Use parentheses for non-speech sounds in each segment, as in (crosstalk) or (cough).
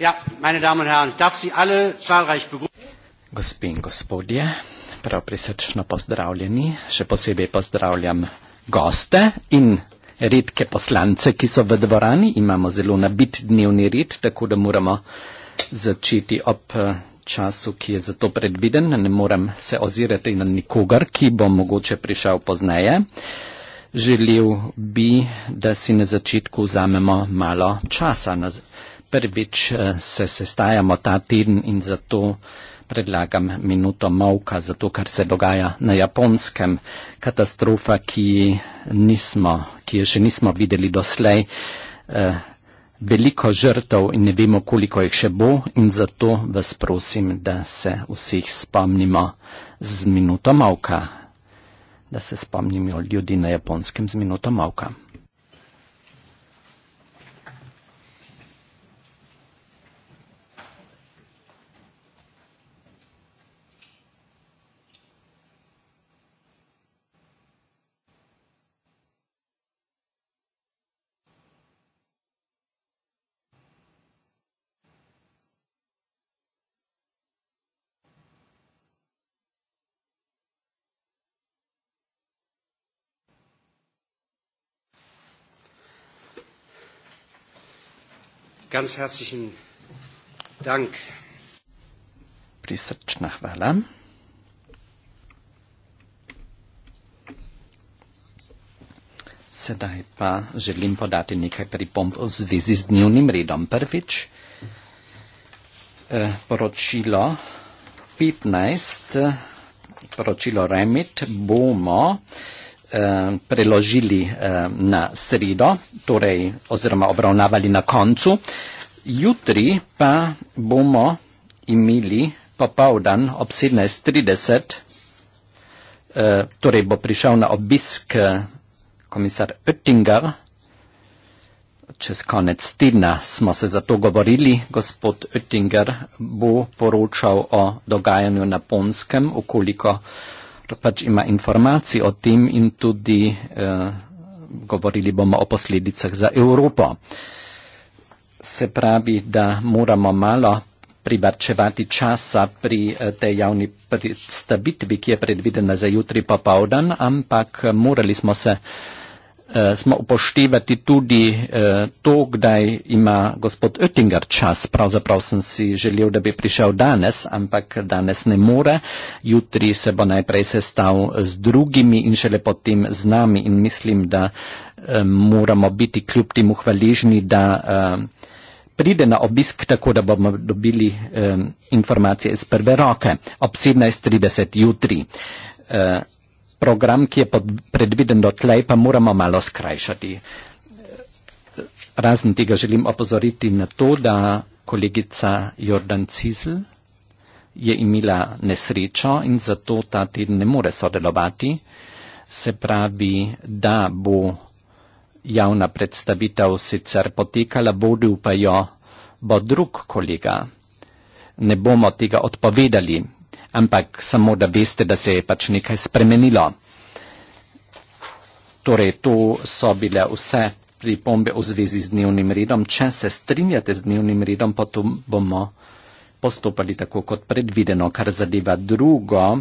Ja, meine Damen und Herren, darf Sie alle zahlreich begrüßen. Gospin, gospodje, prav prisrčno pozdravljeni, še posebej pozdravljam goste in redke poslance, ki so v dvorani. Imamo zelo nabit dnevni red, tako da moramo začeti ob eh, času, ki je za to predviden. Ne moram se ozirati na nikogar, ki bo mogoče prišel pozneje. Želel bi, da si na začetku vzamemo malo časa. Na prvič eh, se sestajamo ta teden in zato predlagam minuto mavka za to, kar se dogaja na japonskem. Katastrofa, ki, nismo, ki jo še nismo videli doslej. Eh, veliko žrtev in ne vemo, koliko jih še bo in zato vas prosim, da se vseh spomnimo z minuto mavka. Da se spomnimo ljudi na japonskem z minuto mavka. Ganz herzlichen Dank. Prisrčna hvala. Sedaj pa želim podati nekaj pripomp v zvezi z dnevnim redom. Prvič, eh, poročilo 15, poročilo Remit, bomo eh, Eh, preložili eh, na sredo, torej oziroma obravnavali na koncu. Jutri pa bomo imeli popovdan ob 17.30, eh, torej bo prišel na obisk komisar Oettinger, čez konec tedna smo se za to govorili, gospod Oettinger bo poročal o dogajanju na Ponskem, ukoliko pač ima informacij o tem in tudi eh, govorili bomo o posledicah za Evropo. Se pravi, da moramo malo privrčevati časa pri eh, tej javni predstavitvi, ki je predvidena za jutri popovdan, ampak eh, morali smo se Eh, smo upoštevati tudi eh, to, kdaj ima gospod Oettinger čas. Pravzaprav sem si želel, da bi prišel danes, ampak danes ne more. Jutri se bo najprej sestal z drugimi in šele potem z nami in mislim, da eh, moramo biti kljub temu hvaležni, da eh, pride na obisk, tako da bomo dobili eh, informacije iz prve roke ob 17.30 jutri. Eh, program, ki je pod, predviden dotlej, pa moramo malo skrajšati. Razen tega želim opozoriti na to, da kolegica Jordan Cizl je imela nesrečo in zato ta teden ne more sodelovati. Se pravi, da bo javna predstavitev sicer potekala, vodil pa jo bo drug kolega. Ne bomo tega odpovedali ampak samo da veste, da se je pač nekaj spremenilo. Torej, to so bile vse pripombe v zvezi z dnevnim redom. Če se strinjate z dnevnim redom, potem bomo postopali tako kot predvideno. Kar zadeva drugo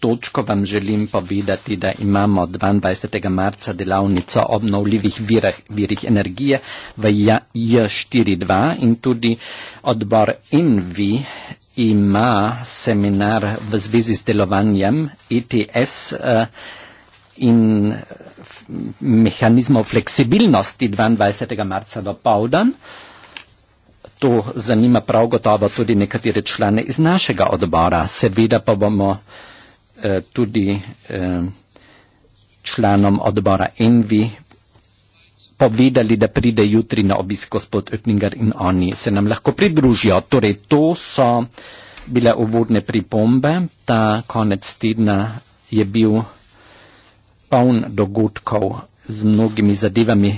točko, vam želim povedati, da imamo 22. marca delavnico obnovljivih virah, virih energije v J42 in tudi odbor Envi ima seminar v zvezi z delovanjem ETS uh, eh, in mehanizmov fleksibilnosti 22. marca do povdan. To zanima prav gotovo tudi nekatere člane iz našega odbora. Seveda pa bomo uh, tudi uh, članom odbora Envi povedali, da pride jutri na obisk gospod Oettinger in oni se nam lahko pridružijo. Torej, to so bile uvodne pripombe, ta konec tedna je bil poln dogodkov z mnogimi zadevami,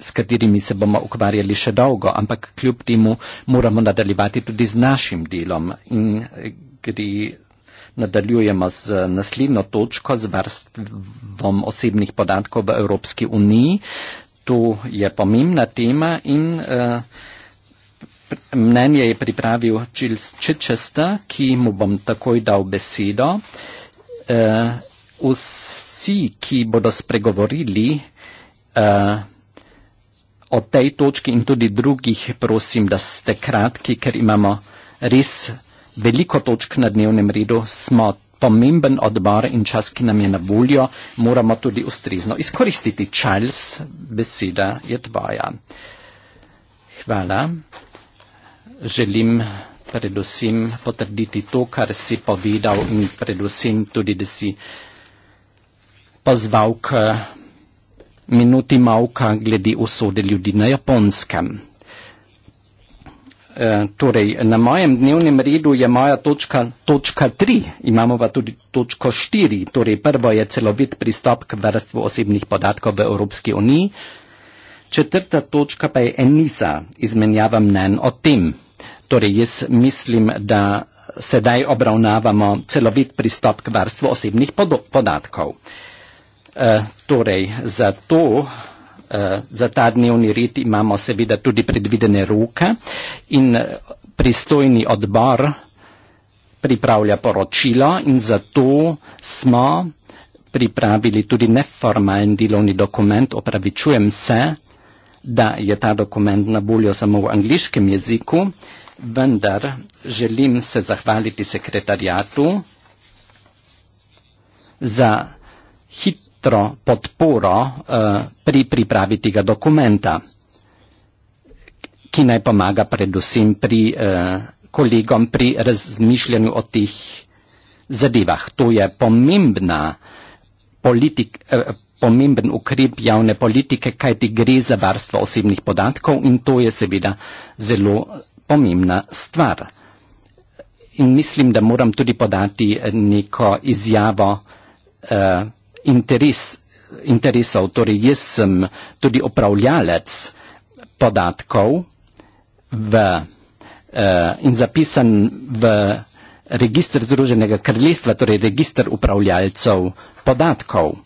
s katerimi se bomo ukvarjali še dolgo, ampak kljub temu moramo nadaljevati tudi z našim delom in eh, gre. Nadaljujemo z naslednjo točko, z varstvom osebnih podatkov v Evropski uniji to je pomembna tema in uh, mnenje je pripravil Čils Čečesta, ki mu bom takoj dal besedo. Uh, vsi, ki bodo spregovorili uh, o tej točki in tudi drugih, prosim, da ste kratki, ker imamo res veliko točk na dnevnem redu, smo pomemben odmor in čas, ki nam je na voljo, moramo tudi ustrezno izkoristiti. Charles, beseda je tvoja. Hvala. Želim predvsem potrditi to, kar si povedal in predvsem tudi, da si pozval k minuti malka glede usode ljudi na japonskem. Eh, torej na mojem dnevnem redu je moja točka, točka tri, imamo pa tudi točko štiri, torej prvo je celovit pristop k vrstvu osebnih podatkov v Evropski uniji, četrta točka pa je enisa, izmenjava mnen o tem. Torej jaz mislim, da sedaj obravnavamo celovit pristop k vrstvu osebnih podatkov. Uh, torej, zato. Eh, za ta dnevni rit imamo seveda tudi predvidene roke in eh, pristojni odbor pripravlja poročilo in zato smo pripravili tudi neformalen delovni dokument. Opravičujem se, da je ta dokument na voljo samo v angliškem jeziku, vendar želim se zahvaliti sekretarjatu za hit, hitro podporo eh, pri pripravi tega dokumenta, ki naj pomaga predvsem pri eh, kolegom pri razmišljanju o teh zadevah. To je pomembna politik, eh, pomemben ukrep javne politike, kajti gre za varstvo osebnih podatkov in to je seveda zelo pomembna stvar. In mislim, da moram tudi podati neko izjavo eh, interes, interesov, torej jaz sem tudi upravljalec podatkov v, uh, in zapisan v registr Združenega kraljestva, torej registr upravljalcev podatkov.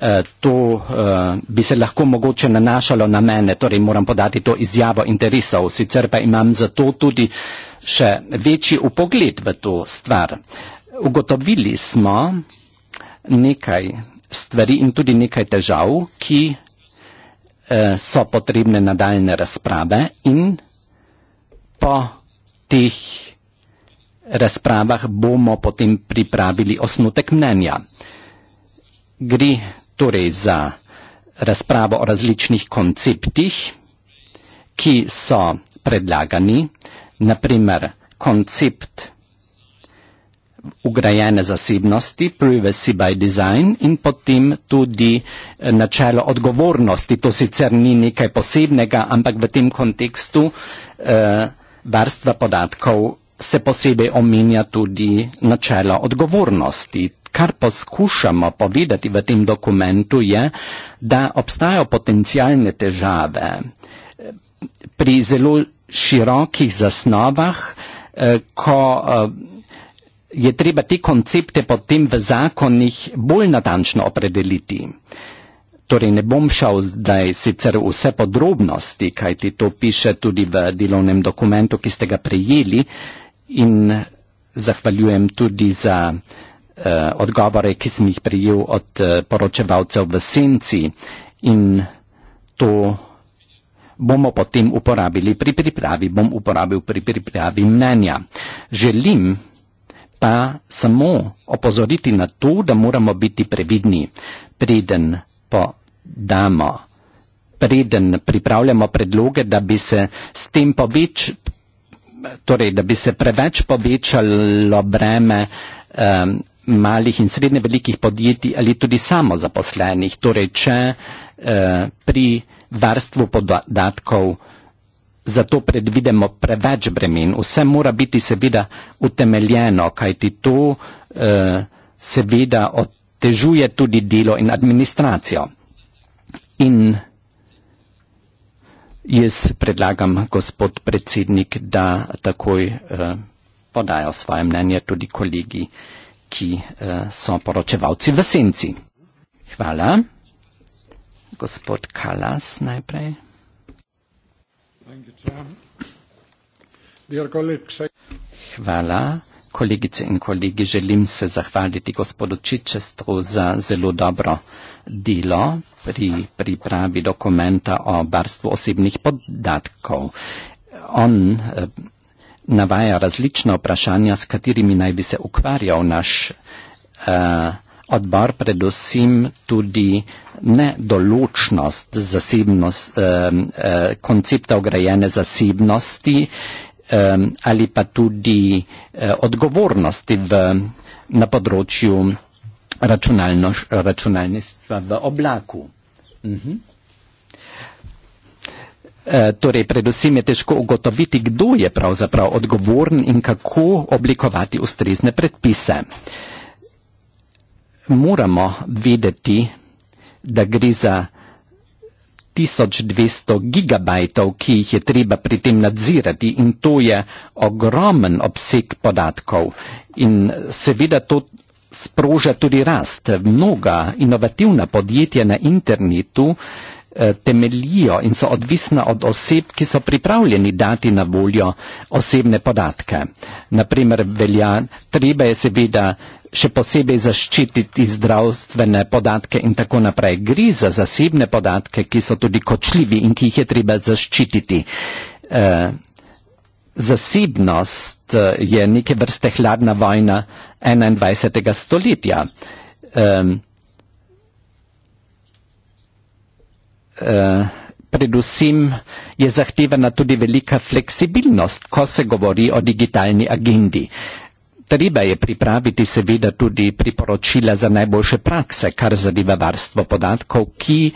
Eh, to eh, bi se lahko mogoče nanašalo na mene, torej moram podati to izjavo interesov, sicer pa imam zato tudi še večji upogled v to stvar. Ugotovili smo nekaj stvari in tudi nekaj težav, ki eh, so potrebne nadaljne razprave in po teh razpravah bomo potem pripravili osnutek mnenja. Gre torej za razpravo o različnih konceptih, ki so predlagani, naprimer koncept ugrajene zasebnosti, privacy by design in potem tudi eh, načelo odgovornosti. To sicer ni nekaj posebnega, ampak v tem kontekstu eh, varstva podatkov se posebej omenja tudi načelo odgovornosti. Kar poskušamo povedati v tem dokumentu je, da obstajajo potencijalne težave eh, pri zelo širokih zasnovah, eh, ko eh, je treba te koncepte potem v zakonih bolj natančno opredeliti. Torej ne bom šel zdaj sicer vse podrobnosti, kaj ti to piše tudi v delovnem dokumentu, ki ste ga prejeli in zahvaljujem tudi za uh, odgovore, ki sem jih prijel od uh, poročevalcev v senci in to bomo potem uporabili pri pripravi, bom uporabil pri pripravi mnenja. Želim, pa samo opozoriti na to, da moramo biti previdni, preden podamo, preden pripravljamo predloge, da bi se s tem poveč, torej, da bi se preveč povečalo breme um, malih in srednje velikih podjetij ali tudi samozaposlenih. Torej, če uh, pri varstvu podatkov uh, zato predvidemo preveč bremen. Vse mora biti seveda utemeljeno, kajti to eh, seveda otežuje tudi delo in administracijo. In jaz predlagam, gospod predsednik, da takoj eh, podajo svoje mnenje tudi kolegi, ki eh, so poročevalci v senci. Hvala. Gospod Kalas najprej. Hvala. Kolegice in kolegi, želim se zahvaliti gospodu Čičestru za zelo dobro delo pri pripravi dokumenta o barstvu osebnih podatkov. On eh, navaja različna vprašanja, s katerimi naj bi se ukvarjal naš uh, odbor predvsem tudi nedoločnost zasebnost, eh, eh, koncepta ograjene zasebnosti eh, ali pa tudi eh, odgovornosti v, na področju računalništva v oblaku. Uh mhm. -huh. eh, torej, predvsem je težko ugotoviti, kdo je pravzaprav odgovoren in kako oblikovati ustrezne predpise. Eh, moramo vedeti, da gre za 1200 gigabajtov, ki jih je treba pri tem nadzirati in to je ogromen obseg podatkov. In seveda to sproža tudi rast. Mnoga inovativna podjetja na internetu Eh, temeljijo in so odvisna od oseb, ki so pripravljeni dati na voljo osebne podatke. Naprimer, velja, treba je seveda še posebej zaščititi zdravstvene podatke in tako naprej. Gre za zasebne podatke, ki so tudi kočljivi in ki jih je treba zaščititi. Eh, zasebnost eh, je neke vrste hladna vojna 21. stoletja. Eh, predvsem je zahtevana tudi velika fleksibilnost, ko se govori o digitalni agendi. Treba je pripraviti seveda tudi priporočila za najboljše prakse, kar zadeva varstvo podatkov, ki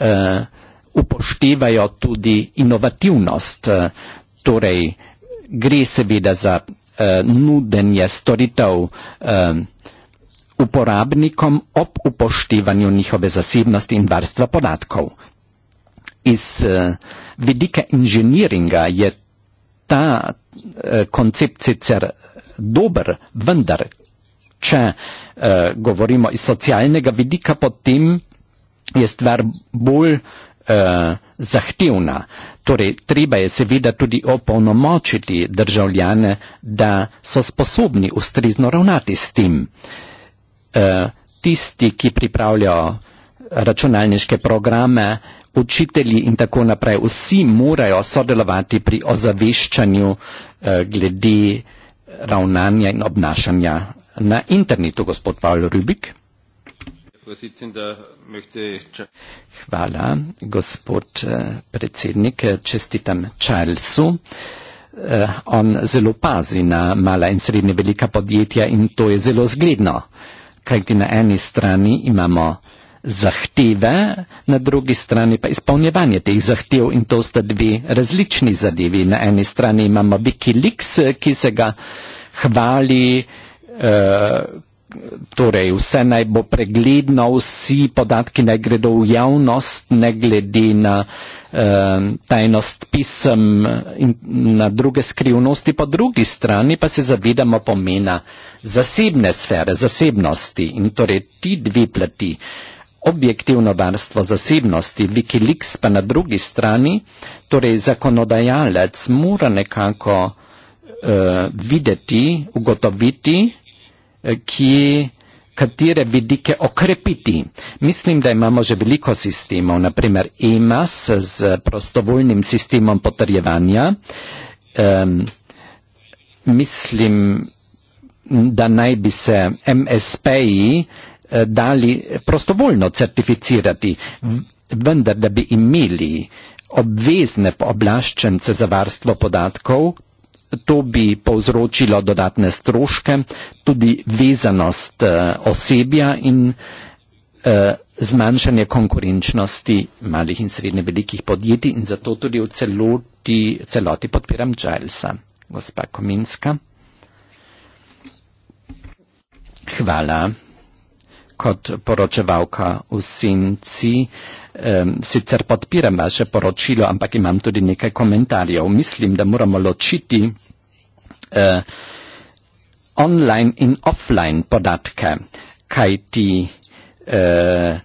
eh, upoštevajo tudi inovativnost. Eh, torej, gre seveda za eh, nudenje storitev eh, uporabnikom ob upoštevanju njihove zasebnosti in varstva podatkov iz uh, vidika inženiringa je ta uh, koncept sicer dober, vendar, če uh, govorimo iz socialnega vidika, potem je stvar bolj uh, zahtevna. Torej, treba je seveda tudi opolnomočiti državljane, da so sposobni ustrezno ravnati s tem. Uh, tisti, ki pripravljajo računalniške programe, uh, učitelji in tako naprej, vsi morajo sodelovati pri ozaveščanju eh, glede ravnanja in obnašanja na internetu, gospod Pavel Rubik. Hvala, gospod eh, predsednik, čestitam Charlesu. Eh, on zelo pazi na mala in srednje velika podjetja in to je zelo zgledno, kajti na eni strani imamo zahteve, na drugi strani pa izpolnjevanje teh zahtev in to sta dve različni zadevi. Na eni strani imamo Wikileaks, ki se ga hvali, eh, Torej, vse naj bo pregledno, vsi podatki naj gredo v javnost, ne glede na eh, tajnost pisem in na druge skrivnosti. Po drugi strani pa se zavedamo pomena zasebne sfere, zasebnosti in torej ti dve plati. Eh, objektivno varstvo zasebnosti, Wikileaks pa na drugi strani, torej zakonodajalec mora nekako uh, videti, ugotoviti, eh, kje, katere vidike okrepiti. Mislim, da imamo že veliko sistemov, naprimer EMAS z prostovoljnim sistemom potrjevanja. Um, mislim, da naj bi se MSP-ji Eh, dali prostovoljno certificirati, vendar da bi imeli obvezne oblaščence za varstvo podatkov, to bi povzročilo dodatne stroške, tudi vezanost eh, osebja in eh, zmanjšanje konkurenčnosti malih in srednje velikih podjetij in zato tudi v celoti, celoti podpiram Gilesa. Gospa Kominska. Hvala kot poročevalka v Sinci. Um, sicer podpiram vaše poročilo, ampak imam tudi nekaj komentarjev. Mislim, da moramo ločiti uh, online in offline podatke, kaj ti uh, e,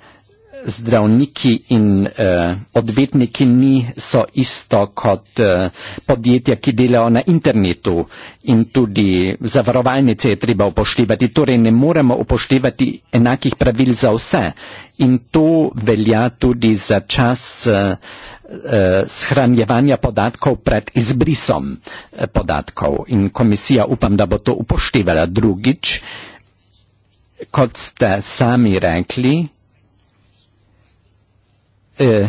zdravniki in uh, odvetniki ni, so isto kot uh, podjetja, ki delajo na internetu in tudi zavarovalnice je treba upoštevati. Torej ne moremo upoštevati enakih pravil za vse in to velja tudi za čas uh, uh, shranjevanja podatkov pred izbrisom podatkov in komisija upam, da bo to upoštevala drugič. Kot ste sami rekli, Eh,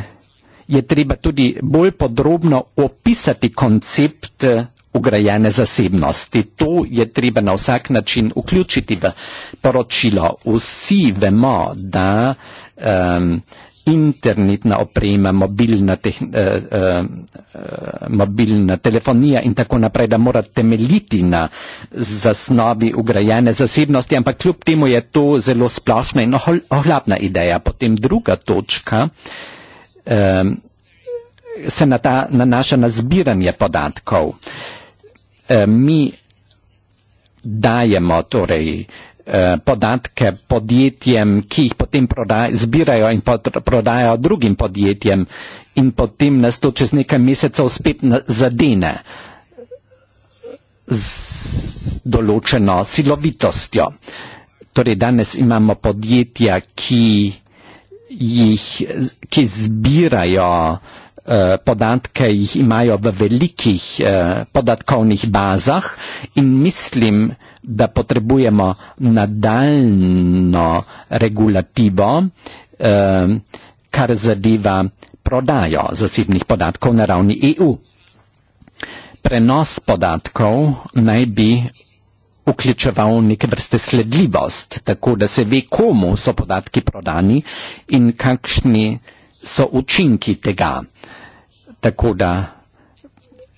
je treba tudi bolj podrobno opisati koncept ugrajene eh, zasebnosti. To je treba na vsak način vključiti v poročilo. Vsi vemo, da um, internetna oprema, mobilna, teh, uh, uh, mobilna telefonija in tako naprej, da mora temeljiti na zasnovi ugrajene zasebnosti, ampak kljub temu je to zelo splošna in ohlapna ideja. Potem druga točka. Uh, se na ta, nanaša na zbiranje podatkov. Mi dajemo torej e, podatke podjetjem, ki jih potem prodajo, zbirajo in prodajo drugim podjetjem in potem nas to čez nekaj mesecev spet zadene z določeno silovitostjo. Torej danes imamo podjetja, ki jih, ki zbirajo eh, podatke, jih imajo v velikih eh, podatkovnih bazah in mislim, da potrebujemo nadaljno regulativo, eh, kar zadeva prodajo zasebnih podatkov na ravni EU. Prenos podatkov naj bi vključeval neke vrste sledljivost, tako da se ve, komu so podatki prodani in kakšni so učinki tega. Tako da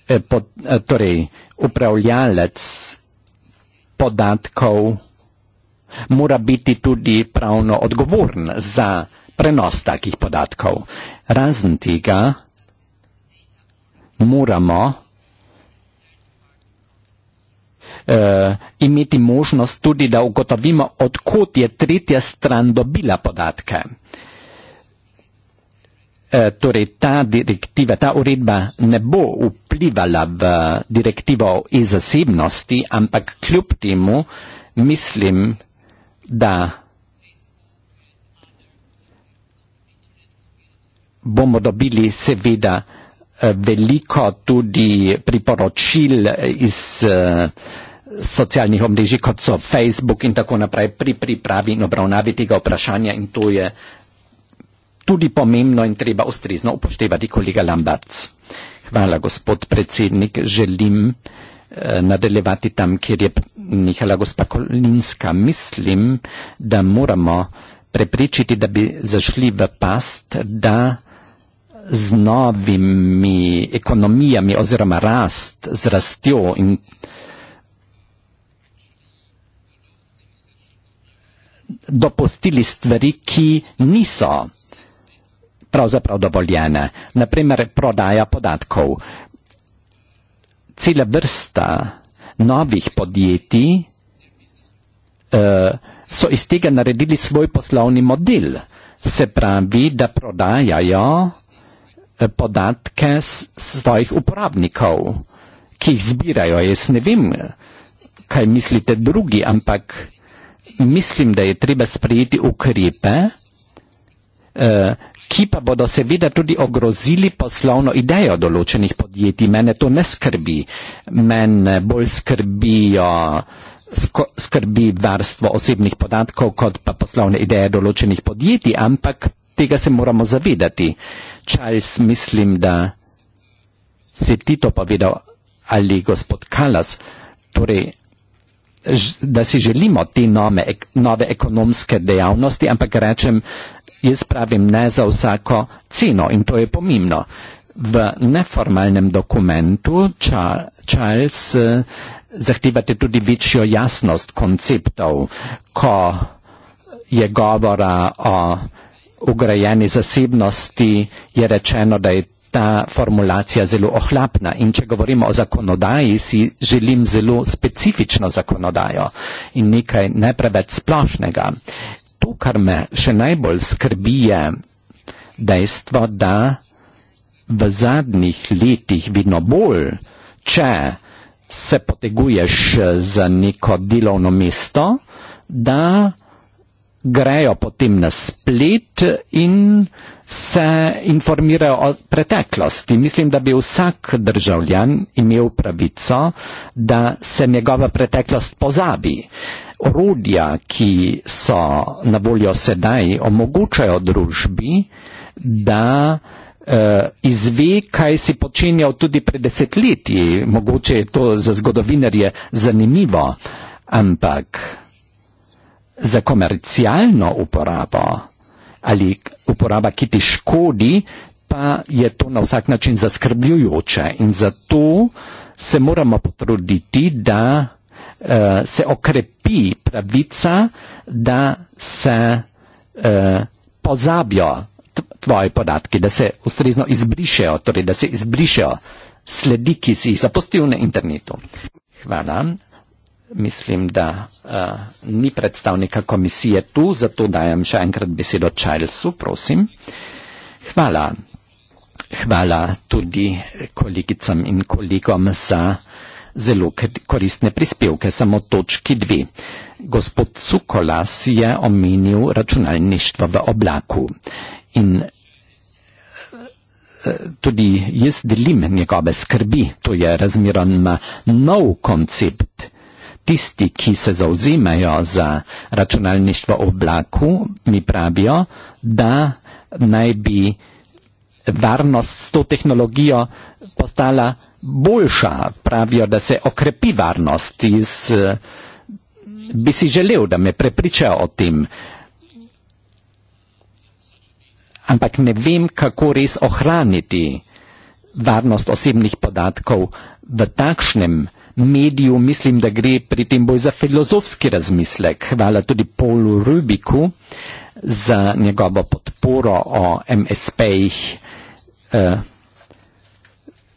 eh, eh, torej, upravljalec podatkov mora biti tudi pravno odgovoren za prenos takih podatkov. Razen tega moramo uh, imeti možnost tudi, da ugotovimo, odkot je tretja stran dobila podatke. Eh, torej, ta direktiva, ta uredba ne bo vplivala v direktivo iz zasebnosti, ampak kljub temu mislim, da bomo dobili seveda eh, veliko tudi priporočil iz. Uh, socialnih omrežij, kot so Facebook in tako naprej, pri pripravi in obravnavi tega vprašanja in to je tudi pomembno in treba ustrezno upoštevati, kolega Lambarc. Hvala, gospod predsednik. Želim eh, nadaljevati tam, kjer je nehala gospa Kolinska. Mislim, da moramo prepričiti, da bi zašli v past, da z novimi ekonomijami oziroma rast, z rastjo in dopustili stvari, ki niso pravzaprav dovoljene. Naprimer, prodaja podatkov. Cela vrsta novih podjetij eh, so iz tega naredili svoj poslovni model. Se pravi, da prodajajo eh, podatke svojih uporabnikov, ki jih zbirajo. Jaz ne vem, kaj mislite drugi, ampak mislim, da je treba sprejeti ukrepe, eh, ki pa bodo seveda tudi ogrozili poslovno idejo določenih podjetij. Mene to ne skrbi. Mene bolj skrbijo, skrbi varstvo osebnih podatkov, kot pa poslovne ideje določenih podjetij, ampak tega se moramo zavedati. Charles, mislim, da si ti to povedal ali gospod Kalas. Torej, da si želimo te nove, nove ekonomske dejavnosti, ampak rečem, jaz pravim ne za vsako ceno in to je pomembno. V neformalnem dokumentu Charles eh, zahtevate tudi večjo jasnost konceptov, ko je govora o ugrajeni zasebnosti, je rečeno, da je ta formulacija zelo ohlapna. In če govorimo o zakonodaji, si želim zelo specifično zakonodajo in nekaj ne preveč splošnega. To, kar me še najbolj skrbi, je dejstvo, da v zadnjih letih vidno bolj, če se poteguješ za neko delovno mesto, da grejo potem na splet in se informirajo o preteklosti. Mislim, da bi vsak državljan imel pravico, da se njegova preteklost pozabi. Orodja, ki so na voljo sedaj, omogočajo družbi, da eh, izve, kaj si počenjal tudi pred desetletji. Mogoče je to za zgodovinarje zanimivo, ampak za komercialno uporabo ali uporaba, ki ti škodi, pa je to na vsak način zaskrbljujoče in zato se moramo potruditi, da uh, se okrepi pravica, da se uh, pozabijo tvoji podatki, da se ustrezno izbrišejo, torej da se izbrišejo sledi, ki si jih zapustil na internetu. Hvala mislim, da uh, ni predstavnika komisije tu, zato dajem še enkrat besedo Čajlsu, prosim. Hvala. Hvala tudi kolegicam in kolegom za zelo koristne prispevke, samo točki dve. Gospod Cukolas je omenil računalništvo v oblaku in eh, tudi jaz delim njegove skrbi, to je razmeroma nov koncept tisti, ki se zauzimajo za računalništvo v oblaku, mi pravijo, da naj bi varnost s to tehnologijo postala boljša. Pravijo, da se okrepi varnost. Iz, bi si želel, da me prepričajo o tem. Ampak ne vem, kako res ohraniti varnost osebnih podatkov v takšnem mediju mislim, da gre pri tem bolj za filozofski razmislek. Hvala tudi Polu Rubiku za njegovo podporo o MSP-jih. Eh,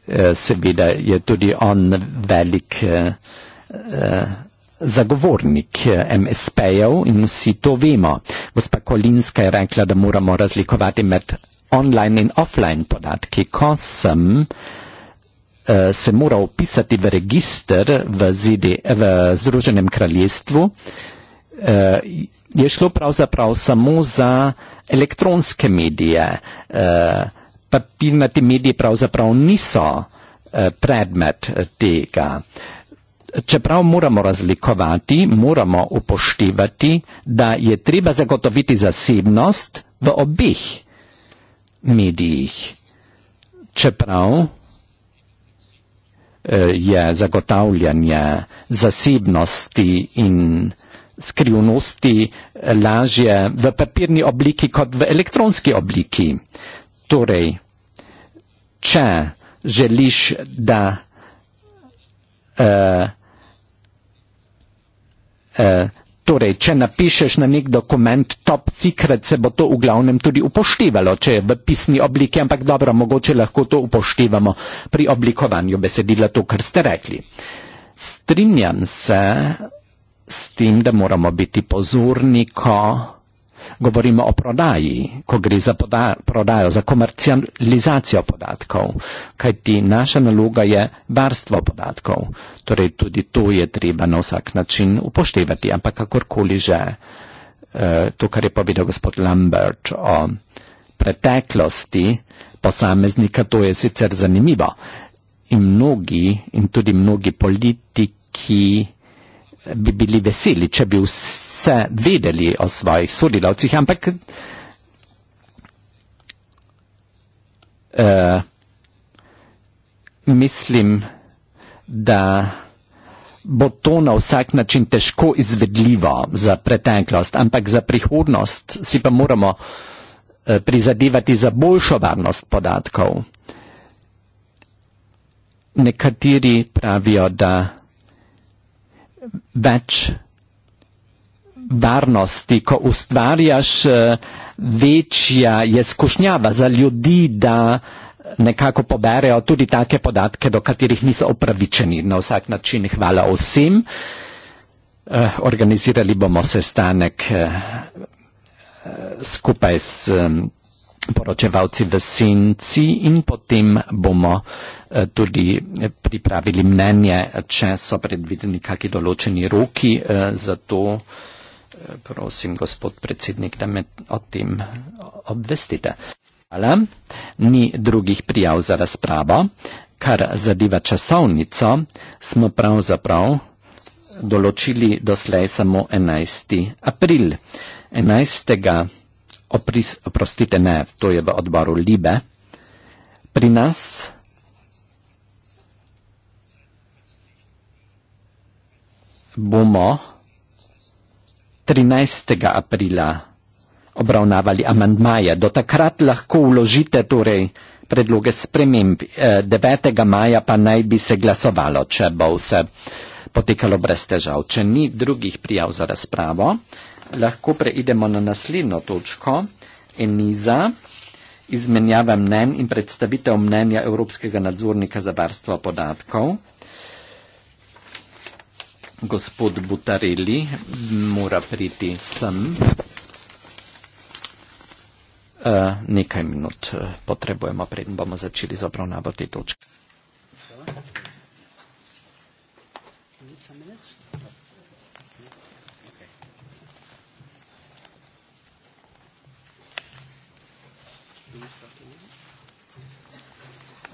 eh, seveda je tudi on velik eh, zagovornik MSP-jev in vsi to vemo. Gospa Kolinska je rekla, da moramo razlikovati med online in offline podatki. Ko sem uh, Eh, se mora upisati v register v, ZD, v Združenem kraljestvu, eh, je šlo pravzaprav samo za elektronske medije. Eh, Papirnati mediji pravzaprav niso predmet tega. Čeprav moramo razlikovati, moramo upoštevati, da je treba zagotoviti zasebnost v obeh medijih. Čeprav Eh, je zagotavljanje zasebnosti in skrivnosti lažje v papirni obliki kot v elektronski obliki. Torej, če želiš, da uh, uh, Torej, če napišeš na nek dokument top secret, se bo to v glavnem tudi upoštevalo, če je v pisni obliki, ampak dobro, mogoče lahko to upoštevamo pri oblikovanju besedila, to, kar ste rekli. Strinjam se s tem, da moramo biti pozorni, ko govorimo o prodaji, ko gre za poda, prodajo, za komercializacijo podatkov, kajti naša naloga je varstvo podatkov. Torej tudi to je treba na vsak način upoštevati, ampak kakorkoli že. Eh, to, kar je povedal gospod Lambert o preteklosti posameznika, to je sicer zanimivo. In mnogi, in tudi mnogi politiki bi bili veseli, če bi vsi vse vedeli o svojih sodelavcih, ampak uh, mislim, da bo to na vsak način težko izvedljivo za preteklost, ampak za prihodnost si pa moramo eh, prizadevati za boljšo varnost podatkov. Nekateri pravijo, da več varnosti, ko ustvarjaš eh, večja je skušnjava za ljudi, da eh, nekako poberejo tudi take podatke, do katerih niso opravičeni. Na vsak način hvala vsem. Eh, organizirali bomo sestanek skupaj s poročevalci v senci in potem bomo tudi pripravili mnenje, če so predvideni kaki določeni roki za to. Prosim, gospod predsednik, da me o tem obvestite. Hvala. Ni drugih prijav za razpravo. Kar zadeva časovnico, smo pravzaprav določili doslej samo 11. april. 11. Opris, oprostite, ne, to je v odboru Libe. Pri nas. Bomo 13. aprila obravnavali amandmaje. Do takrat lahko vložite torej predloge sprememb. 9. Eh, maja pa naj bi se glasovalo, če bo vse potekalo brez težav. Če ni drugih prijav za razpravo, lahko preidemo na naslednjo točko. Eniza, izmenjava mnen in predstavitev mnenja Evropskega nadzornika za varstvo podatkov gospod Butareli mora priti sem. Uh, nekaj minut eh, potrebujemo, preden bomo začeli z obravnavo te točke.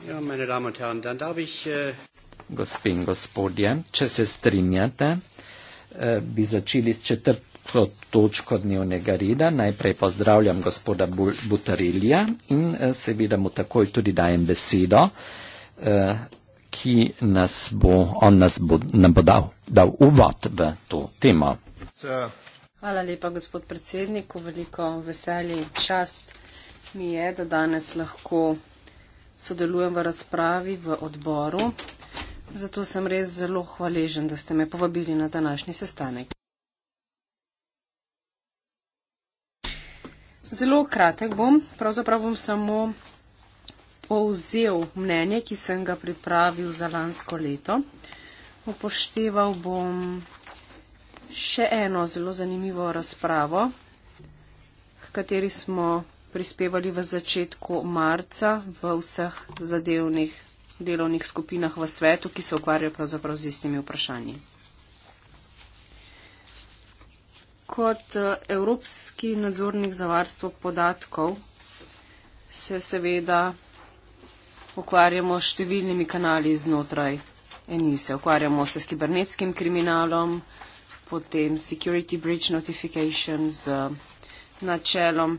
Ja, meine Damen und Herren, dann darf ich. Äh gospe in gospodje, če se strinjate, eh, bi začeli s četrto točko dnevnega reda. Najprej pozdravljam gospoda Butarilija in eh, seveda mu takoj tudi dajem besedo, eh, ki nas bo, on nas bo, nam bo dal, dal uvod v to temo. Hvala lepa, gospod predsednik, veliko veselje in čast mi je, da danes lahko sodelujem v razpravi v odboru Zato sem res zelo hvaležen, da ste me povabili na današnji sestanek. Zelo kratek bom, pravzaprav bom samo povzel mnenje, ki sem ga pripravil za lansko leto. Upošteval bom še eno zelo zanimivo razpravo, k kateri smo prispevali v začetku marca v vseh zadevnih delovnih skupinah v svetu, ki se ukvarjajo pravzaprav z istimi vprašanji. Kot eh, evropski nadzornik za varstvo podatkov se seveda ukvarjamo s številnimi kanali znotraj enise. Ukvarjamo se s kibernetskim kriminalom, potem security breach notification z eh, načelom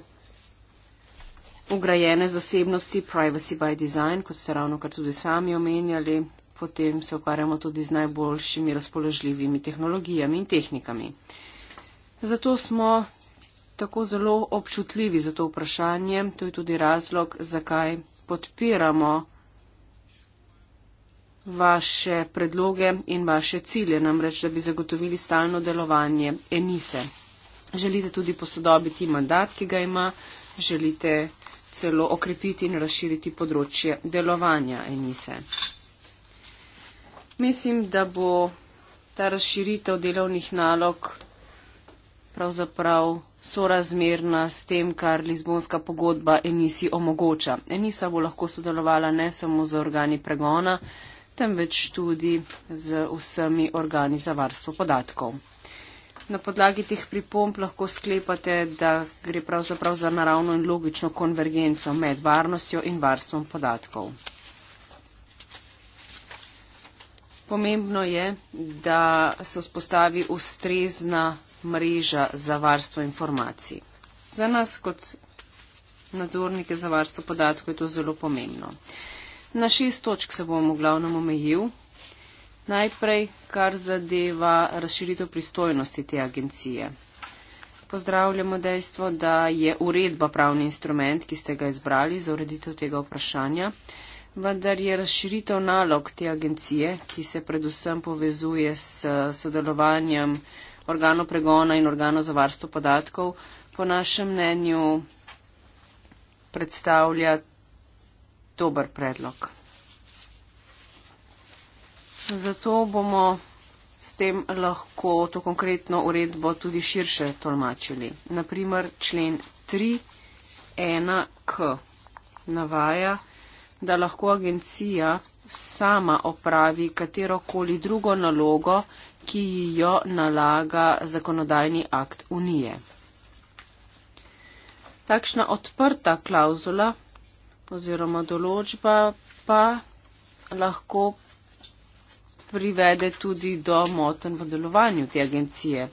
ugrajene zasebnosti, privacy by design, kot ste ravno kar tudi sami omenjali, potem se ukvarjamo tudi z najboljšimi razpoložljivimi tehnologijami in tehnikami. Zato smo tako zelo občutljivi za to vprašanje, to je tudi razlog, zakaj podpiramo vaše predloge in vaše cilje, namreč, da bi zagotovili stalno delovanje Enise. Želite tudi posodobiti mandat, ki ga ima, želite celo okrepiti in razširiti področje delovanja Enise. Mislim, da bo ta razširitev delovnih nalog pravzaprav sorazmerna s tem, kar Lizbonska pogodba Enisi omogoča. Enisa bo lahko sodelovala ne samo z organi pregona, temveč tudi z vsemi organi za varstvo podatkov na podlagi teh pripomp lahko sklepate, da gre pravzaprav za naravno in logično konvergenco med varnostjo in varstvom podatkov. Pomembno je, da se vzpostavi ustrezna mreža za varstvo informacij. Za nas kot nadzornike za varstvo podatkov je to zelo pomembno. Na šest točk se bom v glavnem omejil. Najprej, kar zadeva razširitev pristojnosti te agencije. Pozdravljamo dejstvo, da je uredba pravni instrument, ki ste ga izbrali za ureditev tega vprašanja, vendar je razširitev nalog te agencije, ki se predvsem povezuje s sodelovanjem organov pregona in organov za varstvo podatkov, po našem mnenju predstavlja dober predlog zato bomo s tem lahko to konkretno uredbo tudi širše tolmačili. Naprimer, člen 3.1.k navaja, da lahko agencija sama opravi katerokoli drugo nalogo, ki jo nalaga zakonodajni akt Unije. Takšna odprta klauzula oziroma določba pa lahko privede tudi do moten v delovanju te agencije,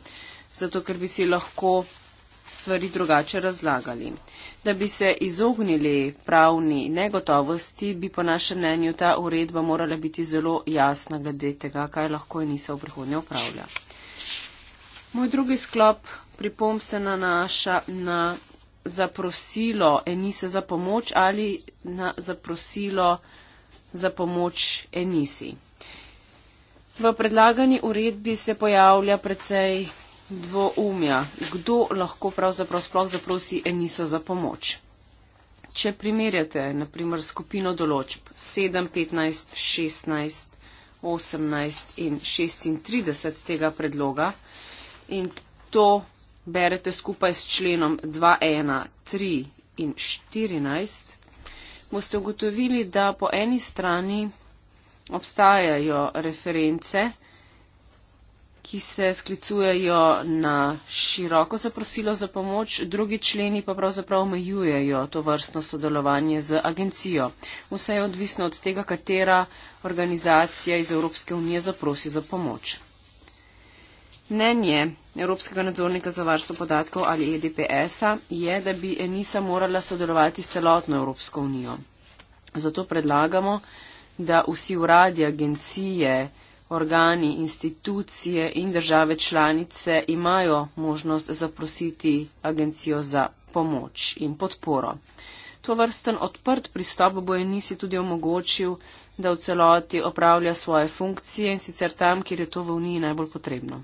zato ker bi si lahko stvari drugače razlagali. Da bi se izognili pravni negotovosti, bi po našem mnenju ta uredba morala biti zelo jasna glede tega, kaj lahko in niso v prihodnje upravlja. Moj drugi sklop pripomb se nanaša na zaprosilo Enise za pomoč ali na zaprosilo za pomoč Enisi. V predlagani uredbi se pojavlja precej dvoumja, kdo lahko pravzaprav sploh zaprosi eniso za pomoč. Če primerjate, naprimer, skupino določb 7, 15, 16, 18 in 36 tega predloga in to berete skupaj s členom 2, 1, 3 in 14, boste ugotovili, da po eni strani obstajajo reference, ki se sklicujejo na široko zaprosilo za pomoč, drugi členi pa pravzaprav omejujejo to vrstno sodelovanje z agencijo. Vse je odvisno od tega, katera organizacija iz Evropske unije zaprosi za pomoč. Mnenje Evropskega nadzornika za varstvo podatkov ali EDPS-a je, da bi ENISA morala sodelovati s celotno Evropsko unijo. Zato predlagamo, da vsi uradi, agencije, organi, institucije in države članice imajo možnost zaprositi agencijo za pomoč in podporo. To vrsten odprt pristop bo enisi tudi omogočil, da v celoti opravlja svoje funkcije in sicer tam, kjer je to v Uniji najbolj potrebno.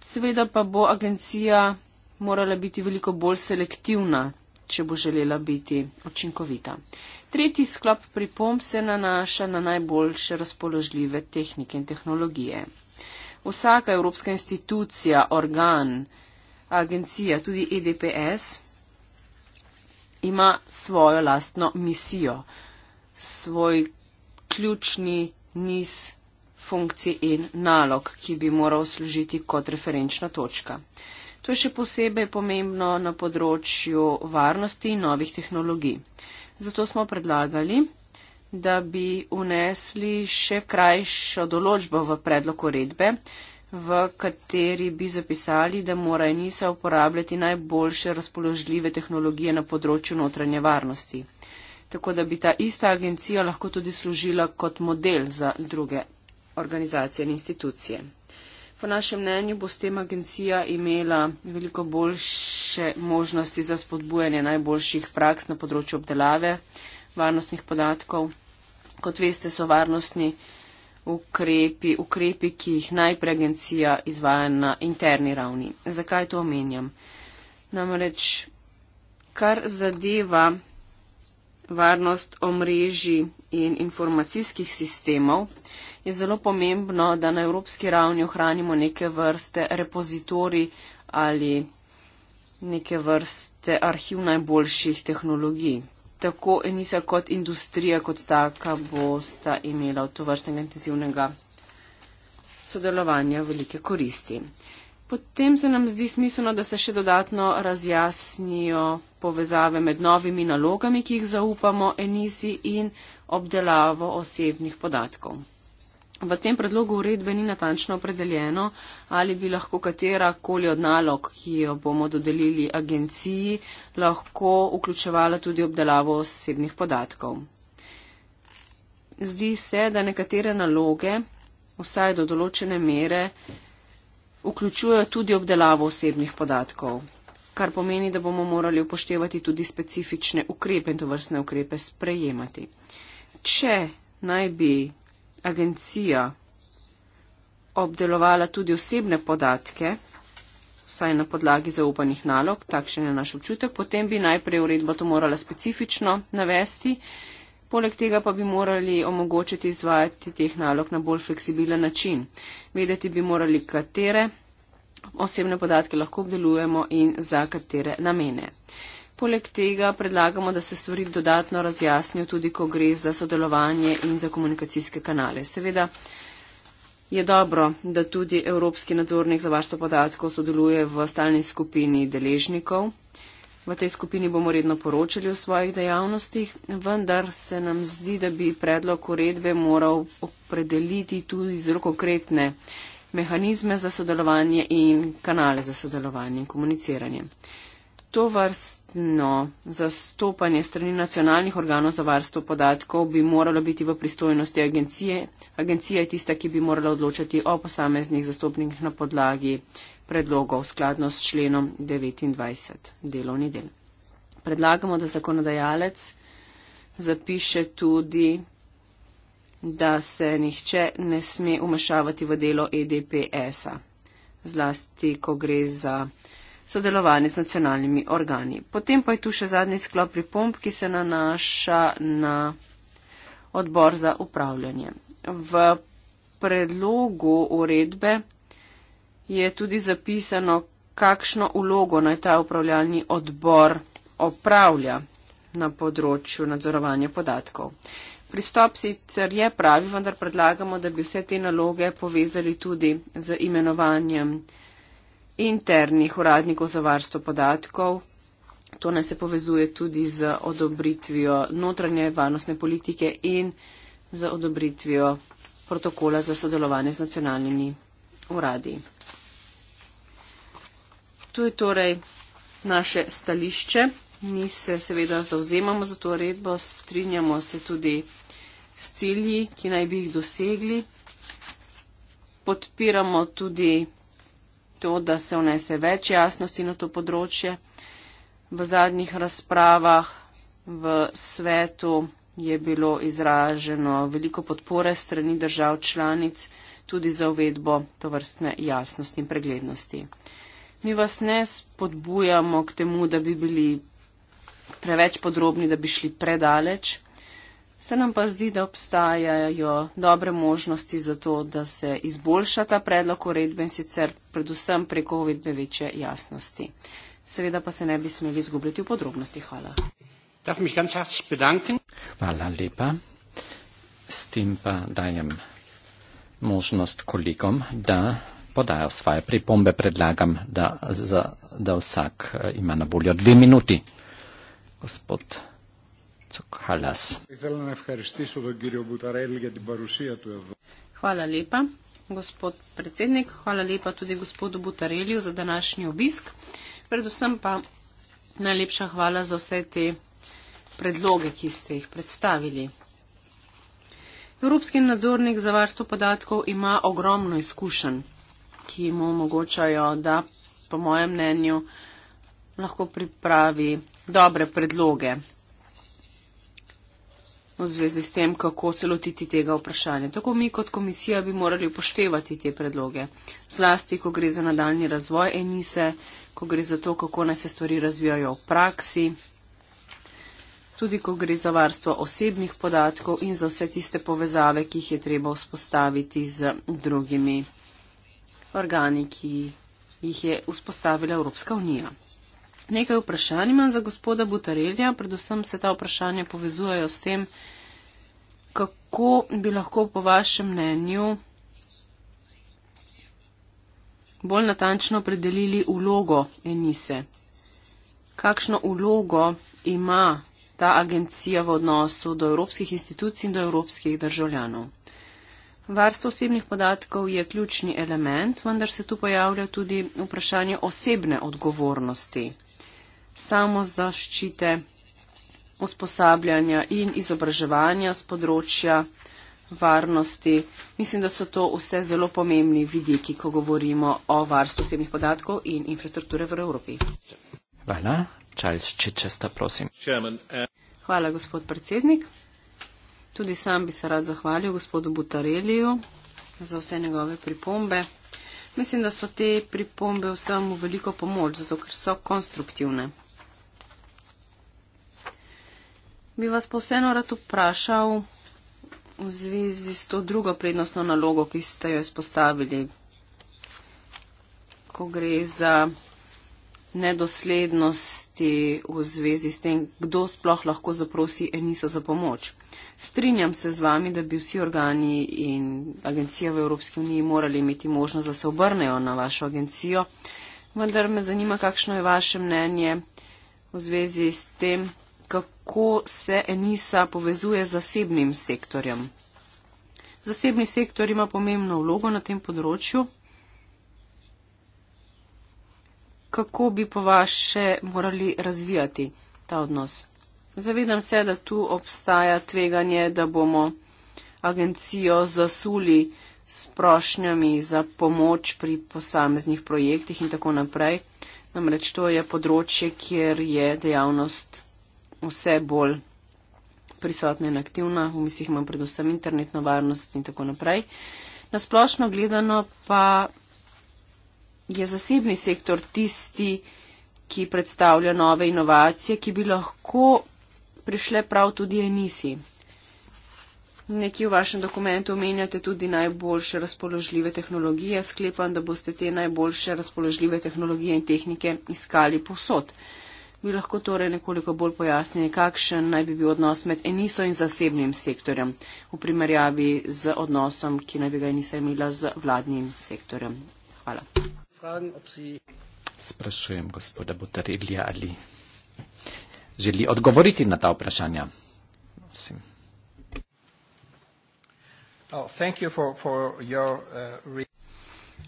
Seveda pa bo agencija morala biti veliko bolj selektivna, če bo želela biti učinkovita. Tretji sklop pripomb se nanaša na najboljše razpoložljive tehnike in tehnologije. Vsaka evropska institucija, organ, agencija, tudi EDPS, ima svojo lastno misijo, svoj ključni niz funkcij in nalog, ki bi moral služiti kot referenčna točka. To je še posebej pomembno na področju varnosti in novih tehnologij. Zato smo predlagali, da bi unesli še krajšo določbo v predlog uredbe, v kateri bi zapisali, da morajo NISA uporabljati najboljše razpoložljive tehnologije na področju notranje varnosti. Tako da bi ta ista agencija lahko tudi služila kot model za druge organizacije in institucije. Po našem mnenju bo s tem agencija imela veliko boljše možnosti za spodbujanje najboljših praks na področju obdelave varnostnih podatkov. Kot veste, so varnostni ukrepi, ukrepi, ki jih najprej agencija izvaja na interni ravni. Zakaj to omenjam? Namreč, kar zadeva varnost omrežji in informacijskih sistemov, je zelo pomembno, da na evropski ravni ohranimo neke vrste repozitori ali neke vrste arhiv najboljših tehnologij. Tako enisa kot industrija kot taka bosta imela od to vrstnega intenzivnega sodelovanja velike koristi. Potem se nam zdi smiselno, da se še dodatno razjasnijo povezave med novimi nalogami, ki jih zaupamo enisi in obdelavo osebnih podatkov. V tem predlogu uredbe ni natančno opredeljeno, ali bi lahko katera koli od nalog, ki jo bomo dodelili agenciji, lahko vključevala tudi obdelavo osebnih podatkov. Zdi se, da nekatere naloge, vsaj do določene mere, vključujejo tudi obdelavo osebnih podatkov, kar pomeni, da bomo morali upoštevati tudi specifične ukrepe in tovrstne ukrepe sprejemati. Če naj bi agencija obdelovala tudi osebne podatke, vsaj na podlagi zaupanih nalog, takšen je naš občutek, potem bi najprej uredba to morala specifično navesti, poleg tega pa bi morali omogočiti izvajati teh nalog na bolj fleksibilen način. Vedeti bi morali, katere osebne podatke lahko obdelujemo in za katere namene. Poleg tega predlagamo, da se stvari dodatno razjasnijo tudi, ko gre za sodelovanje in za komunikacijske kanale. Seveda je dobro, da tudi Evropski nadzornik za varstvo podatkov sodeluje v stalni skupini deležnikov. V tej skupini bomo redno poročali o svojih dejavnostih, vendar se nam zdi, da bi predlog uredbe moral opredeliti tudi zelo konkretne mehanizme za sodelovanje in kanale za sodelovanje in komuniciranje to vrstno zastopanje strani nacionalnih organov za varstvo podatkov bi moralo biti v pristojnosti agencije. Agencija je tista, ki bi morala odločati o posameznih zastopnikih na podlagi predlogov skladno s členom 29 delovni del. Predlagamo, da zakonodajalec zapiše tudi, da se nihče ne sme umešavati v delo EDPS-a, zlasti, ko gre za sodelovanje z nacionalnimi organi. Potem pa je tu še zadnji sklop pripomp, ki se nanaša na odbor za upravljanje. V predlogu uredbe je tudi zapisano, kakšno ulogo naj ta upravljalni odbor opravlja na področju nadzorovanja podatkov. Pristop sicer je pravi, vendar predlagamo, da bi vse te naloge povezali tudi z imenovanjem internih uradnikov za varstvo podatkov. To nas se povezuje tudi z odobritvijo notranje varnostne politike in z odobritvijo protokola za sodelovanje z nacionalnimi uradi. To je torej naše stališče. Mi se seveda zauzemamo za to redbo, strinjamo se tudi s cilji, ki naj bi jih dosegli. Podpiramo tudi to, da se vnese več jasnosti na to področje. V zadnjih razpravah v svetu je bilo izraženo veliko podpore strani držav članic tudi za uvedbo to vrstne jasnosti in preglednosti. Mi vas ne spodbujamo k temu, da bi bili preveč podrobni, da bi šli predaleč. Se nam pa zdi, da obstajajo dobre možnosti za to, da se izboljša ta predlog uredbe in sicer predvsem preko uvedbe večje jasnosti. Seveda pa se ne bi smeli izgubljati v podrobnosti. Hvala. Hvala lepa. S tem pa dajem možnost kolegom, da podajo svoje pripombe. Predlagam, da, za, da vsak eh, ima na voljo dve minuti. Gospod. Kalas. Hvala lepa, gospod predsednik. Hvala lepa tudi gospodu Butareliju za današnji obisk. Predvsem pa najlepša hvala za vse te predloge, ki ste jih predstavili. Evropski nadzornik za varstvo podatkov ima ogromno izkušenj, ki mu omogočajo, da po mojem mnenju lahko pripravi dobre predloge v zvezi s tem, kako se lotiti tega vprašanja. Tako mi kot komisija bi morali upoštevati te predloge, zlasti, ko gre za nadaljni razvoj enise, ko gre za to, kako naj se stvari razvijajo v praksi, tudi ko gre za varstvo osebnih podatkov in za vse tiste povezave, ki jih je treba vzpostaviti z drugimi organi, ki jih je vzpostavila Evropska unija. Nekaj vprašanj imam za gospoda Butarelja, predvsem se ta vprašanja povezujejo s tem, kako bi lahko po vašem mnenju bolj natančno predelili vlogo Enise. Kakšno vlogo ima ta agencija v odnosu do evropskih institucij in do evropskih državljanov? Varstvo osebnih podatkov je ključni element, vendar se tu pojavlja tudi vprašanje osebne odgovornosti samozaščite, usposabljanja in izobraževanja z področja varnosti. Mislim, da so to vse zelo pomembni vidiki, ko govorimo o varstvu osebnih podatkov in infrastrukture v Evropi. Hvala. Charles Čečesta, prosim. Eh, Hvala, gospod predsednik. Tudi sam bi se rad zahvalil gospodu Butareliju za vse njegove pripombe. Mislim, da so te pripombe vsem v veliko pomoč, zato ker so konstruktivne. bi vas pa vseeno rad vprašal v zvezi s to drugo prednostno nalogo, ki ste jo izpostavili, ko gre za nedoslednosti v zvezi s tem, kdo sploh lahko zaprosi eniso za pomoč. Strinjam se z vami, da bi vsi organi in agencije v Evropski uniji morali imeti možnost, da se obrnejo na vašo agencijo, vendar me zanima, kakšno je vaše mnenje v zvezi s tem, kako se Enisa povezuje z zasebnim sektorjem. Zasebni sektor ima pomembno vlogo na tem področju. Kako bi po vaše morali razvijati ta odnos? Zavedam se, da tu obstaja tveganje, da bomo agencijo zasuli s prošnjami za pomoč pri posameznih projektih in tako naprej. Namreč to je področje, kjer je dejavnost vse bolj prisotna in aktivna, v mislih imam predvsem internetno varnost in tako naprej. Nasplošno gledano pa je zasebni sektor tisti, ki predstavlja nove inovacije, ki bi lahko prišle prav tudi enisi. Nekje v vašem dokumentu omenjate tudi najboljše razpoložljive tehnologije. Sklepam, da boste te najboljše razpoložljive tehnologije in tehnike iskali povsod. Bi lahko torej nekoliko bolj pojasnili, kakšen naj bi bil odnos med Eniso in zasebnim sektorjem v primerjavi z odnosom, ki naj bi ga Enisa imela z vladnim sektorjem. Hvala. Sprašujem gospoda Butarilija, ali želi odgovoriti na ta vprašanja. Osim. Oh, for, for your, uh,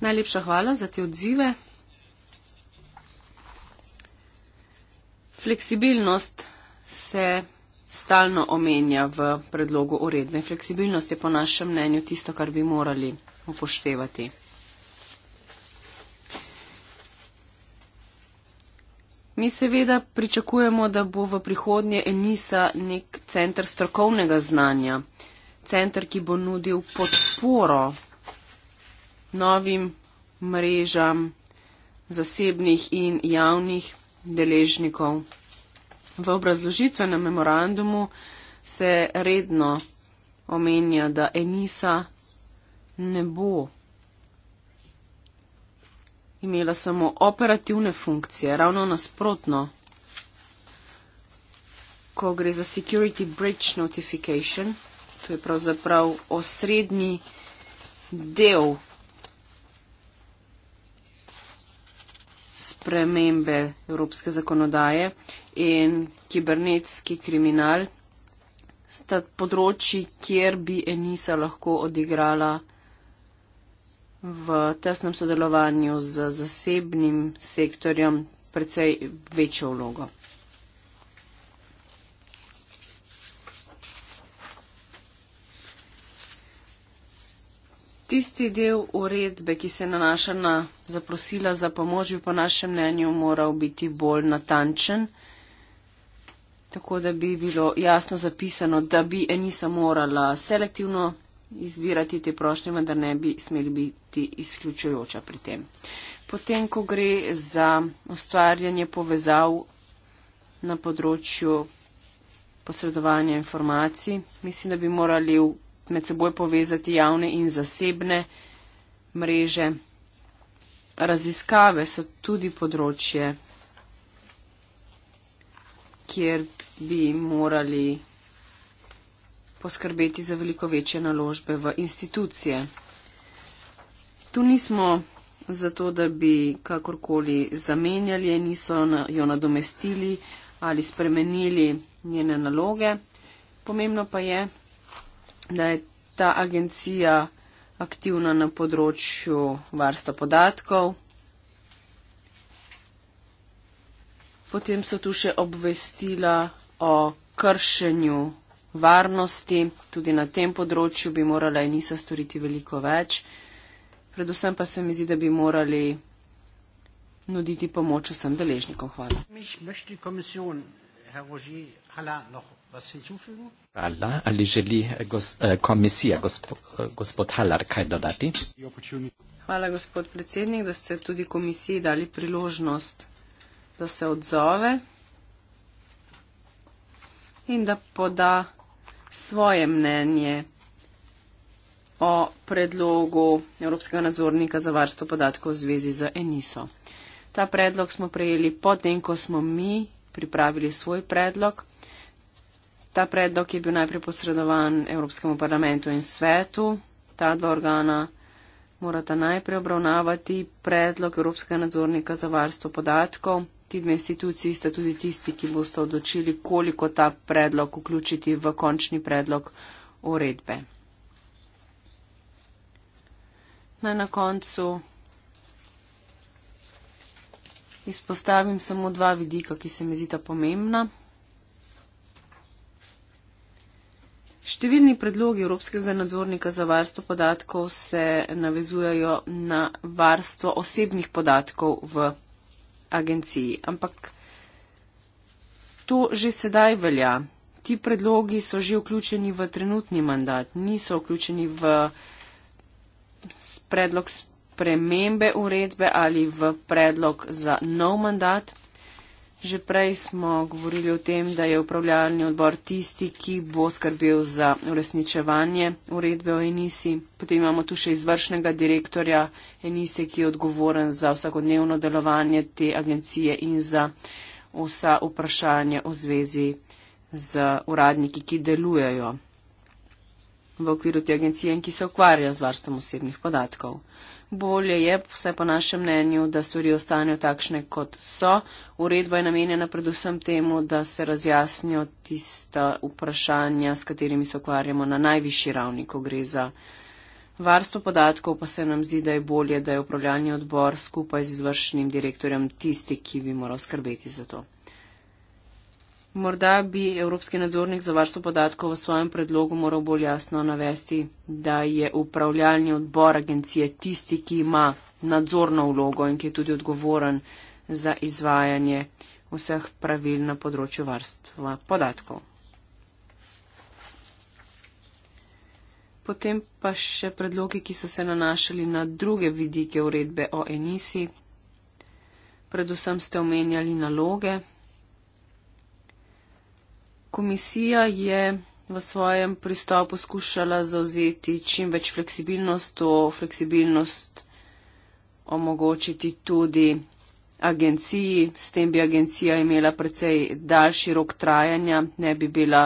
Najlepša hvala za te odzive. Fleksibilnost se stalno omenja v predlogu uredbe. Fleksibilnost je po našem mnenju tisto, kar bi morali upoštevati. Mi seveda pričakujemo, da bo v prihodnje Enisa nek centr strokovnega znanja, centr, ki bo nudil podporo novim mrežam zasebnih in javnih deležnikov. V obrazložitvenem memorandumu se redno omenja, da Enisa ne bo imela samo operativne funkcije, ravno nasprotno, ko gre za Security Bridge Notification, to je pravzaprav osrednji del spremembe evropske zakonodaje in kibernetski kriminal sta področji, kjer bi Enisa lahko odigrala v tesnem sodelovanju z zasebnim sektorjem precej večjo vlogo. Tisti del uredbe, ki se nanaša na zaprosila za pomoč, bi po našem mnenju moral biti bolj natančen, tako da bi bilo jasno zapisano, da bi Enisa morala selektivno izbirati te prošnje, vendar ne bi smeli biti izključujoča pri tem. Potem, ko gre za ustvarjanje povezav na področju posredovanja informacij, mislim, da bi morali v med seboj povezati javne in zasebne mreže. Raziskave so tudi področje, kjer bi morali poskrbeti za veliko večje naložbe v institucije. Tu nismo zato, da bi kakorkoli zamenjali, niso jo nadomestili ali spremenili njene naloge. Pomembno pa je, da je ta agencija aktivna na področju varstva podatkov. Potem so tu še obvestila o kršenju varnosti, tudi na tem področju bi morala Enisa storiti veliko več. Predvsem pa se mi zdi, da bi morali nuditi pomoč vsem deležnikom. Hvala. Hvala. Ali želi eh, gos, eh, komisija, gospod, eh, gospod Halar, kaj dodati? Hvala, gospod predsednik, da ste tudi komisiji dali priložnost, da se odzove in da poda svoje mnenje o predlogu Evropskega nadzornika za varstvo podatkov v zvezi z Eniso. Ta predlog smo prejeli potem, ko smo mi pripravili svoj predlog. Ta predlog je bil najprej posredovan Evropskemu parlamentu in svetu. Ta dva organa morata najprej obravnavati predlog Evropskega nadzornika za varstvo podatkov. Ti dve instituciji sta tudi tisti, ki boste odločili, koliko ta predlog vključiti v končni predlog uredbe. Naj na koncu izpostavim samo dva vidika, ki se mi zdita pomembna. Številni predlogi Evropskega nadzornika za varstvo podatkov se navezujajo na varstvo osebnih podatkov v agenciji. Ampak to že sedaj velja. Ti predlogi so že vključeni v trenutni mandat, niso vključeni v predlog spremembe uredbe ali v predlog za nov mandat. Že prej smo govorili o tem, da je upravljalni odbor tisti, ki bo skrbel za uresničevanje uredbe o Enisi. Potem imamo tu še izvršnega direktorja Enise, ki je odgovoren za vsakodnevno delovanje te agencije in za vsa vprašanja v zvezi z uradniki, ki delujejo v okviru te agencije in ki se ukvarjajo z varstvom osebnih podatkov bolje je, vse po našem mnenju, da stvari ostanejo takšne, kot so. Uredba je namenjena predvsem temu, da se razjasnijo tista vprašanja, s katerimi se okvarjamo na najvišji ravni, ko gre za varstvo podatkov, pa se nam zdi, da je bolje, da je upravljanje odbor skupaj z izvršnim direktorjem tisti, ki bi moral skrbeti za to. Morda bi Evropski nadzornik za varstvo podatkov v svojem predlogu moral bolj jasno navesti, da je upravljalni odbor agencije tisti, ki ima nadzorno vlogo in ki je tudi odgovoren za izvajanje vseh pravil na področju varstva podatkov. Potem pa še predloge, ki so se nanašali na druge vidike uredbe o enisi. Predvsem ste omenjali naloge komisija je v svojem pristopu skušala zauzeti čim več fleksibilnost, to fleksibilnost omogočiti tudi agenciji, s tem bi agencija imela precej daljši rok trajanja, ne bi bila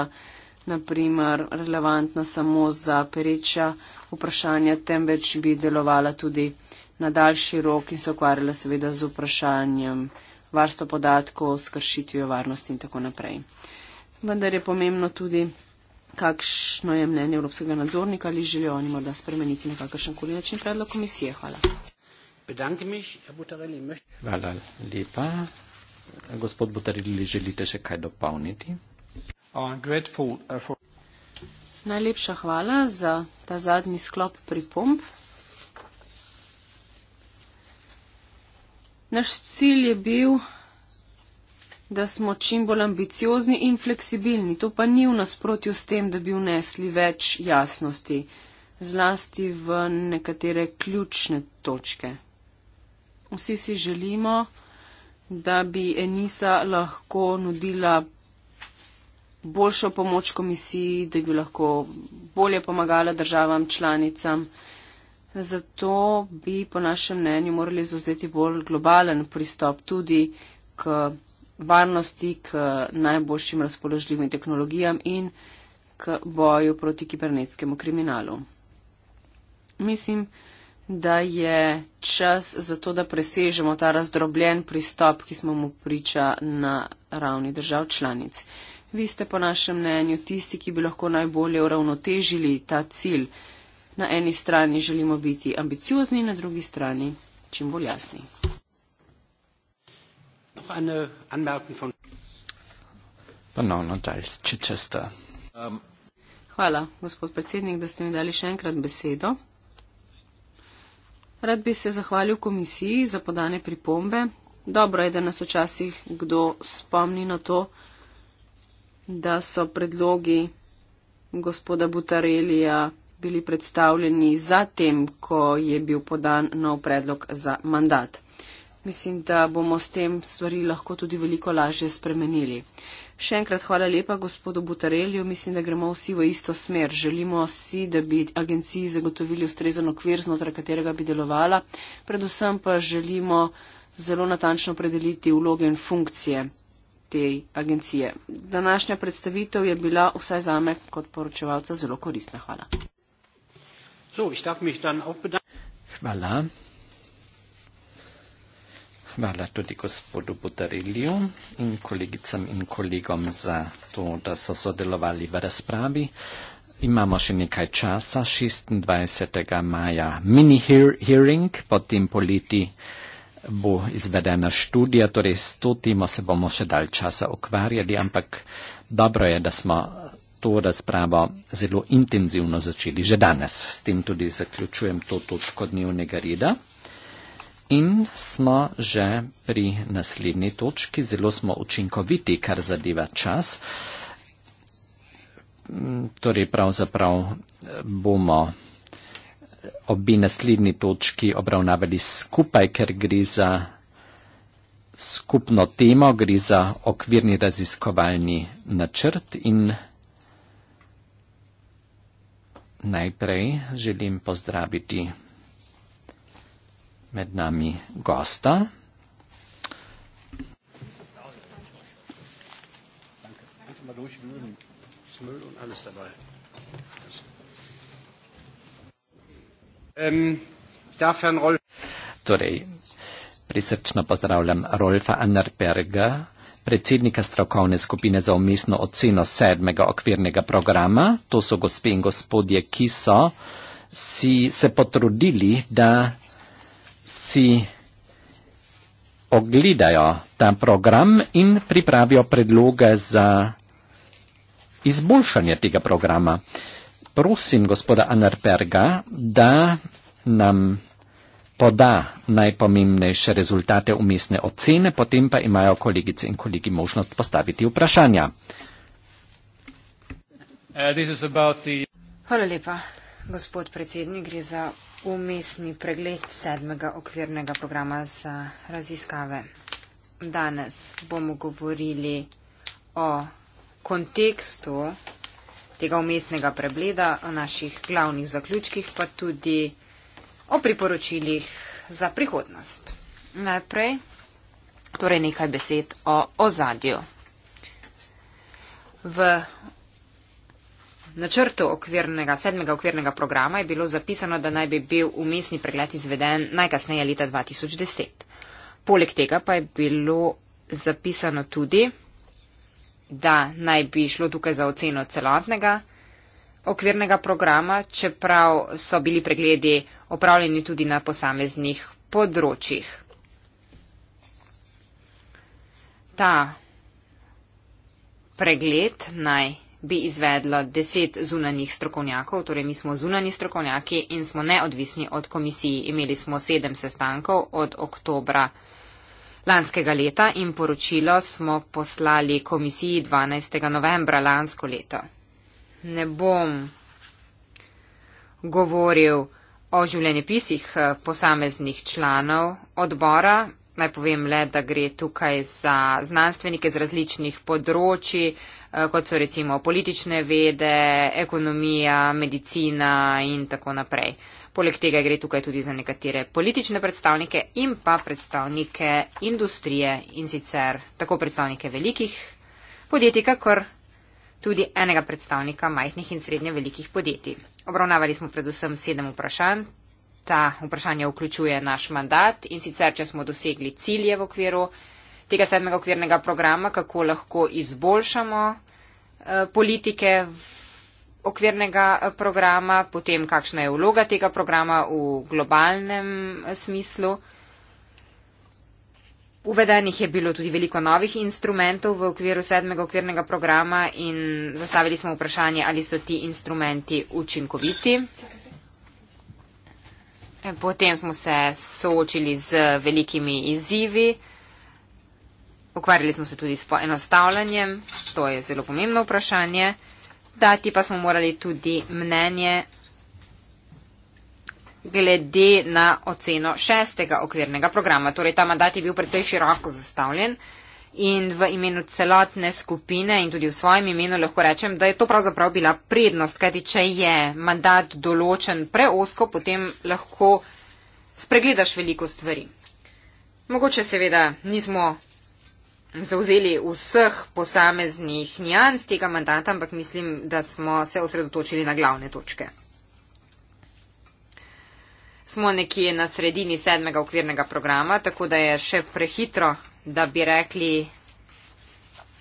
naprimer relevantna samo za pereča vprašanja, temveč bi delovala tudi na daljši rok in se ukvarjala seveda z vprašanjem varstva podatkov, skršitvijo varnosti in tako naprej vendar je pomembno tudi, kakšno je mnenje Evropskega nadzornika ali želijo oni morda spremeniti na kakršen koli način predlog komisije. Hvala. Hvala lepa. Gospod Butarili, želite še kaj dopolniti? Ah, eh, Najlepša hvala za ta zadnji sklop pripomb. Naš cilj je bil da smo čim bolj ambiciozni in fleksibilni. To pa ni v nasprotju s tem, da bi vnesli več jasnosti, zlasti v nekatere ključne točke. Vsi si želimo, da bi Enisa lahko nudila boljšo pomoč komisiji, da bi lahko bolje pomagala državam članicam. Zato bi, po našem mnenju, morali zauzeti bolj globalen pristop tudi k varnosti, k najboljšim razpoložljivim tehnologijam in k boju proti kibernetskemu kriminalu. Mislim, da je čas za to, da presežemo ta razdrobljen pristop, ki smo mu priča na ravni držav članic. Vi ste po našem mnenju tisti, ki bi lahko najbolje uravnotežili ta cilj. Na eni strani želimo biti ambiciozni, na drugi strani čim bolj jasni. Noch eine Anmerkung von Banon und als Chichester. Um. Hvala, gospod predsednik, da ste mi dali še enkrat besedo. Rad bi se zahvalil komisiji za podane pripombe. Dobro je, da nas včasih kdo spomni na to, da so predlogi gospoda Butarelija bili predstavljeni zatem, ko je bil podan nov predlog za mandat mislim, da bomo s tem stvari lahko tudi veliko lažje spremenili. Še enkrat hvala lepa gospodu Butarelju. Mislim, da gremo vsi v isto smer. Želimo si, da bi agenciji zagotovili ustrezen okvir, znotraj katerega bi delovala. Predvsem pa želimo zelo natančno predeliti vloge in funkcije te agencije. Današnja predstavitev je bila vsaj zame kot poročevalca zelo koristna. Hvala. So, ich darf mich dann auch bedanken. Hvala. Hvala tudi gospodu Budarilju in kolegicam in kolegom za to, da so sodelovali v razpravi. Imamo še nekaj časa, 26. maja mini hearing, potem poleti bo izvedena študija, torej s to temo se bomo še dalj časa ukvarjali, ampak dobro je, da smo to razpravo zelo intenzivno začeli že danes. S tem tudi zaključujem to točko dnevnega reda. In smo že pri naslednji točki, zelo smo učinkoviti, kar zadeva čas. Mm, torej, pravzaprav eh, bomo obi naslednji točki obravnavali skupaj, ker gre za skupno temo, gre za okvirni raziskovalni načrt in najprej želim pozdraviti med nami gosta. Ähm, torej, prisrčno pozdravljam Rolfa Annerberga, predsednika strokovne skupine za umestno oceno sedmega okvirnega programa. To so gospe in gospodje, ki so si se potrudili, da si ogledajo ta program in pripravijo predloge za izboljšanje tega programa. Prosim gospoda Anarperga, da nam poda najpomembnejše rezultate umestne ocene, potem pa imajo kolegice in kolegi možnost postaviti vprašanja. Uh, Hvala lepa. Gospod predsednik, gre za umestni pregled sedmega okvirnega programa za raziskave. Danes bomo govorili o kontekstu tega umestnega pregleda, o naših glavnih zaključkih, pa tudi o priporočilih za prihodnost. Najprej torej nekaj besed o ozadju. V načrtu okvirnega, sedmega okvirnega programa je bilo zapisano, da naj bi bil umestni pregled izveden najkasneje leta 2010. Poleg tega pa je bilo zapisano tudi, da naj bi šlo tukaj za oceno celotnega okvirnega programa, čeprav so bili pregledi opravljeni tudi na posameznih področjih. Ta pregled naj bi izvedla deset zunanjih strokovnjakov, torej mi smo zunani strokovnjaki in smo neodvisni od komisiji. Imeli smo sedem sestankov od oktobra lanskega leta in poročilo smo poslali komisiji 12. novembra lansko leto. Ne bom govoril o življenjepisih eh, posameznih članov odbora. Naj povem le, da gre tukaj za znanstvenike z različnih področji, Eh, kot so recimo politične vede, ekonomija, medicina in tako naprej. Poleg tega gre tukaj tudi za nekatere politične predstavnike in pa predstavnike industrije in sicer tako predstavnike velikih podjetij, kakor tudi enega predstavnika majhnih in srednje velikih podjetij. Obravnavali smo predvsem sedem vprašanj. Ta vprašanja vključuje naš mandat in sicer, če smo dosegli cilje v okviru tega sedmega okvirnega programa, kako lahko izboljšamo eh, politike okvirnega eh, programa, potem kakšna je vloga tega programa v globalnem eh, smislu. Uvedenih je bilo tudi veliko novih instrumentov v okviru sedmega okvirnega programa in zastavili smo vprašanje, ali so ti instrumenti učinkoviti. Potem smo se soočili z velikimi izzivi. Ukvarjali smo se tudi s poenostavljanjem, to je zelo pomembno vprašanje. Dati pa smo morali tudi mnenje glede na oceno šestega okvirnega programa. Torej, ta mandat je bil precej široko zastavljen in v imenu celotne skupine in tudi v svojem imenu lahko rečem, da je to pravzaprav bila prednost, kajti če je mandat določen preosko, potem lahko spregledaš veliko stvari. Mogoče seveda nismo zauzeli vseh posameznih njanj tega mandata, ampak mislim, da smo se osredotočili na glavne točke. Smo nekje na sredini sedmega okvirnega programa, tako da je še prehitro, da bi rekli,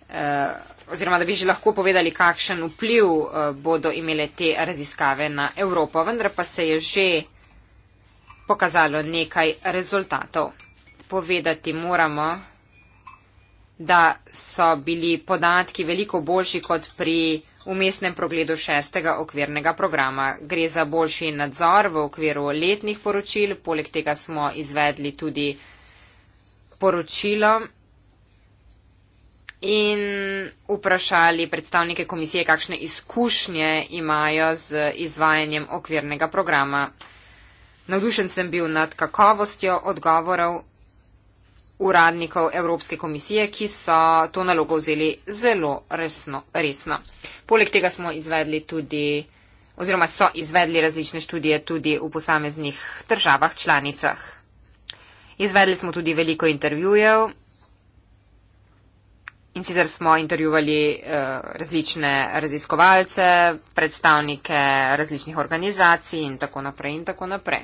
eh, oziroma da bi že lahko povedali, kakšen vpliv eh, bodo imele te raziskave na Evropo, vendar pa se je že pokazalo nekaj rezultatov. Povedati moramo, da so bili podatki veliko boljši kot pri umestnem progledu šestega okvirnega programa. Gre za boljši nadzor v okviru letnih poročil, poleg tega smo izvedli tudi poročilo in vprašali predstavnike komisije, kakšne izkušnje imajo z izvajanjem okvirnega programa. Navdušen sem bil nad kakovostjo odgovorov uradnikov Evropske komisije, ki so to nalogo vzeli zelo resno, resno. Poleg tega smo izvedli tudi, oziroma so izvedli različne študije tudi v posameznih državah članicah. Izvedli smo tudi veliko intervjujev in sicer smo intervjuvali uh, različne raziskovalce, predstavnike različnih organizacij in tako naprej in tako naprej.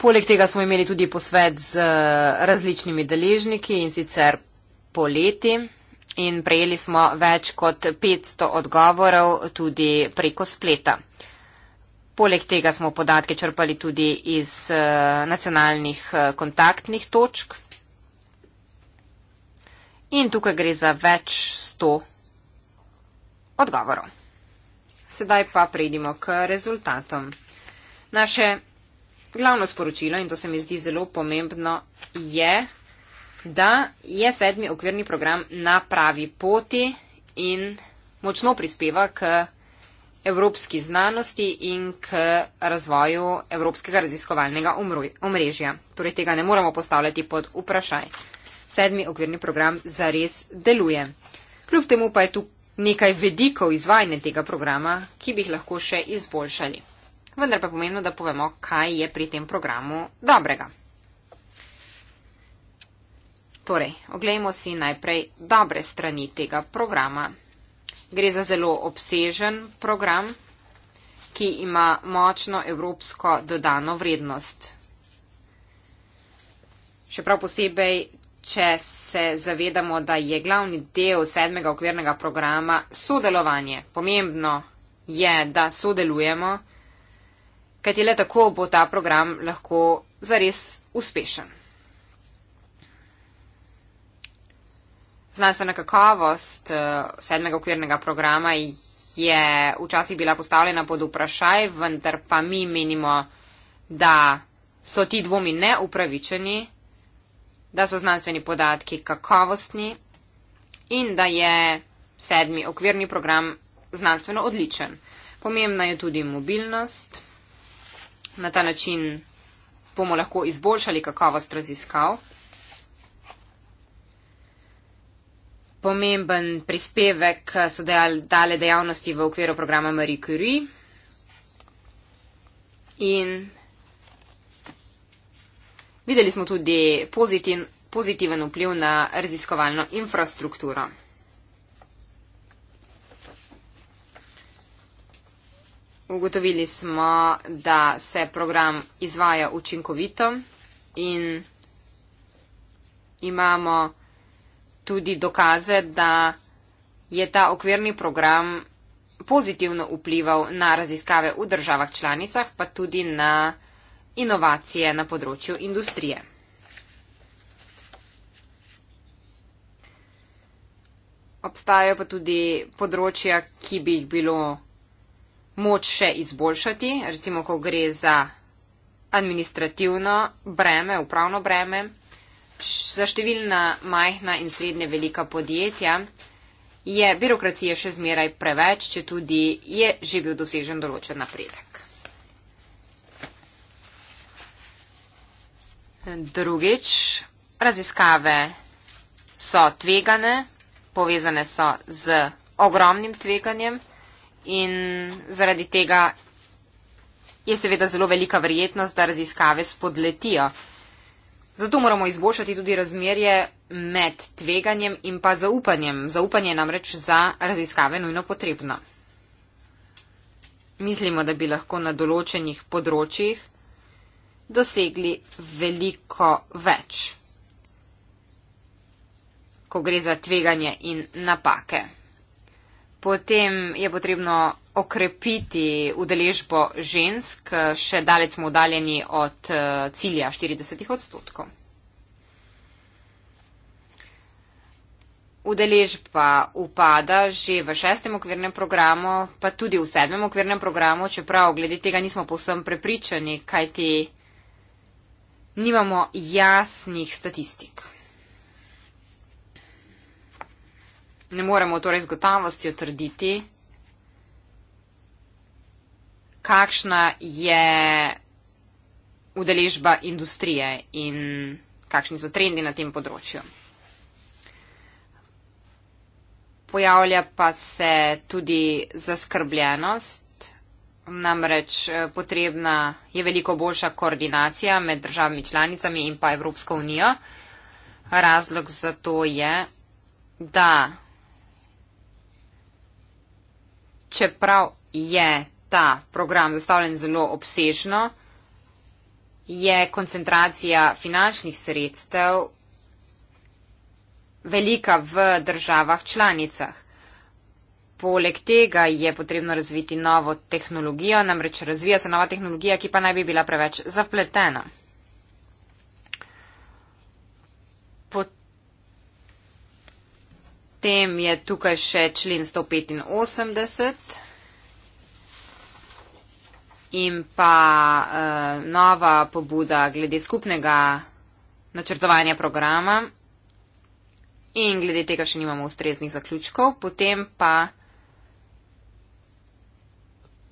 Poleg tega smo imeli tudi posvet z eh, različnimi deležniki in sicer poleti in prejeli smo več kot 500 odgovorov tudi preko spleta. Poleg tega smo podatke črpali tudi iz eh, nacionalnih eh, kontaktnih točk. In tukaj gre za več sto odgovorov. Sedaj pa pridimo k rezultatom. Naše glavno sporočilo, in to se mi zdi zelo pomembno, je, da je sedmi okvirni program na pravi poti in močno prispeva k evropski znanosti in k razvoju evropskega raziskovalnega omrežja. Torej tega ne moremo postavljati pod vprašaj. Sedmi okvirni program zares deluje. Kljub temu pa je tu nekaj vedikov izvajanja tega programa, ki bi jih lahko še izboljšali vendar pa je pomembno, da povemo, kaj je pri tem programu dobrega. Torej, oglejmo si najprej dobre strani tega programa. Gre za zelo obsežen program, ki ima močno evropsko dodano vrednost. Še prav posebej, če se zavedamo, da je glavni del sedmega okvirnega programa sodelovanje. Pomembno je, da sodelujemo kajti le tako bo ta program lahko zares uspešen. Znanstvena kakovost eh, sedmega okvirnega programa je včasih bila postavljena pod vprašaj, vendar pa mi menimo, da so ti dvomi neupravičeni, da so znanstveni podatki kakovostni in da je sedmi okvirni program znanstveno odličen. Pomembna je tudi mobilnost na ta način bomo lahko izboljšali kakovost raziskav. Pomemben prispevek so dale dejavnosti v okviru programa Marie Curie in videli smo tudi pozitiven vpliv na raziskovalno infrastrukturo. Ugotovili smo, da se program izvaja učinkovito in imamo tudi dokaze, da je ta okvirni program pozitivno vplival na raziskave v državah članicah, pa tudi na inovacije na področju industrije. Obstajajo pa tudi področja, ki bi jih bilo moč še izboljšati, recimo, ko gre za administrativno breme, upravno breme, za številna majhna in srednje velika podjetja je birokracije še zmeraj preveč, če tudi je že bil dosežen določen napredek. Drugič, raziskave so tvegane, povezane so z ogromnim tveganjem in zaradi tega je seveda zelo velika verjetnost, da raziskave spodletijo. Zato moramo izboljšati tudi razmerje med tveganjem in pa zaupanjem. Zaupanje je namreč za raziskave nujno potrebno. Mislimo, da bi lahko na določenih področjih dosegli veliko več, ko gre za tveganje in napake potem je potrebno okrepiti udeležbo žensk, še dalec smo udaljeni od eh, cilja 40 odstotkov. Udeležba upada že v šestem okvirnem programu, pa tudi v sedmem okvirnem programu, čeprav glede tega nismo povsem prepričani, kajti nimamo jasnih statistik. Ne moremo torej z gotovostjo trditi, kakšna je udeležba industrije in kakšni so trendi na tem področju. Pojavlja pa se tudi zaskrbljenost, namreč eh, potrebna je veliko boljša koordinacija med državami članicami in pa Evropsko unijo. Razlog za to je, da čeprav je ta program zastavljen zelo obsežno, je koncentracija finančnih sredstev velika v državah članicah. Poleg tega je potrebno razviti novo tehnologijo, namreč razvija se nova tehnologija, ki pa naj bi bila preveč zapletena. Potem je tukaj še člen 185 in pa uh, nova pobuda glede skupnega načrtovanja programa in glede tega še nimamo ustreznih zaključkov. Potem pa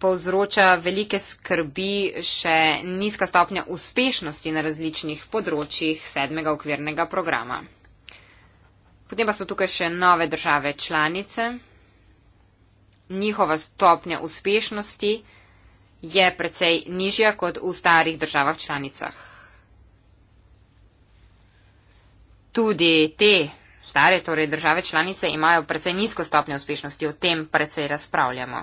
povzroča velike skrbi še nizka stopnja uspešnosti na različnih področjih sedmega okvirnega programa. Potem pa so tukaj še nove države članice. Njihova stopnja uspešnosti je precej nižja kot v starih državah članicah. Tudi te stare, torej države članice, imajo precej nizko stopnjo uspešnosti, o tem precej razpravljamo.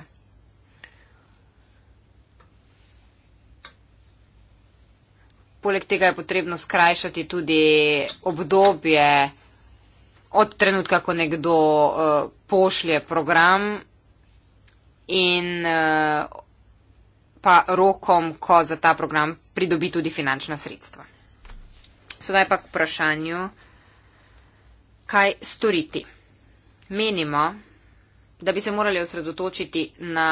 Poleg tega je potrebno skrajšati tudi obdobje, od trenutka, ko nekdo uh, pošlje program in uh, pa rokom, ko za ta program pridobi tudi finančna sredstva. Sedaj pa k vprašanju, kaj storiti. Menimo, da bi se morali osredotočiti na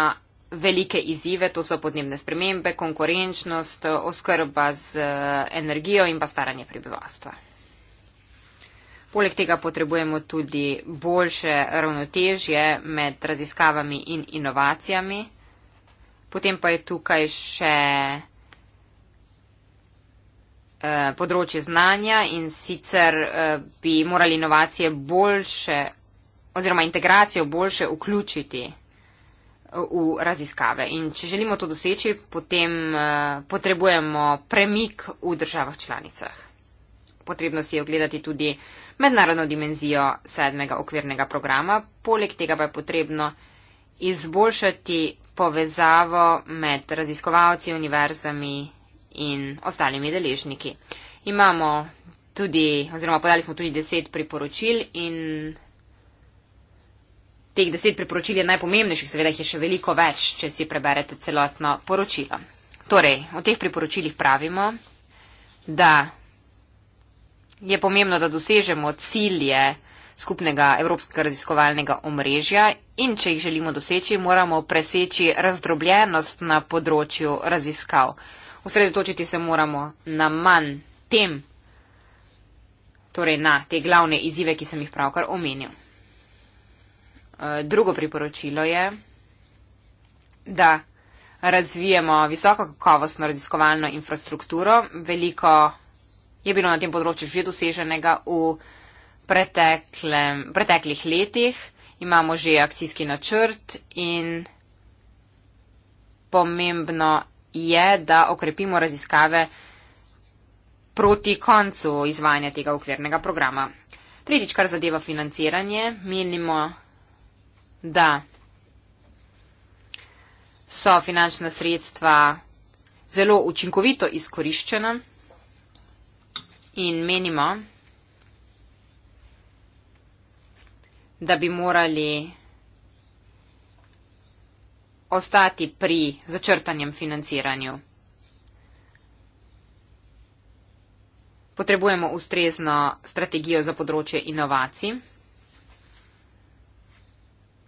velike izzive, to so podnebne spremembe, konkurenčnost, oskrba z eh, energijo in pa staranje prebivalstva. Poleg tega potrebujemo tudi boljše ravnotežje med raziskavami in inovacijami. Potem pa je tukaj še eh, področje znanja in sicer eh, bi morali inovacije boljše oziroma integracijo boljše vključiti eh, v raziskave. In če želimo to doseči, potem eh, potrebujemo premik v državah članicah. Potrebno si je ogledati tudi mednarodno dimenzijo sedmega okvirnega programa, poleg tega pa je potrebno izboljšati povezavo med raziskovalci, univerzami in ostalimi deležniki. Imamo tudi, oziroma podali smo tudi deset priporočil in teh deset priporočil je najpomembnejših, seveda jih je še veliko več, če si preberete celotno poročilo. Torej, v teh priporočilih pravimo, da je pomembno, da dosežemo cilje skupnega evropskega raziskovalnega omrežja in če jih želimo doseči, moramo preseči razdrobljenost na področju raziskav. Osredotočiti se moramo na manj tem, torej na te glavne izzive, ki sem jih pravkar omenil. E, drugo priporočilo je, da razvijemo visokokakovostno raziskovalno infrastrukturo, veliko je bilo na tem področju že doseženega v preteklem, preteklih letih. Imamo že akcijski načrt in pomembno je, da okrepimo raziskave proti koncu izvajanja tega okvirnega programa. Tretjič, kar zadeva financiranje, menimo, da so finančna sredstva zelo učinkovito izkoriščena in menimo, da bi morali ostati pri začrtanjem financiranju. Potrebujemo ustrezno strategijo za področje inovacij.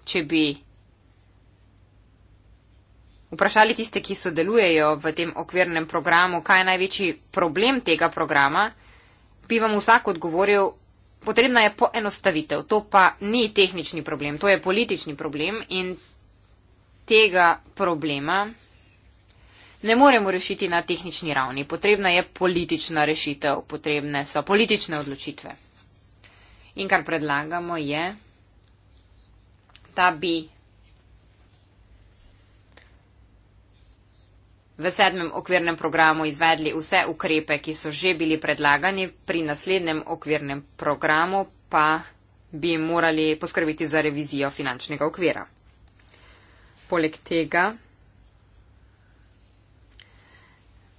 Če bi vprašali tiste, ki sodelujejo v tem okvirnem programu, kaj je največji problem tega programa, bi vam vsak odgovoril, potrebna je poenostavitev. To pa ni tehnični problem, to je politični problem in tega problema ne moremo rešiti na tehnični ravni. Potrebna je politična rešitev, potrebne so politične odločitve. In kar predlagamo je, da bi v sedmem okvirnem programu izvedli vse ukrepe, ki so že bili predlagani, pri naslednjem okvirnem programu pa bi morali poskrbiti za revizijo finančnega okvira. Poleg tega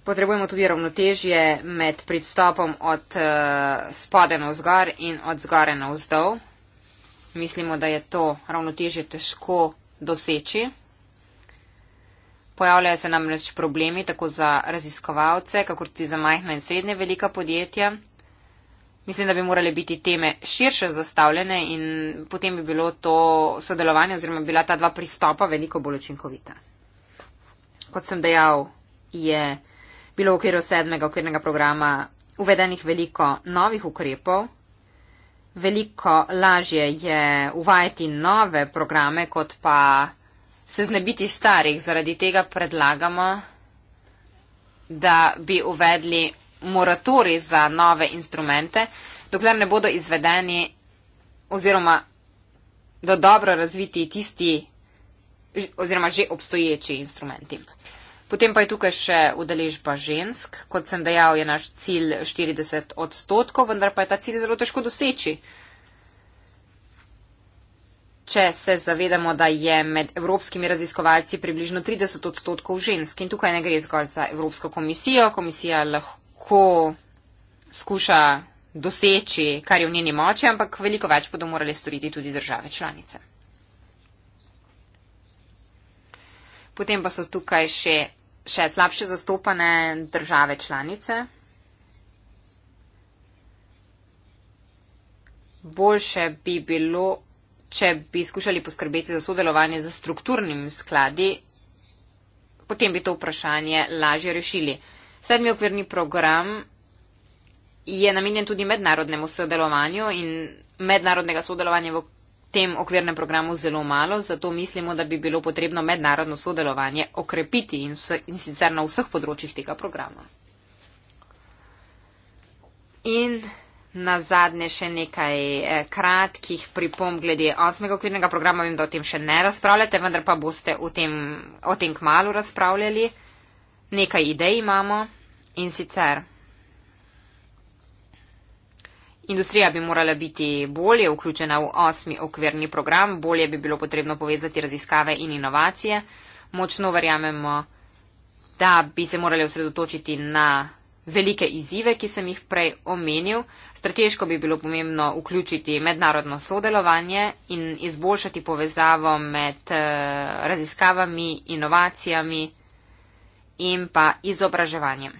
potrebujemo tudi ravnotežje med pristopom od eh, spode na vzgor in od zgore na vzdol. Mislimo, da je to ravnotežje težko doseči, Pojavljajo se namreč problemi tako za raziskovalce, kako tudi za majhna in srednje velika podjetja. Mislim, da bi morali biti teme širše zastavljene in potem bi bilo to sodelovanje oziroma bila ta dva pristopa veliko bolj učinkovita. Kot sem dejal, je bilo v okviru sedmega okvirnega programa uvedenih veliko novih ukrepov. Veliko lažje je uvajati nove programe, kot pa se znebiti starih. Zaradi tega predlagamo, da bi uvedli moratori za nove instrumente, dokler ne bodo izvedeni oziroma do dobro razviti tisti oziroma že obstoječi instrumenti. Potem pa je tukaj še udeležba žensk. Kot sem dejal, je naš cilj 40 odstotkov, vendar pa je ta cilj zelo težko doseči če se zavedamo, da je med evropskimi raziskovalci približno 30 odstotkov žensk. In tukaj ne gre zgolj za Evropsko komisijo. Komisija lahko skuša doseči, kar je v njeni moči, ampak veliko več bodo morali storiti tudi države članice. Potem pa so tukaj še, še slabše zastopane države članice. Boljše bi bilo če bi skušali poskrbeti za sodelovanje z strukturnimi skladi, potem bi to vprašanje lažje rešili. Sedmi okvirni program je namenjen tudi mednarodnemu sodelovanju in mednarodnega sodelovanja v tem okvirnem programu zelo malo, zato mislimo, da bi bilo potrebno mednarodno sodelovanje okrepiti in, vse, in sicer na vseh področjih tega programa. In Na zadnje še nekaj eh, kratkih pripomb glede osmega okvirnega programa. Vem, da o tem še ne razpravljate, vendar pa boste o tem, o tem kmalu razpravljali. Nekaj idej imamo in sicer. Industrija bi morala biti bolje vključena v osmi okvirni program, bolje bi bilo potrebno povezati raziskave in inovacije. Močno verjamemo, da bi se morali osredotočiti na velike izzive, ki sem jih prej omenil. Strateško bi bilo pomembno vključiti mednarodno sodelovanje in izboljšati povezavo med eh, raziskavami, inovacijami in pa izobraževanjem.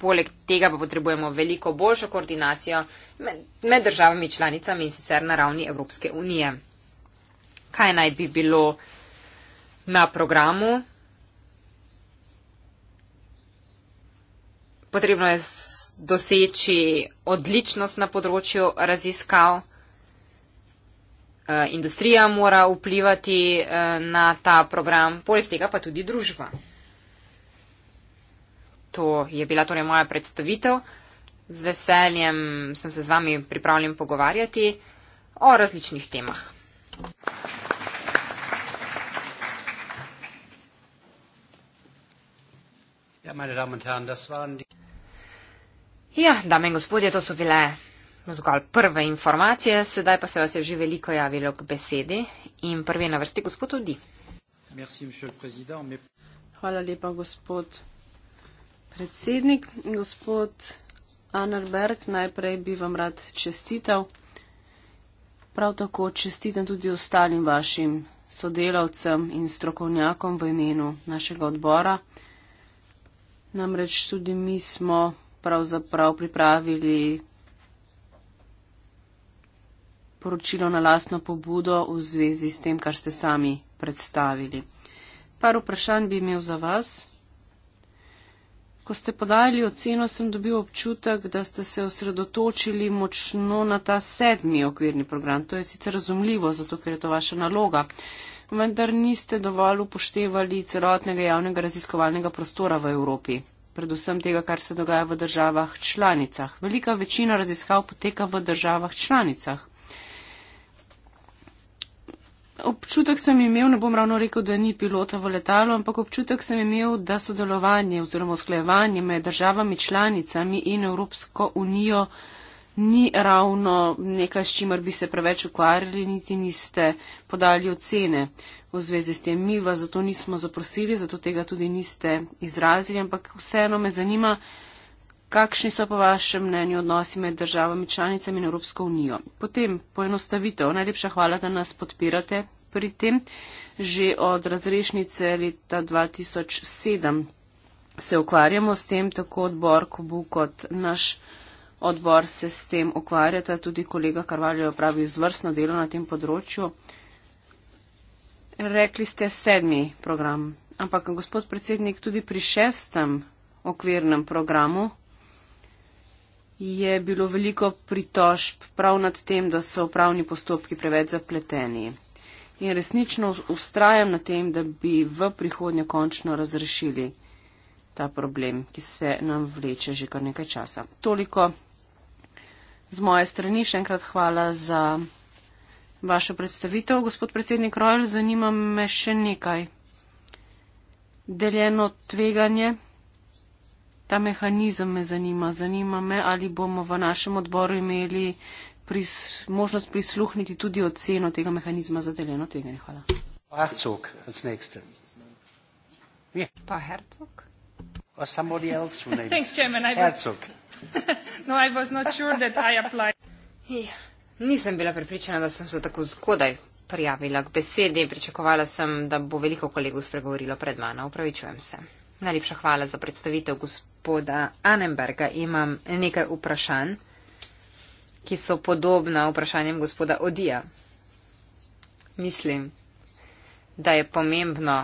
Poleg tega pa potrebujemo veliko boljšo koordinacijo med, med državami članicami in sicer na ravni Evropske unije. Kaj naj bi bilo na programu potrebno je doseči odličnost na področju raziskav. Eh, industrija mora vplivati eh, na ta program, poleg tega pa tudi družba. To je bila torej moja predstavitev. Z veseljem sem se z vami pripravljen pogovarjati o različnih temah. Ja, meine Damen und Herren, das waren die. Ja, dame in gospodje, to so bile zgolj prve informacije, sedaj pa se vas je že veliko javilo k besedi in prvi je na vrsti gospod Udi. Hvala lepa, gospod predsednik. Gospod Anerberg, najprej bi vam rad čestital. Prav tako čestitam tudi ostalim vašim sodelavcem in strokovnjakom v imenu našega odbora. Namreč tudi mi smo pravzaprav pripravili poročilo na lastno pobudo v zvezi s tem, kar ste sami predstavili. Par vprašanj bi imel za vas. Ko ste podali oceno, sem dobil občutek, da ste se osredotočili močno na ta sedmi okvirni program. To je sicer razumljivo, zato ker je to vaša naloga, vendar niste dovolj upoštevali celotnega javnega raziskovalnega prostora v Evropi predvsem tega, kar se dogaja v državah članicah. Velika večina raziskav poteka v državah članicah. Občutek sem imel, ne bom ravno rekel, da ni pilota v letalu, ampak občutek sem imel, da sodelovanje oziroma usklajevanje med državami članicami in Evropsko unijo ni ravno nekaj, s čimer bi se preveč ukvarjali, niti niste podali ocene v zvezi s tem. Mi vas zato nismo zaprosili, zato tega tudi niste izrazili, ampak vseeno me zanima, kakšni so po vašem mnenju odnosi med državami članicami in Evropsko unijo. Potem poenostavitev. Najlepša hvala, da nas podpirate pri tem. Že od razrešnice leta 2007 se ukvarjamo s tem, tako odbor, kobu, kot naš odbor se s tem ukvarjata, tudi kolega Karvaljo pravi izvrstno delo na tem področju. Rekli ste sedmi program, ampak gospod predsednik, tudi pri šestem okvirnem programu je bilo veliko pritožb prav nad tem, da so upravni postopki preveč zapleteni. In resnično ustrajam na tem, da bi v prihodnje končno razrešili ta problem, ki se nam vleče že kar nekaj časa. Toliko Z moje strani še enkrat hvala za vašo predstavitev, gospod predsednik Rojl. Zanima me še nekaj. Deljeno tveganje, ta mehanizem me zanima. Zanima me, ali bomo v našem odboru imeli pris, možnost prisluhniti tudi oceno tega mehanizma za deljeno tveganje. Hvala. Pa Hercog or somebody else who (laughs) named Thanks, Chairman. Herzog. (laughs) no, I was not sure that I applied. (laughs) Nisem bila pripričana, da sem se tako zgodaj prijavila k besedi. Pričakovala sem, da bo veliko kolegov spregovorilo pred mano. Upravičujem se. Najlepša hvala za predstavitev gospoda Annenberga. Imam nekaj vprašanj, ki so podobna vprašanjem gospoda Odija. Mislim, da je pomembno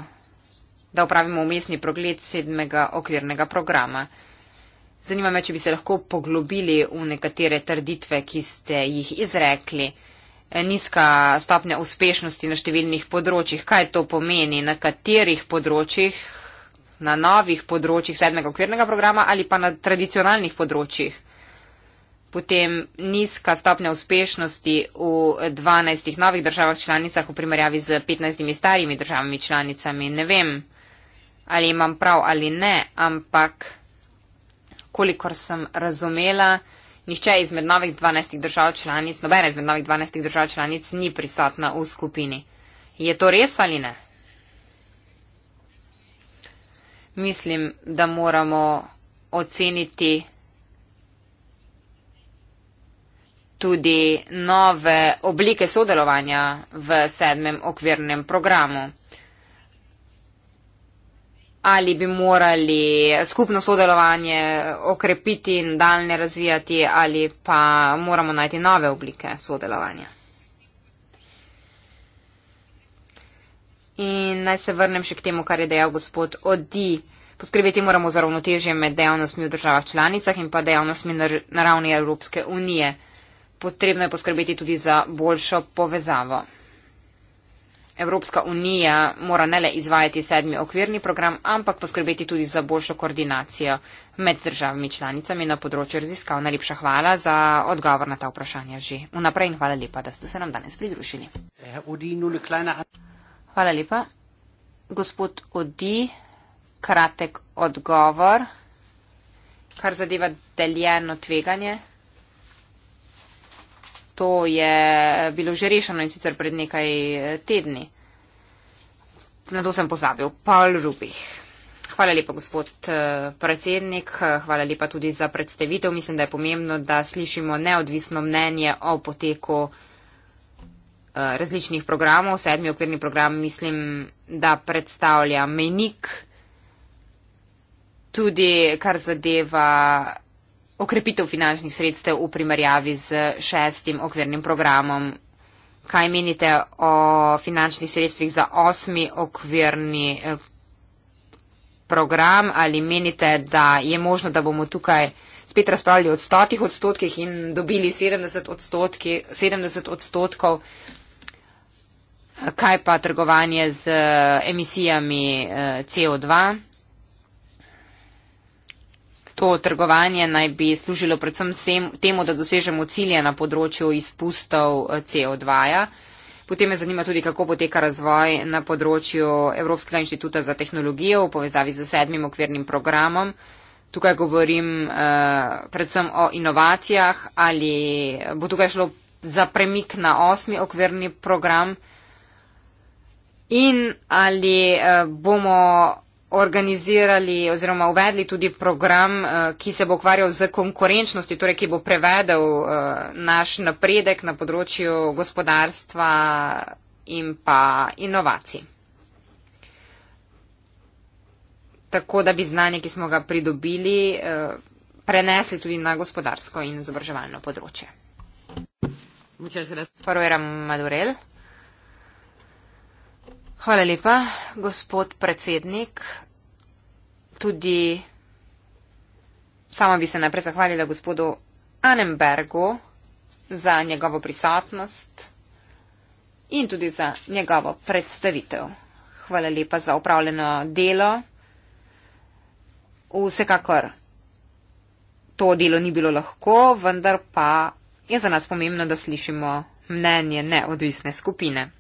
da upravimo umestni progled sedmega okvirnega programa. Zanima me, če bi se lahko poglobili v nekatere trditve, ki ste jih izrekli. E, nizka stopnja uspešnosti na številnih področjih, kaj to pomeni, na katerih področjih, na novih področjih sedmega okvirnega programa ali pa na tradicionalnih področjih. Potem nizka stopnja uspešnosti v 12 novih državah članicah v primerjavi z 15 starimi državami članicami. Ne vem ali imam prav ali ne, ampak kolikor sem razumela, nihče izmed novih 12 držav članic, nobena izmed novih 12 držav članic ni prisotna v skupini. Je to res ali ne? Mislim, da moramo oceniti tudi nove oblike sodelovanja v sedmem okvirnem programu ali bi morali skupno sodelovanje okrepiti in daljne razvijati, ali pa moramo najti nove oblike sodelovanja. In naj se vrnem še k temu, kar je dejal gospod Odi. Poskrbeti moramo za ravnotežje med dejavnostmi v državah članicah in pa dejavnostmi na ravni Evropske unije. Potrebno je poskrbeti tudi za boljšo povezavo. Evropska unija mora ne le izvajati sedmi okvirni program, ampak poskrbeti tudi za boljšo koordinacijo med državami članicami na področju raziskav. Najlepša hvala za odgovor na ta vprašanja že. Vnaprej in hvala lepa, da ste se nam danes pridružili. Hvala lepa. Gospod Odi, kratek odgovor, kar zadeva deljeno tveganje to je bilo že rešeno in sicer pred nekaj eh, tedni. Na to sem pozabil. Paul Rubih. Hvala lepa, gospod eh, predsednik. Hvala lepa tudi za predstavitev. Mislim, da je pomembno, da slišimo neodvisno mnenje o poteku eh, različnih programov. Sedmi okvirni program mislim, da predstavlja menik tudi kar zadeva okrepitev finančnih sredstev v primerjavi z šestim okvirnim programom. Kaj menite o finančnih sredstvih za osmi okvirni eh, program? Ali menite, da je možno, da bomo tukaj spet razpravljali o stotih odstotkih in dobili 70, 70 odstotkov? Kaj pa trgovanje z eh, emisijami eh, CO2? To trgovanje naj bi služilo predvsem sem, temu, da dosežemo cilje na področju izpustov eh, CO2. -ja. Potem me zanima tudi, kako poteka razvoj na področju Evropskega inštituta za tehnologijo v povezavi z sedmim okvirnim programom. Tukaj govorim eh, predvsem o inovacijah, ali bo tukaj šlo za premik na osmi okvirni program in ali eh, bomo organizirali oziroma uvedli tudi program, eh, ki se bo ukvarjal z konkurenčnosti, torej ki bo prevedel eh, naš napredek na področju gospodarstva in pa inovacij. Tako da bi znanje, ki smo ga pridobili, eh, prenesli tudi na gospodarsko in izobraževalno področje. Muchas gracias. Paro era Madurel. Hvala lepa, gospod predsednik. Tudi sama bi se najprej zahvalila gospodu Anembergu za njegovo prisotnost in tudi za njegovo predstavitev. Hvala lepa za upravljeno delo. Vsekakor to delo ni bilo lahko, vendar pa je za nas pomembno, da slišimo mnenje neodvisne skupine.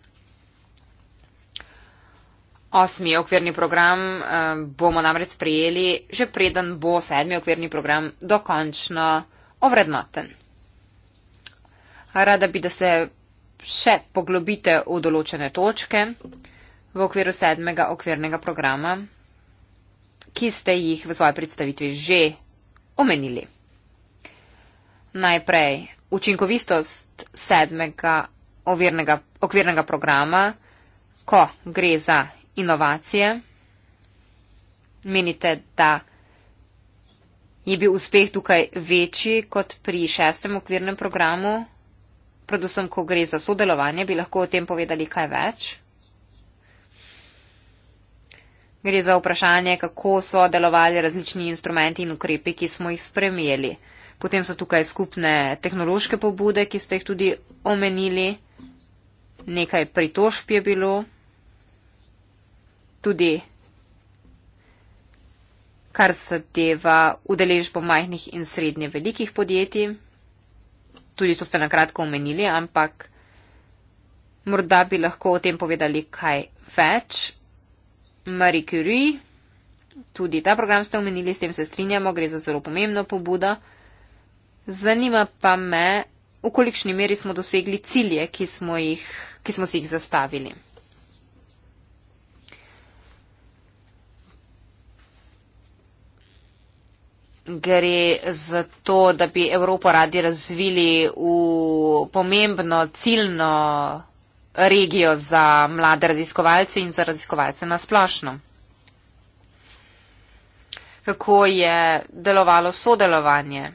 Osmi okvirni program eh, bomo namreč sprejeli, že preden bo sedmi okvirni program dokončno ovrednoten. Rada bi, da se še poglobite v določene točke v okviru sedmega okvirnega programa, ki ste jih v svoji predstavitvi že omenili. Najprej učinkovistost sedmega okvirnega programa, ko gre za inovacije? Menite, da je bil uspeh tukaj večji kot pri šestem okvirnem programu? Predvsem, ko gre za sodelovanje, bi lahko o tem povedali kaj več? Gre za vprašanje, kako so delovali različni instrumenti in ukrepi, ki smo jih spremijeli. Potem so tukaj skupne tehnološke pobude, ki ste jih tudi omenili. Nekaj pritožb je bilo tudi kar zadeva udeležbo majhnih in srednje velikih podjetij. Tudi to ste nakratko omenili, ampak morda bi lahko o tem povedali kaj več. Marie Curie, tudi ta program ste omenili, s tem se strinjamo, gre za zelo pomembno pobudo. Zanima pa me, v kolikšni meri smo dosegli cilje, ki smo, jih, ki smo si jih zastavili. gre za to, da bi Evropo radi razvili v pomembno ciljno regijo za mlade raziskovalce in za raziskovalce na splošno. Kako je delovalo sodelovanje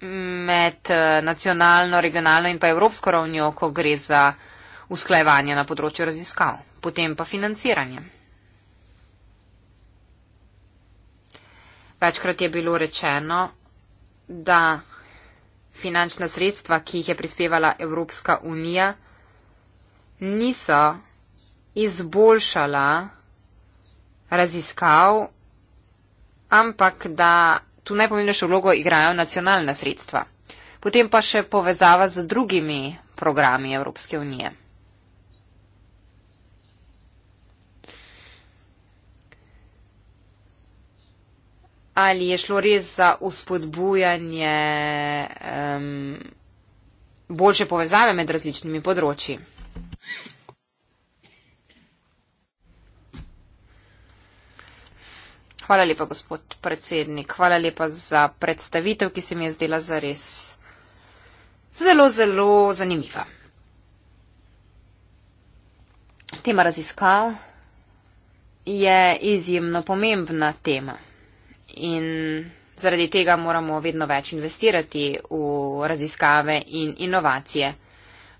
med eh, nacionalno, regionalno in pa evropsko ravnjo, ko gre za usklajevanje na področju raziskav, potem pa financiranje. Večkrat je bilo rečeno, da finančna sredstva, ki jih je prispevala Evropska unija, niso izboljšala raziskav, ampak da tu najpomembnejšo vlogo igrajo nacionalna sredstva. Potem pa še povezava z drugimi programi Evropske unije. ali je šlo res za uspodbujanje um, boljše povezave med različnimi področji. Hvala lepa, gospod predsednik. Hvala lepa za predstavitev, ki se mi je zdela za res zelo, zelo zanimiva. Tema raziskav je izjemno pomembna tema in zaradi tega moramo vedno več investirati v raziskave in inovacije.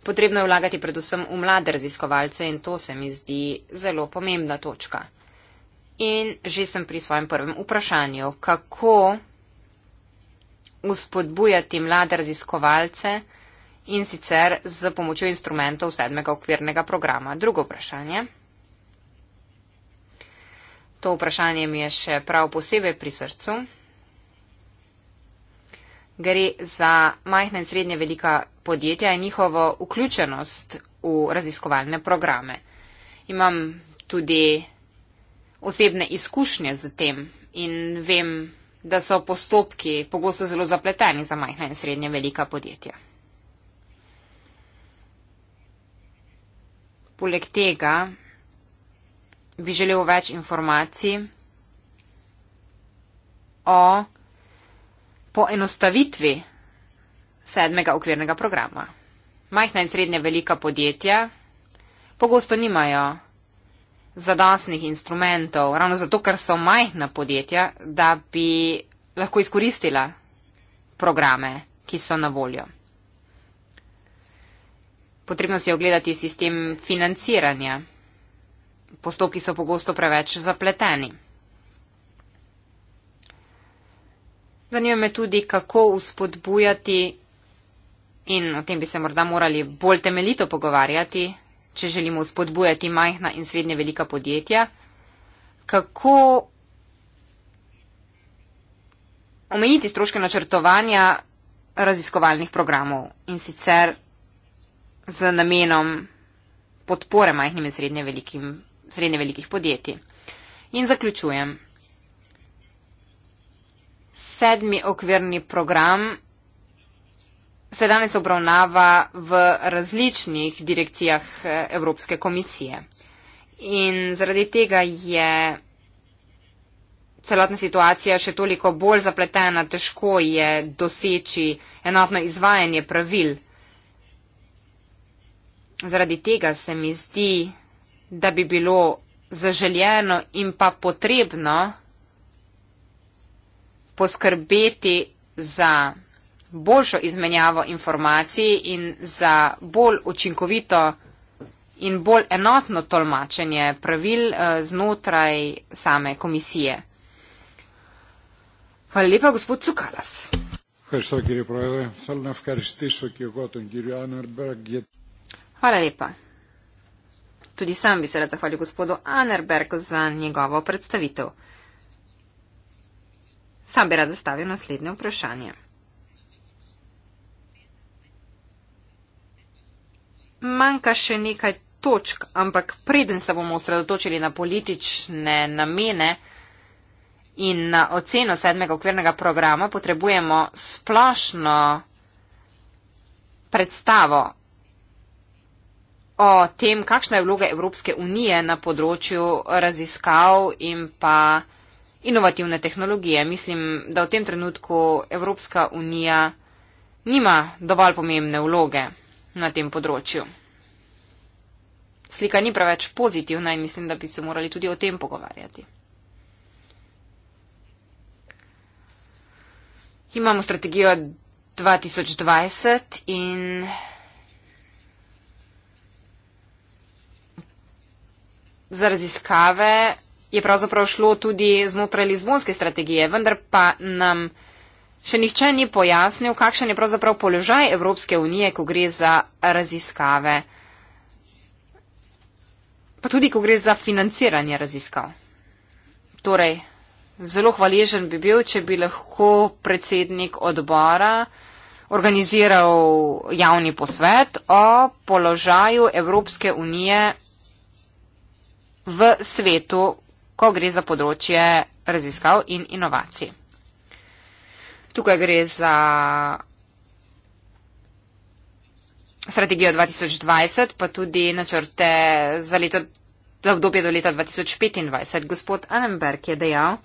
Potrebno je vlagati predvsem v mlade raziskovalce in to se mi zdi zelo pomembna točka. In že sem pri svojem prvem vprašanju, kako uspodbujati mlade raziskovalce in sicer z pomočjo instrumentov sedmega okvirnega programa. Drugo vprašanje. To vprašanje mi je še prav posebej pri srcu. Gre za majhna in srednje velika podjetja in njihovo vključenost v raziskovalne programe. Imam tudi osebne izkušnje z tem in vem, da so postopki pogosto zelo zapleteni za majhna in srednje velika podjetja. Poleg tega bi želel več informacij o poenostavitvi sedmega okvirnega programa. Majhna in srednja velika podjetja pogosto nimajo zadostnih instrumentov, ravno zato, ker so majhna podjetja, da bi lahko izkoristila programe, ki so na voljo. Potrebno si je ogledati sistem financiranja. Postopki so pogosto preveč zapleteni. Zanima me tudi, kako uspodbujati in o tem bi se morda morali bolj temeljito pogovarjati, če želimo uspodbujati majhna in srednje velika podjetja, kako omejiti stroške načrtovanja raziskovalnih programov in sicer z namenom podpore majhnim in srednje velikim srednje velikih podjetij. In zaključujem. Sedmi okvirni program se danes obravnava v različnih direkcijah eh, Evropske komisije. In zaradi tega je celotna situacija še toliko bolj zapletena, težko je doseči enotno izvajanje pravil. Zaradi tega se mi zdi, da bi bilo zaželjeno in pa potrebno poskrbeti za boljšo izmenjavo informacij in za bolj učinkovito in bolj enotno tolmačenje pravil znotraj same komisije. Hvala lepa, gospod Cukalas. Hvala lepa. Tudi sam bi se rad zahvalil gospodu Anerbergu za njegovo predstavitev. Sam bi rad zastavil naslednje vprašanje. Manjka še nekaj točk, ampak preden se bomo osredotočili na politične namene in na oceno sedmega okvirnega programa, potrebujemo splošno predstavo o tem, kakšna je vloga Evropske unije na področju raziskav in pa inovativne tehnologije. Mislim, da v tem trenutku Evropska unija nima dovolj pomembne vloge na tem področju. Slika ni preveč pozitivna in mislim, da bi se morali tudi o tem pogovarjati. Imamo strategijo 2020 in za raziskave je pravzaprav šlo tudi znotraj Lizbonske strategije, vendar pa nam še nihče ni pojasnil, kakšen je pravzaprav položaj Evropske unije, ko gre za raziskave, pa tudi, ko gre za financiranje raziskav. Torej, zelo hvaležen bi bil, če bi lahko predsednik odbora organiziral javni posvet o položaju Evropske unije v svetu, ko gre za področje raziskav in inovacij. Tukaj gre za strategijo 2020, pa tudi načrte za, leto, za obdobje do leta 2025. Gospod Annenberg je dejal,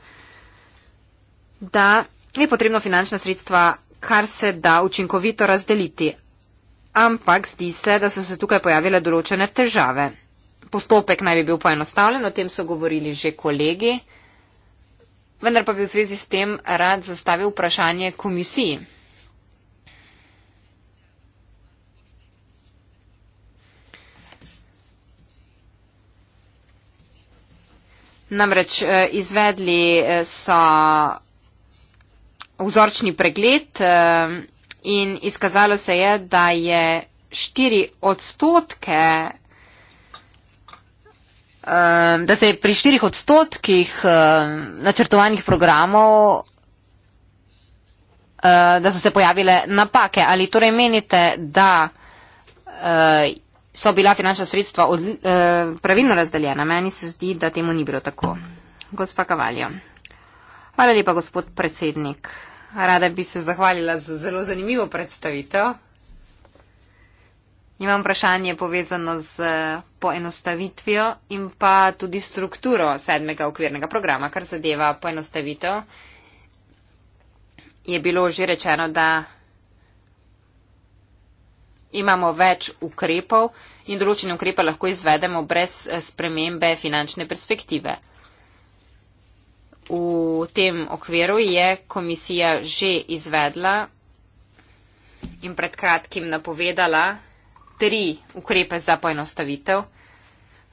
da je potrebno finančna sredstva kar se da učinkovito razdeliti. Ampak zdi se, da so se tukaj pojavile določene težave postopek naj bi bil poenostavljen, o tem so govorili že kolegi. Vendar pa bi v zvezi s tem rad zastavil vprašanje komisiji. Namreč eh, izvedli eh, so vzorčni pregled eh, in izkazalo se je, da je 4 odstotke Ehm, da se je pri štirih odstotkih ehm, načrtovanih programov, ehm, da so se pojavile napake. Ali torej menite, da so bila finančna sredstva pravilno razdeljena? Meni se zdi, da temu ni bilo tako. Gospa Kavaljo. Hvala lepa, gospod predsednik. Rada bi se zahvalila za zelo zanimivo predstavitev imam vprašanje povezano z poenostavitvijo in pa tudi strukturo sedmega okvirnega programa, kar zadeva poenostavitev. Je bilo že rečeno, da imamo več ukrepov in določene ukrepe lahko izvedemo brez eh, spremembe finančne perspektive. V tem okviru je komisija že izvedla in pred kratkim napovedala tri ukrepe za poenostavitev,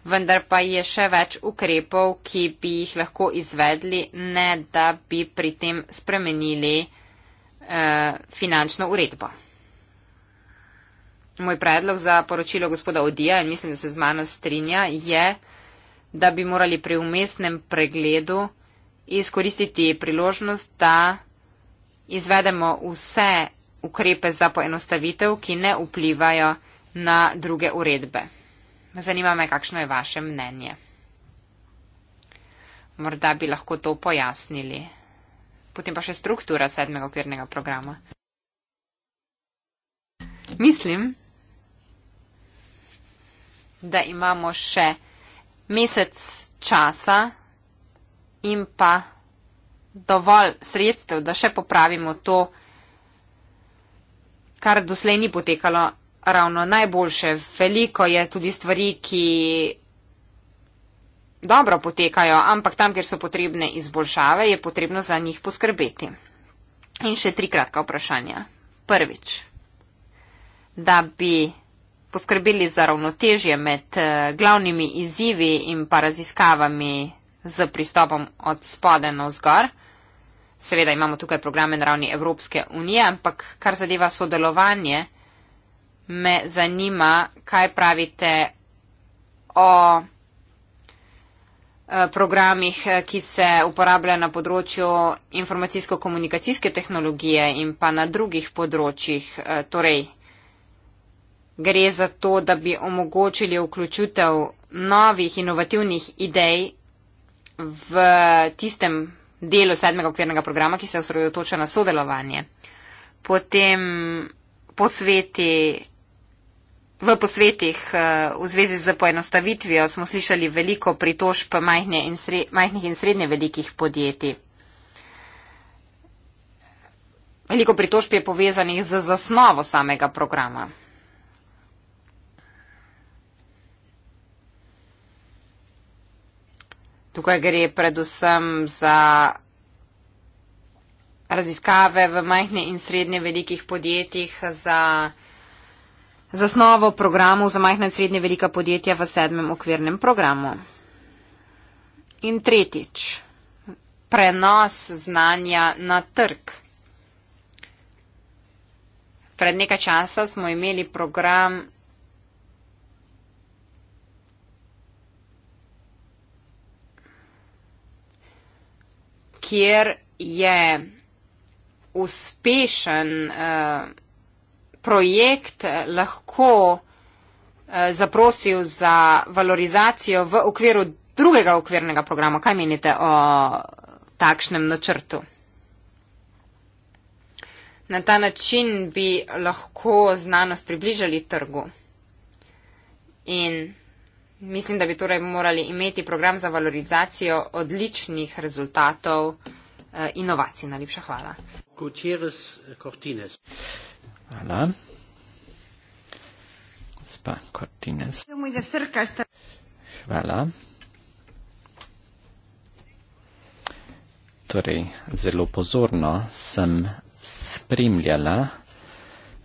vendar pa je še več ukrepov, ki bi jih lahko izvedli, ne da bi pri tem spremenili eh, finančno uredbo. Moj predlog za poročilo gospoda Odija in mislim, da se z mano strinja, je, da bi morali pri umestnem pregledu izkoristiti priložnost, da izvedemo vse ukrepe za poenostavitev, ki ne vplivajo na na druge uredbe. Zanima me, kakšno je vaše mnenje. Morda bi lahko to pojasnili. Potem pa še struktura sedmega okvirnega programa. Mislim, da imamo še mesec časa in pa dovolj sredstev, da še popravimo to, kar doslej ni potekalo ravno najboljše. Veliko je tudi stvari, ki dobro potekajo, ampak tam, kjer so potrebne izboljšave, je potrebno za njih poskrbeti. In še tri kratka vprašanja. Prvič, da bi poskrbeli za ravnotežje med eh, glavnimi izzivi in pa raziskavami z pristopom od spode na vzgor. Seveda imamo tukaj programe na ravni Evropske unije, ampak kar zadeva sodelovanje, me zanima, kaj pravite o eh, programih, eh, ki se uporabljajo na področju informacijsko-komunikacijske tehnologije in pa na drugih področjih. Eh, torej, gre za to, da bi omogočili vključitev novih inovativnih idej v tistem delu sedmega okvirnega programa, ki se osredotoča na sodelovanje. Potem posveti V posvetih eh, v zvezi z poenostavitvijo smo slišali veliko pritožb majhnih in srednje velikih podjetij. Veliko pritožb je povezanih z zasnovo samega programa. Tukaj gre predvsem za raziskave v majhne in srednje velikih podjetjih, za zasnovo programov za majhna in srednje velika podjetja v sedmem okvirnem programu. In tretjič, prenos znanja na trg. Pred nekaj časa smo imeli program kjer je uspešen uh, projekt eh, lahko eh, zaprosil za valorizacijo v okviru drugega okvirnega programa. Kaj menite o takšnem načrtu? Na ta način bi lahko znanost približali trgu. In mislim, da bi torej morali imeti program za valorizacijo odličnih rezultatov eh, inovacij. Najlepša hvala. Gutierrez Cortines. Hvala. Gospa Kortines. Hvala. Torej, zelo pozorno sem spremljala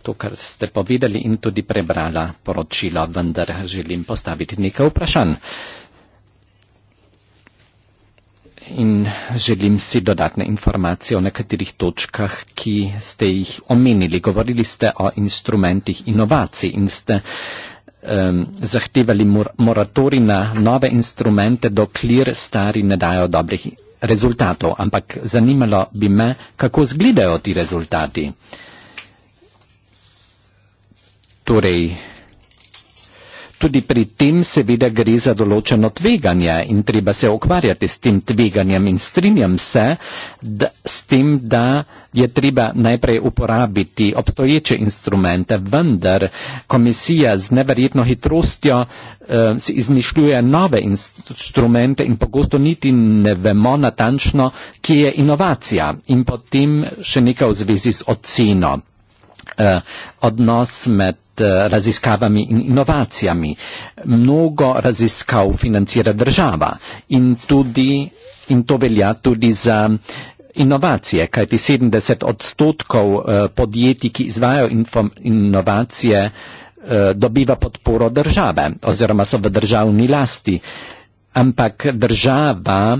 to, kar ste povedali in tudi prebrala poročilo, vendar želim postaviti nekaj vprašanj in želim si dodatne informacije o nekaterih točkah, ki ste jih omenili. Govorili ste o instrumentih inovacij in ste um, zahtevali mor moratori na nove instrumente, dokler stari ne dajo dobrih rezultatov. Ampak zanimalo bi me, kako zgledajo ti rezultati. Torej, tudi pri tem seveda gre za določeno tveganje in treba se okvarjati s tem tveganjem in strinjam se da, s tem, da je treba najprej uporabiti obstoječe instrumente, vendar komisija z neverjetno hitrostjo eh, izmišljuje nove instrumente in pogosto niti ne vemo natančno, kje je inovacija in potem še nekaj v zvezi z oceno. Eh, odnos med eh, raziskavami in inovacijami. Mnogo raziskav financira država in, tudi, in to velja tudi za inovacije, kajti 70 odstotkov eh, podjetij, ki izvajo inovacije, dobiva podporo države oziroma so v državni lasti. Ampak država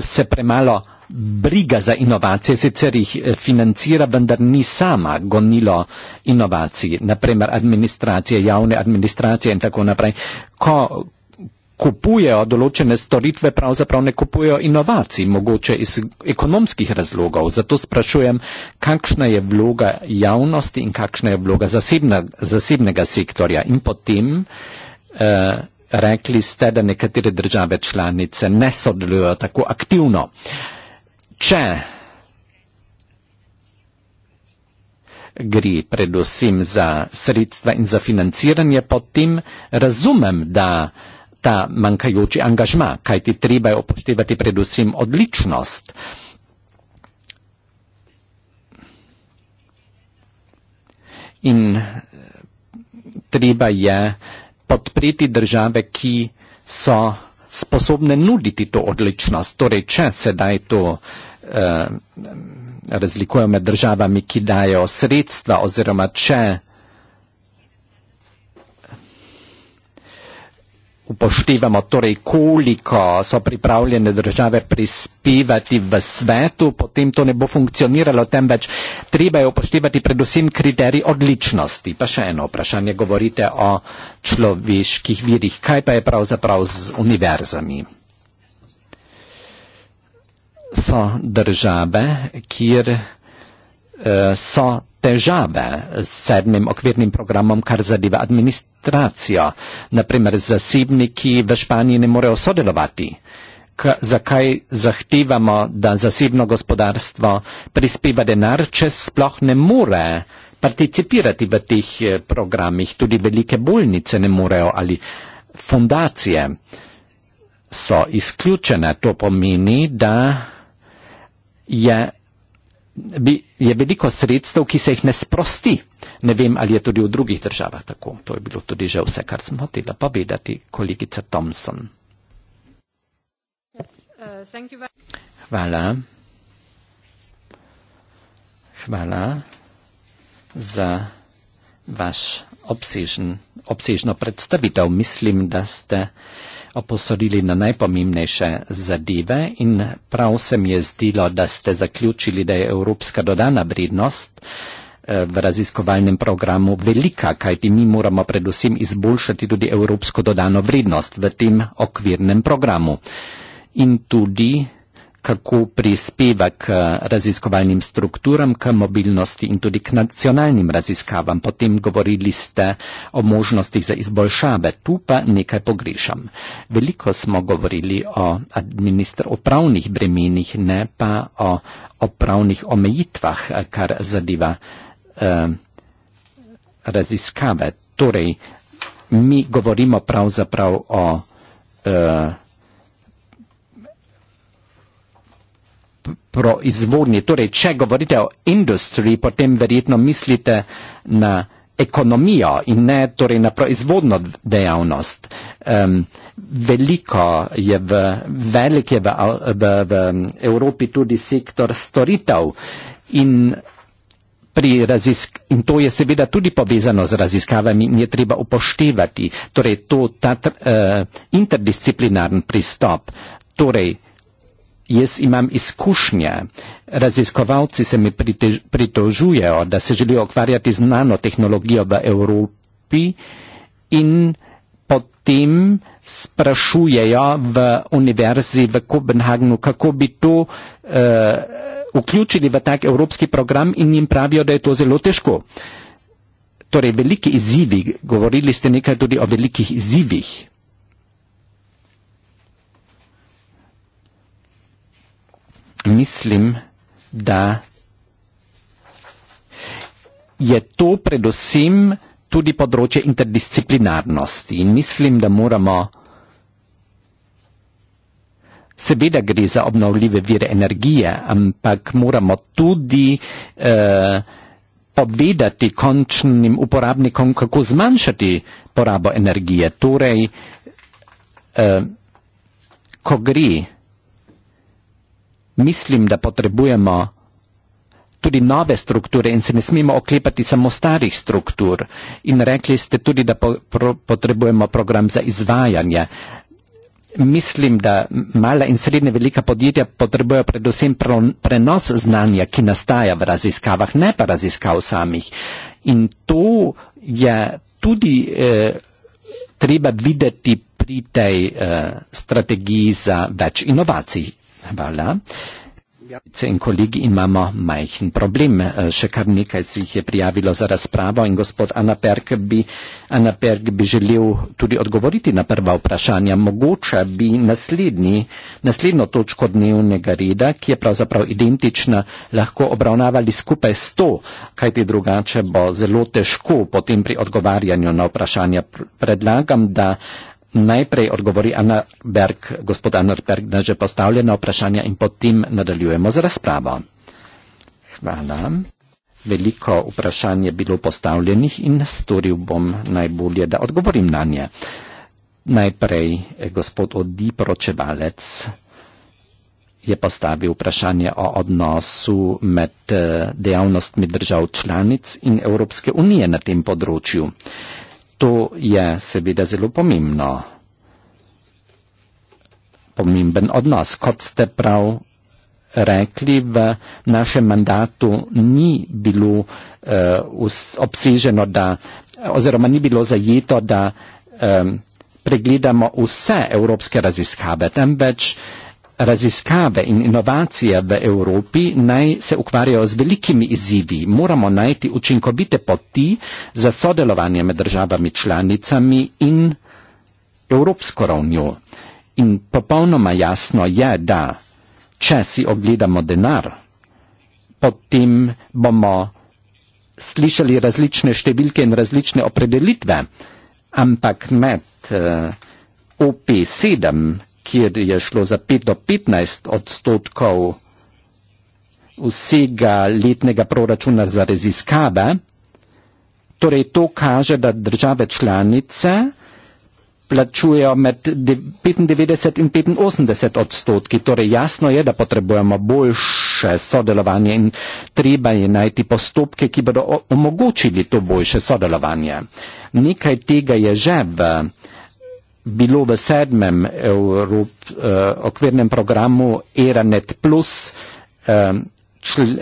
se premalo briga za inovacije sicer jih eh, financira, vendar ni sama gonilo inovacij, naprimer administracije, javne administracije in tako naprej. Ko kupujejo določene storitve, pravzaprav ne kupujejo inovacij, mogoče iz ekonomskih razlogov. Zato sprašujem, kakšna je vloga javnosti in kakšna je vloga zasebna, zasebnega sektorja. In potem eh, rekli ste, da nekatere države članice ne sodelujo tako aktivno. Eh, če gre predvsem za sredstva in za financiranje, potem razumem, da ta manjkajoči angažma, kajti treba je upoštevati predvsem odličnost. In treba je podpreti države, ki so sposobne nuditi to odličnost. Torej, če sedaj to uh, Eh, razlikujejo med državami, ki dajo sredstva oziroma če upoštevamo torej, koliko so pripravljene države prispevati v svetu, potem to ne bo funkcioniralo, temveč treba je upoštevati predvsem kriterij odličnosti. Pa še eno vprašanje, govorite o človeških virih, kaj pa je pravzaprav z univerzami? so države, kjer uh, so težave s sedmim okvirnim programom, kar zadeva administracijo. Naprimer, zasebniki v Španiji ne morejo sodelovati. K zakaj zahtevamo, da zasebno gospodarstvo prispeva denar, če sploh ne more participirati v teh eh, programih? Tudi velike bolnice ne morejo ali fondacije so izključene. To pomeni, da je, bi, je veliko sredstev, ki se jih ne sprosti. Ne vem, ali je tudi v drugih državah tako. To je bilo tudi že vse, kar smo hoteli povedati, kolegica Thompson. Uh, Hvala. Hvala za vaš obsežen, obsežno predstavitev. Mislim, da ste opozorili na najpomembnejše zadeve in prav se mi je zdelo, da ste zaključili, da je evropska dodana vrednost eh, v raziskovalnem programu velika, kajti mi moramo predvsem izboljšati tudi evropsko dodano vrednost v tem okvirnem programu. In tudi kako prispeva k eh, raziskovalnim strukturam, k mobilnosti in tudi k nacionalnim raziskavam. Potem govorili ste o možnostih za izboljšave, tu pa nekaj pogrešam. Veliko smo govorili o upravnih bremenih, ne pa o upravnih omejitvah, eh, kar zadeva eh, raziskave. Torej, mi govorimo pravzaprav o eh, proizvodnje. Torej, če govorite o industriji, potem verjetno mislite na ekonomijo in ne torej na proizvodno dejavnost. Um, veliko je v, velik je v, v, v Evropi tudi sektor storitev in Pri razisk, in to je seveda tudi povezano z raziskavami in je treba upoštevati. Torej, to, ta uh, interdisciplinarni pristop. Torej, jaz imam izkušnje, raziskovalci se mi pritožujejo, da se želijo ukvarjati z nanotehnologijo v Evropi in potem sprašujejo v univerzi v Kopenhagnu, kako bi to uh, vključili v tak evropski program in jim pravijo, da je to zelo težko. Torej, veliki izzivi, govorili ste nekaj tudi o velikih izzivih. mislim, da je to predvsem tudi področje interdisciplinarnosti in mislim, da moramo Seveda gre za obnovljive vire energije, ampak moramo tudi eh, povedati končnim uporabnikom, kako zmanjšati porabo energije. Torej, eh, ko gre mislim, da potrebujemo tudi nove strukture in se ne smemo oklepati samo starih struktur. In rekli ste tudi, da po, pro, potrebujemo program za izvajanje. Mislim, da mala in srednje velika podjetja potrebujejo predvsem prenos znanja, ki nastaja v raziskavah, ne pa raziskav samih. In to je tudi eh, treba videti pri tej eh, strategiji za več inovacij. Hvala. Vse in kolegi imamo majhen problem. E, še kar nekaj se jih je prijavilo za razpravo in gospod Ana Perk bi, Ana Perk bi želel tudi odgovoriti na prva vprašanja. Mogoče bi naslednji, naslednjo točko dnevnega reda, ki je pravzaprav identična, lahko obravnavali skupaj s to, kajti drugače bo zelo težko potem pri odgovarjanju na vprašanja. Predlagam, da uh, najprej odgovori Anna Berg, gospod Anna Berg, na že postavljena vprašanja in potem nadaljujemo z razpravo. Hvala. Veliko vprašanj je bilo postavljenih in storil bom najbolje, da odgovorim na nje. Najprej eh, gospod Odi Pročevalec je postavil vprašanje o odnosu med eh, dejavnostmi držav članic in Evropske unije na tem področju. To je seveda zelo pomembno. Pomemben odnos. Kot ste prav rekli, v našem mandatu ni bilo uh, obseženo, da, oziroma ni bilo zajeto, da um, pregledamo vse evropske raziskave, temveč uh, Raziskave in inovacije v Evropi naj se ukvarjajo z velikimi izzivi. Moramo najti učinkovite poti za sodelovanje med državami članicami in evropsko ravnjo. In popolnoma jasno je, da če si ogledamo denar, potem bomo slišali različne številke in različne opredelitve, ampak med uh, eh, OP7 kjer je šlo za 5 do 15 odstotkov vsega letnega proračuna za raziskave. Torej to kaže, da države članice plačujejo med 95 in 85 odstotki. Torej jasno je, da potrebujemo boljše sodelovanje in treba je najti postopke, ki bodo omogočili to boljše sodelovanje. Nekaj tega je že v bilo v sedmem Evrop, eh, okvirnem programu ERANET plus eh, čl, eh,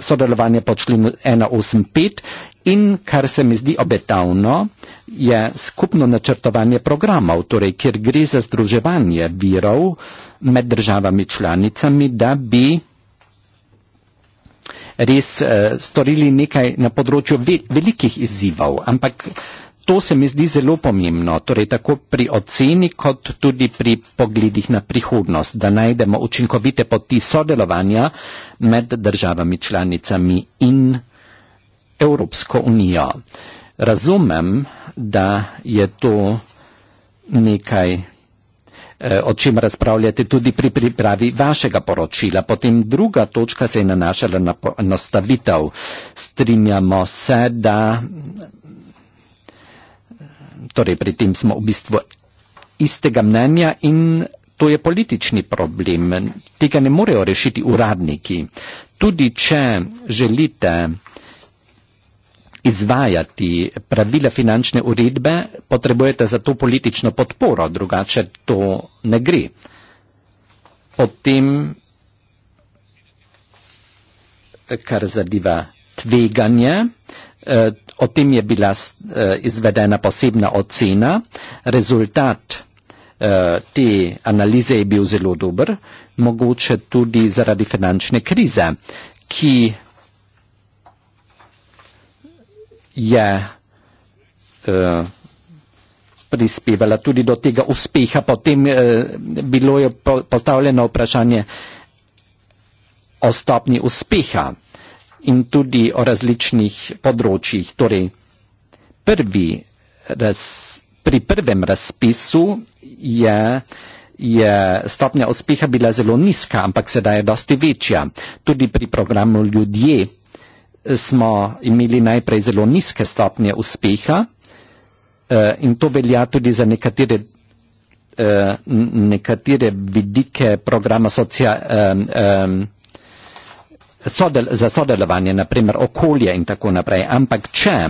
sodelovanje po členu 185 in kar se mi zdi obetavno, je skupno načrtovanje programov, torej kjer gre za združevanje virov med državami članicami, da bi res eh, storili nekaj na področju ve velikih izzivov, ampak to se mi zdi zelo pomembno, torej tako pri oceni, kot tudi pri pogledih na prihodnost, da najdemo učinkovite poti sodelovanja med državami članicami in Evropsko unijo. Razumem, da je to nekaj eh, o čem razpravljate tudi pri pripravi vašega poročila. Potem druga točka se je nanašala na nastavitev. Strinjamo se, da torej pri tem smo v bistvu istega mnenja in to je politični problem. Tega ne morejo rešiti uradniki. Tudi če želite izvajati pravila finančne uredbe, potrebujete za to politično podporo, drugače to ne gre. Potem, kar zadeva tveganje, Eh, o tem je bila eh, izvedena posebna ocena. Rezultat eh, te analize je bil zelo dober, mogoče tudi zaradi finančne krize, ki je prispevala tudi do tega uspeha. Potem bilo je postavljeno vprašanje o stopni uspeha in tudi o različnih področjih. Torej, prvi raz, pri prvem razpisu je, je stopnja uspeha bila zelo nizka, ampak sedaj je dosti večja. Tudi pri programu ljudje smo imeli najprej zelo nizke stopnje uspeha eh, in to velja tudi za nekatere, eh, nekatere vidike programa socia, um, um, sodel, za sodelovanje, naprimer okolje in tako naprej. Ampak če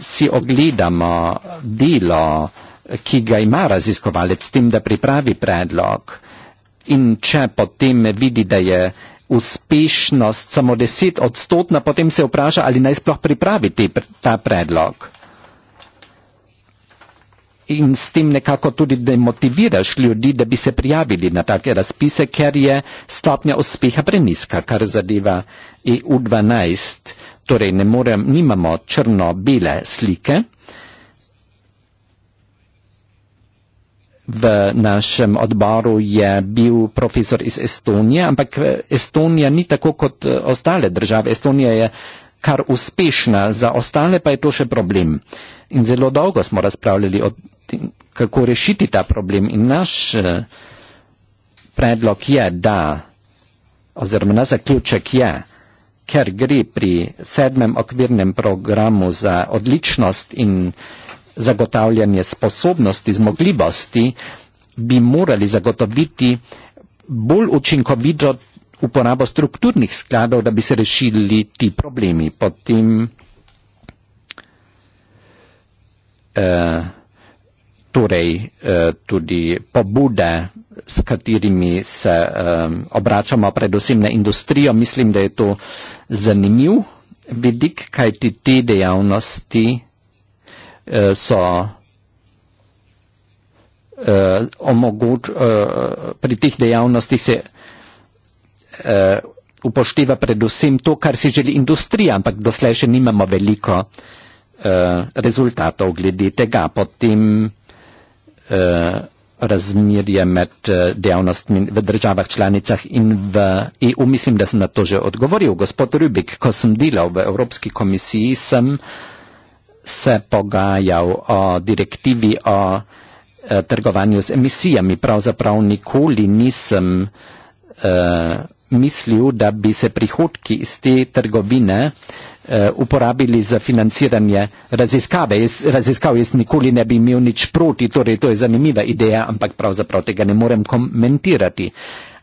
si ogledamo delo, ki ga ima raziskovalec s tem, da pripravi predlog in če potem vidi, da je uspešnost samo deset odstotna, potem se vpraša, ali naj sploh pripravi te, ta predlog in s tem nekako tudi demotiviraš ljudi, da bi se prijavili na take razpise, ker je stopnja uspeha preniska, kar zadeva EU12. Torej, ne morem, nimamo črno-bele slike v našem odboru je bil profesor iz Estonije, ampak eh, Estonija ni tako kot eh, ostale države. Estonija je uh, kar uspešna, za ostale pa je to še problem. In zelo dolgo smo razpravljali o tem, kako rešiti ta problem. In naš eh, predlog je, da, oziroma na zaključek je, ker gre pri sedmem okvirnem programu za odličnost in zagotavljanje sposobnosti, zmogljivosti, bi morali zagotoviti bolj učinkovito uporabo strukturnih skladov, da bi se rešili ti problemi. Potem eh, torej, eh, tudi pobude, s katerimi se eh, obračamo predvsem na industrijo, mislim, da je to zanimiv vidik, kaj ti te dejavnosti eh, so. Eh, omogoč, eh, pri teh dejavnostih se uh, upošteva predvsem to, kar si želi industrija, ampak doslej še nimamo veliko uh, rezultatov glede tega. Potem uh, razmerje med uh, dejavnostmi v državah članicah in v EU. Mislim, da sem na to že odgovoril. Gospod Rubik, ko sem delal v Evropski komisiji, sem se pogajal o direktivi o uh, trgovanju z emisijami. Pravzaprav nikoli nisem uh, mislil, da bi se prihodki iz te trgovine eh, uporabili za financiranje raziskave. Jaz, raziskav jaz nikoli ne bi imel nič proti, torej to je zanimiva ideja, ampak pravzaprav tega ne morem komentirati.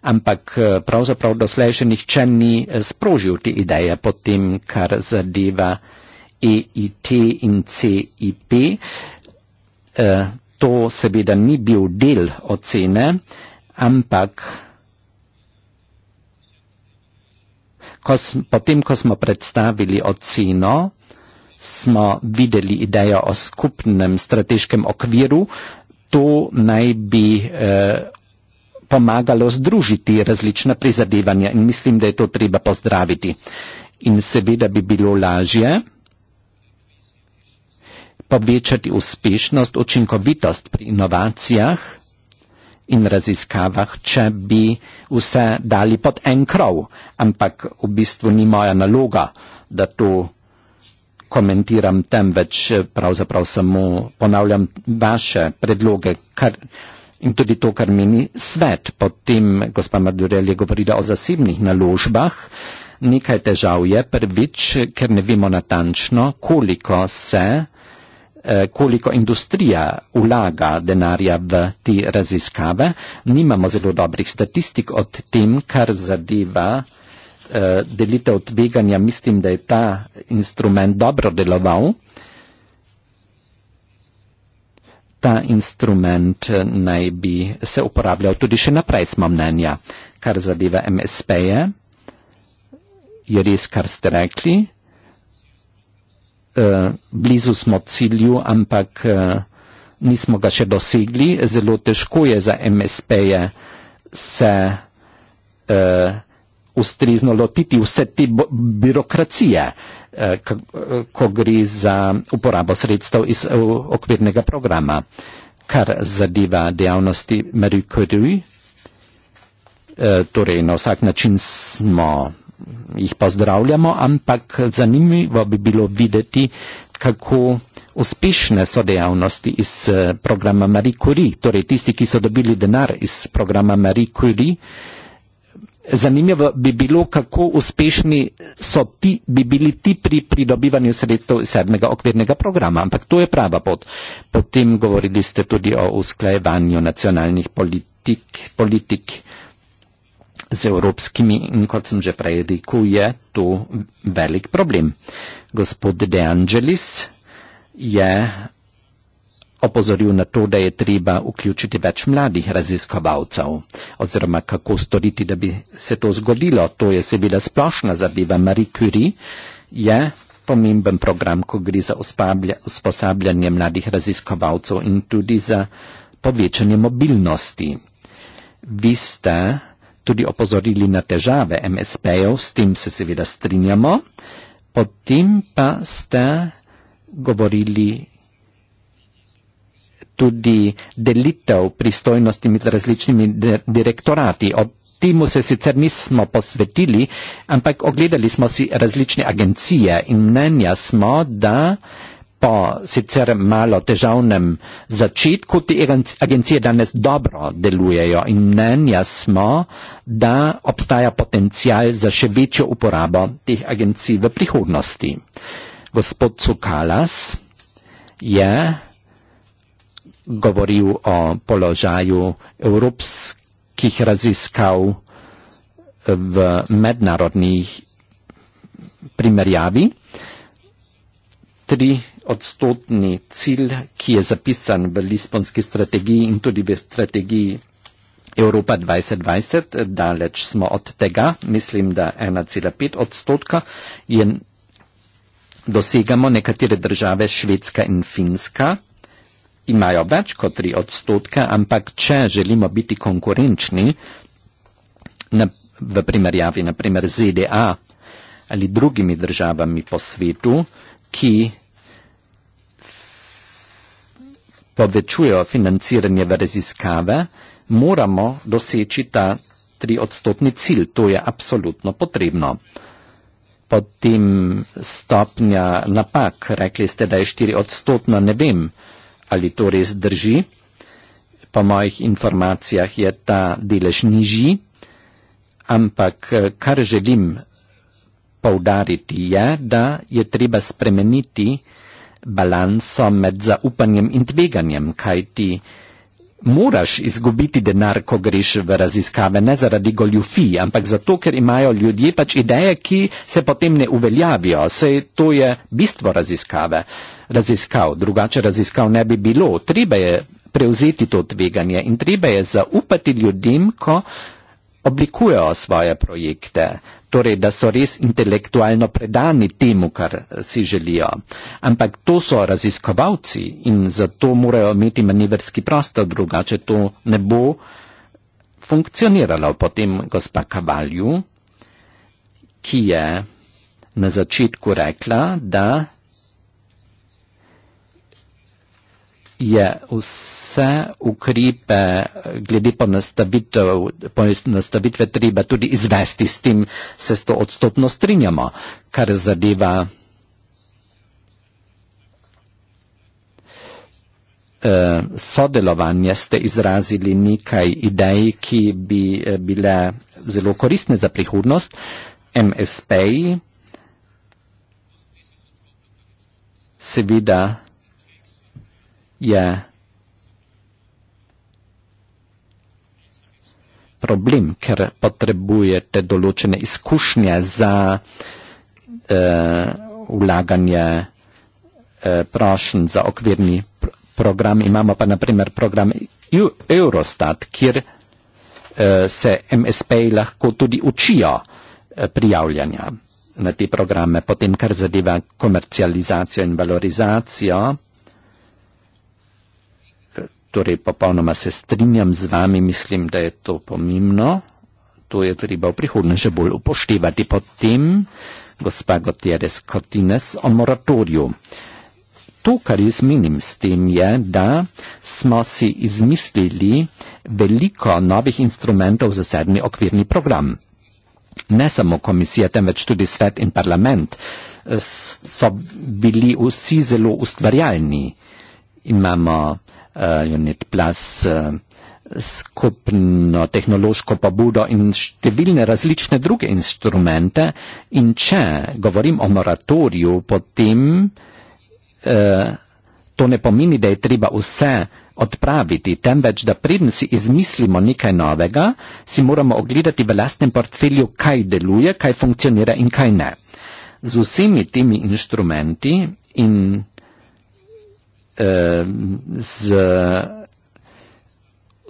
Ampak eh, pravzaprav doslej še nihče ni eh, sprožil te ideje po tem, kar zadeva EIT in CIP. To seveda ni bil del ocene, ampak ko, potem ko smo predstavili oceno, smo videli idejo o skupnem strateškem okviru, to naj bi eh, pomagalo združiti različna prizadevanja in mislim, da je to treba pozdraviti. In seveda bi bilo lažje povečati uspešnost, učinkovitost pri inovacijah, in raziskavah, če bi vse dali pod en krov. Ampak v bistvu ni moja naloga, da to komentiram, temveč eh, pravzaprav samo ponavljam vaše predloge kar, in tudi to, kar meni svet. Potem gospa Madurel je govorila o zasebnih naložbah. Nekaj težav je prvič, ker ne vemo natančno, koliko se Eh, koliko industrija vlaga denarja v te raziskave. Nimamo zelo dobrih statistik od tem, kar zadeva eh, delitev tveganja. Mislim, da je ta instrument dobro deloval. Ta instrument eh, naj bi se uporabljal tudi še naprej, smo mnenja, kar zadeva MSP-je. Je res, kar ste rekli. Eh, blizu smo cilju, ampak eh, nismo ga še dosegli. Zelo težko je za MSP-je se eh, ustrezno lotiti vse te birokracije, ko gre za uporabo sredstev iz okvirnega programa, kar zadeva dejavnosti Marie Curie. Torej, na vsak način smo jih pozdravljamo, ampak zanimivo bi bilo videti, kako uspešne so dejavnosti iz eh, programa Marie Curie, torej tisti, ki so dobili denar iz programa Marie Curie. Zanimivo bi bilo, kako uspešni so ti, bi bili ti pri pridobivanju sredstev iz sedmega okvirnega programa, ampak to je prava pot. Potem govorili ste tudi o usklajevanju nacionalnih politik. politik z evropskimi in kot sem že prej rekel, je to velik problem. Gospod De Angelis je opozoril na to, da je treba vključiti več mladih raziskovalcev oziroma kako storiti, da bi se to zgodilo. To je seveda splošna zadeva. Marie Curie je pomemben program, ko gre za usposabljanje mladih raziskovalcev in tudi za povečanje mobilnosti. Vi ste tudi opozorili na težave MSP-jev, s tem se seveda strinjamo. Potem pa ste govorili tudi delitev pristojnosti med različnimi direktorati. Od temu se sicer nismo posvetili, ampak ogledali smo si različne agencije in mnenja smo, da po sicer malo težavnem začetku te agencije danes dobro delujejo in mnenja smo, da obstaja potencial za še večjo uporabo teh agencij v prihodnosti. Gospod Cukalas je govoril o položaju evropskih raziskav v mednarodnih primerjavi. Tri odstotni cilj, ki je zapisan v Lisbonski strategiji in tudi v strategiji Evropa 2020, daleč smo od tega, mislim, da 1,5 odstotka je dosegamo nekatere države, Švedska in Finska, imajo več kot 3 odstotke, ampak če želimo biti konkurenčni na, v primerjavi naprimer ZDA ali drugimi državami po svetu, ki povečujejo financiranje v raziskave, moramo doseči ta triodstotni cilj. To je absolutno potrebno. Potem stopnja napak. Rekli ste, da je štiri odstotno. Ne vem, ali to res drži. Po mojih informacijah je ta delež nižji. Ampak kar želim poudariti je, da je treba spremeniti balanso med zaupanjem in tveganjem, kaj ti moraš izgubiti denar, ko greš v raziskave, ne zaradi goljufij, ampak zato, ker imajo ljudje pač ideje, ki se potem ne uveljavijo. Sej to je bistvo raziskave. Raziskav, drugače raziskav ne bi bilo. Treba je prevzeti to tveganje in treba je zaupati ljudem, ko oblikujejo svoje projekte torej da so res intelektualno predani temu, kar si želijo. Ampak to so raziskovalci in zato morajo imeti manevrski prostor, drugače to ne bo funkcioniralo. Potem gospa Kavalju, ki je na začetku rekla, da je vse ukripe glede po nastavitve treba tudi izvesti s tem, se s to odstopno strinjamo, kar zadeva eh, sodelovanje, ste izrazili nekaj idej, ki bi eh, bile zelo koristne za prihodnost. MSP-ji seveda je problem, ker potrebujete določene izkušnje za uh, vlaganje uh, eh, prošen za okvirni pr program. Imamo pa naprimer program e-, Eurostat, kjer uh, se MSP lahko tudi učijo uh, prijavljanja na te programe, potem kar zadeva komercializacijo in valorizacijo. Torej, popolnoma se strinjam z vami, mislim, da je to pomembno. To je treba v prihodnje še bolj upoštevati. Potem, gospa Gotjeres Kotines, o moratorju. To, kar jaz menim s tem, je, da smo si izmislili veliko novih instrumentov za sedmi okvirni program. Ne samo komisija, temveč tudi svet in parlament eh, so bili vsi zelo ustvarjalni. Imamo uh, Unit Plus uh, skupno tehnološko pobudo in številne različne druge instrumente. In če govorim o moratoriju, potem uh, to ne pomeni, da je treba vse odpraviti, temveč, da preden si izmislimo nekaj novega, si moramo ogledati v lastnem portfelju, kaj deluje, kaj funkcionira in kaj ne. Z vsemi temi instrumenti in Ehm, z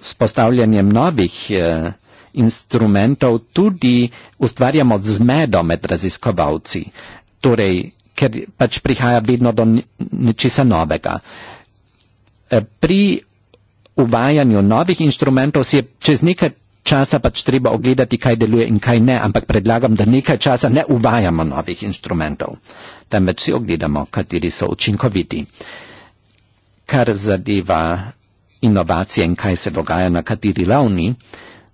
spostavljanjem novih eh, instrumentov tudi ustvarjamo zmedo med raziskovalci, torej, ker pač prihaja vedno do nečesa novega. Eh, pri uvajanju novih instrumentov si je čez nekaj časa pač treba ogledati, kaj deluje in kaj ne, ampak predlagam, da nekaj časa ne uvajamo novih instrumentov, temveč si ogledamo, kateri so učinkoviti. Uh, kar zadeva inovacije in kaj se dogaja na kateri ravni,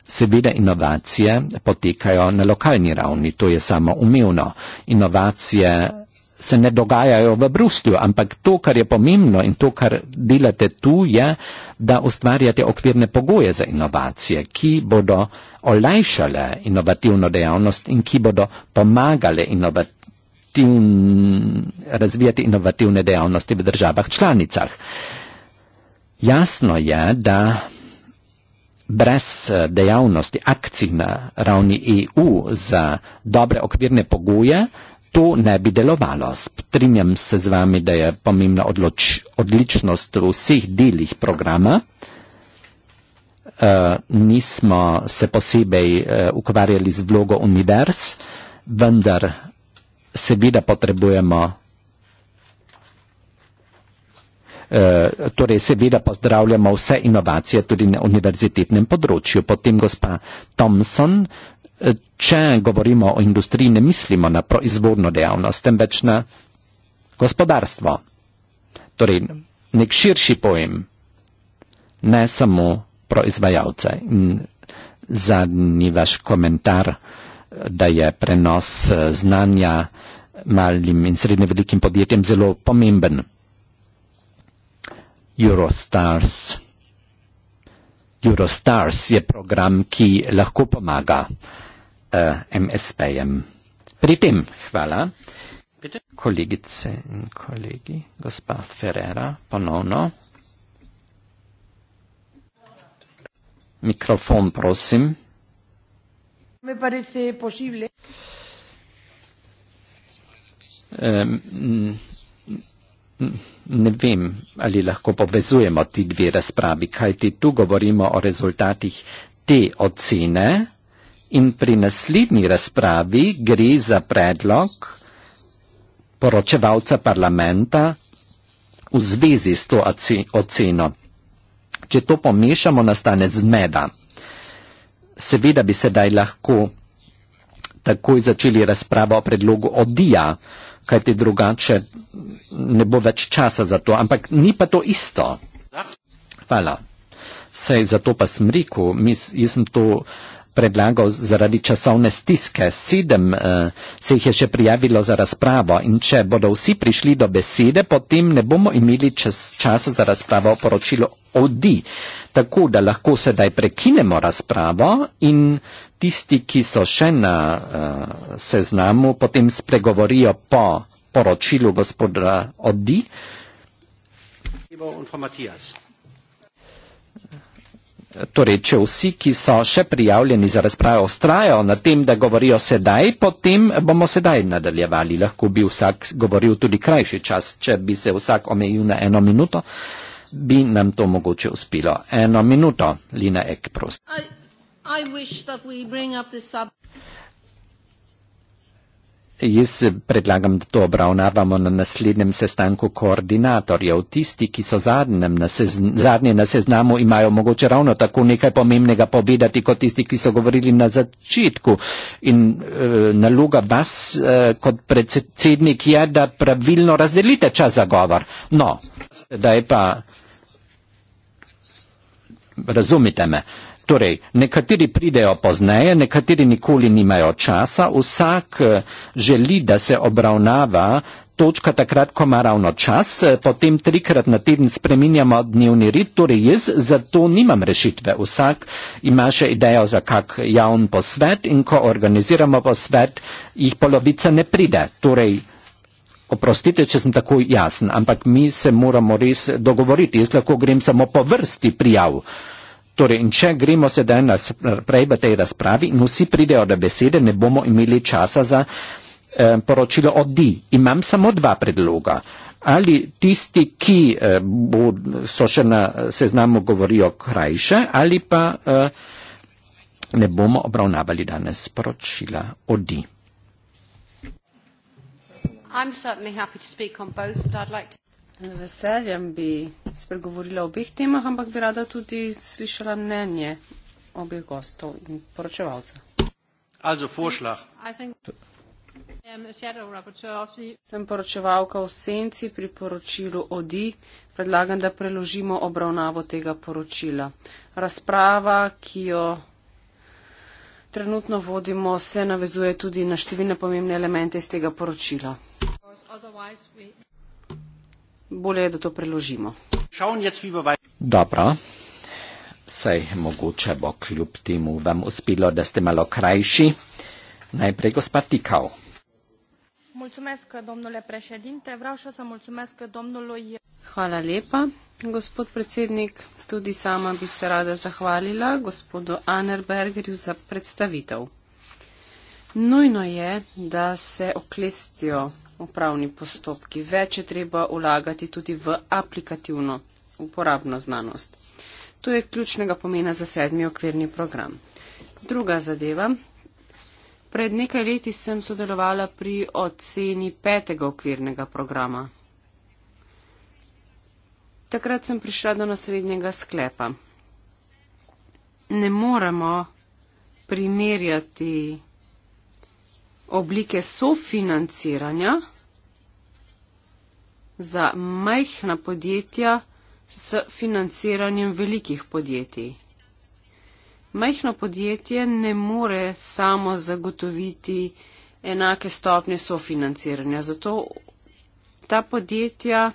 seveda inovacije potekajo na lokalni ravni, to je samo umevno. Inovacije se ne dogajajo v Bruslju, ampak to, kar je pomembno in to, kar delate tu, je, da ustvarjate okvirne pogoje za inovacije, ki bodo olajšale inovativno dejavnost in ki bodo pomagale inovacije inovativn, razvijati inovativne dejavnosti v državah članicah. Jasno je, da brez eh, dejavnosti akcij na ravni EU za dobre okvirne pogoje to ne bi delovalo. Strinjam se z vami, da je pomembna odloč, odličnost v vseh delih programa. Uh, nismo se posebej uh, ukvarjali z vlogo univerz, vendar seveda potrebujemo. Eh, torej, seveda pozdravljamo vse inovacije tudi na univerzitetnem področju. Potem gospa Thompson, eh, če govorimo o industriji, ne mislimo na proizvodno dejavnost, temveč na gospodarstvo. Torej, nek širši pojem, ne samo proizvajalce. In zadnji vaš komentar da je prenos eh, znanja malim in srednje velikim podjetjem zelo pomemben. Eurostars. Eurostars je program, ki lahko pomaga uh, eh, MSP-jem. Pri tem hvala. Kolegice in kolegi, gospa Ferrera, ponovno. Mikrofon, prosim me parece posible. Ne vem, ali lahko povezujemo ti dve razpravi, kajti tu govorimo o rezultatih te ocene in pri naslednji razpravi gre za predlog poročevalca parlamenta v zvezi s to oceno. Če to pomešamo, nastane zmeda seveda bi sedaj lahko takoj začeli razpravo o predlogu odija, kajti drugače ne bo več časa za to, ampak ni pa to isto. Hvala. Sej zato pa sem rekel, mis, jaz sem to predlagal zaradi časovne stiske. Sedem eh, se jih je še prijavilo za razpravo in če bodo vsi prišli do besede, potem ne bomo imeli čas, časa za razpravo o poročilu odi. Tako da lahko sedaj prekinemo razpravo in tisti, ki so še na uh, seznamu, potem spregovorijo po poročilu gospoda odi. Torej, če vsi, ki so še prijavljeni za razpravo, ostrajo na tem, da govorijo sedaj, potem bomo sedaj nadaljevali. Lahko bi vsak govoril tudi krajši čas, če bi se vsak omejil na eno minuto. Uh, bi nam to mogoče uspelo. Eno minuto, Lina Ek, prosim. Jaz predlagam, da to obravnavamo na naslednjem sestanku koordinatorjev. Tisti, ki so na zadnji na seznamu, imajo mogoče ravno tako nekaj pomembnega povedati, kot tisti, ki so govorili na začetku. In e, naloga vas e, kot predsednik je, da pravilno razdelite čas za govor. No, da je pa. Razumite me. Torej, nekateri pridejo pozneje, nekateri nikoli nimajo časa, vsak eh, želi, da se obravnava točka takrat, ko ima ravno čas, potem trikrat na teden spreminjamo dnevni rit, torej jaz za to nimam rešitve. Vsak ima še idejo za kak javn posvet in ko organiziramo posvet, jih polovica ne pride. Torej, oprostite, če sem tako jasen, ampak mi se moramo res dogovoriti, jaz lahko grem samo po vrsti prijav. Torej, in če gremo sedaj naprej v tej razpravi in vsi pridejo do besede, ne bomo imeli časa za eh, poročilo od di. Imam samo dva predloga. Ali tisti, ki eh, bo, so še na seznamu, govorijo krajše, ali pa eh, ne bomo obravnavali danes poročila od di. I'm certainly happy to speak on both, but I'd like to. Z veseljem bi spregovorila o obeh temah, ampak bi rada tudi slišala mnenje obeh gostov in poročevalca. Um, Sem poročevalka v senci pri poročilu ODI. Predlagam, da preložimo obravnavo tega poročila. Razprava, ki jo trenutno vodimo, se navezuje tudi na številne pomembne elemente iz tega poročila. Bolje je, da to preložimo. Dobro. Sej mogoče bo kljub temu vam uspelo, da ste malo krajši. Najprej gospod Tikal. Mulțumesc, domnule președinte. Vreau și să mulțumesc domnului... Hvala lepa, gospod predsednik. Tudi sama bi se rada zahvalila gospodu Anerbergerju za predstavitev. Nujno je, da se oklestijo upravni postopki. Več je treba ulagati tudi v aplikativno uporabno znanost. To je ključnega pomena za sedmi okvirni program. Druga zadeva, Pred nekaj leti sem sodelovala pri oceni petega okvirnega programa. Takrat sem prišla do naslednjega sklepa. Ne moremo primerjati oblike sofinanciranja za majhna podjetja s financiranjem velikih podjetij majhno podjetje ne more samo zagotoviti enake stopnje sofinanciranja. Zato ta podjetja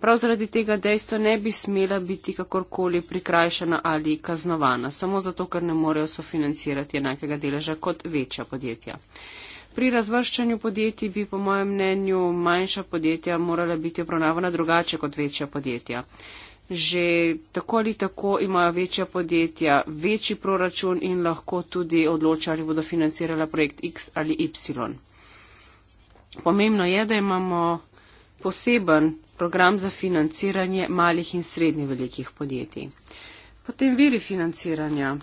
prav zaradi tega dejstva ne bi smela biti kakorkoli prikrajšana ali kaznovana, samo zato, ker ne morejo sofinancirati enakega deleža kot večja podjetja. Pri razvrščanju podjetij bi, po mojem mnenju, manjša podjetja morala biti obravnavana drugače kot večja podjetja. Uh, že tako ali tako imajo večja podjetja, večji proračun in lahko tudi odločajo, ali bodo financirala projekt X ali Y. Pomembno je, da imamo poseben program za financiranje malih in srednje velikih podjetij. Potem viri financiranja.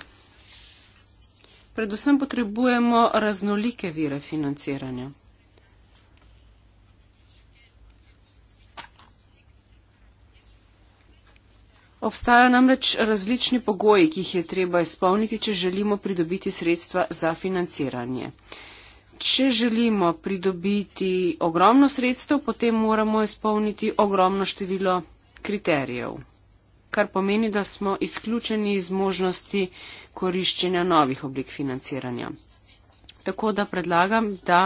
Predvsem potrebujemo raznolike vire financiranja. Obstajajo namreč različni pogoji, ki jih je treba izpolniti, če želimo pridobiti sredstva za financiranje. Če želimo pridobiti ogromno sredstev, potem moramo izpolniti ogromno število kriterijev, kar pomeni, da smo izključeni iz možnosti koriščenja novih oblik financiranja. Tako da predlagam, da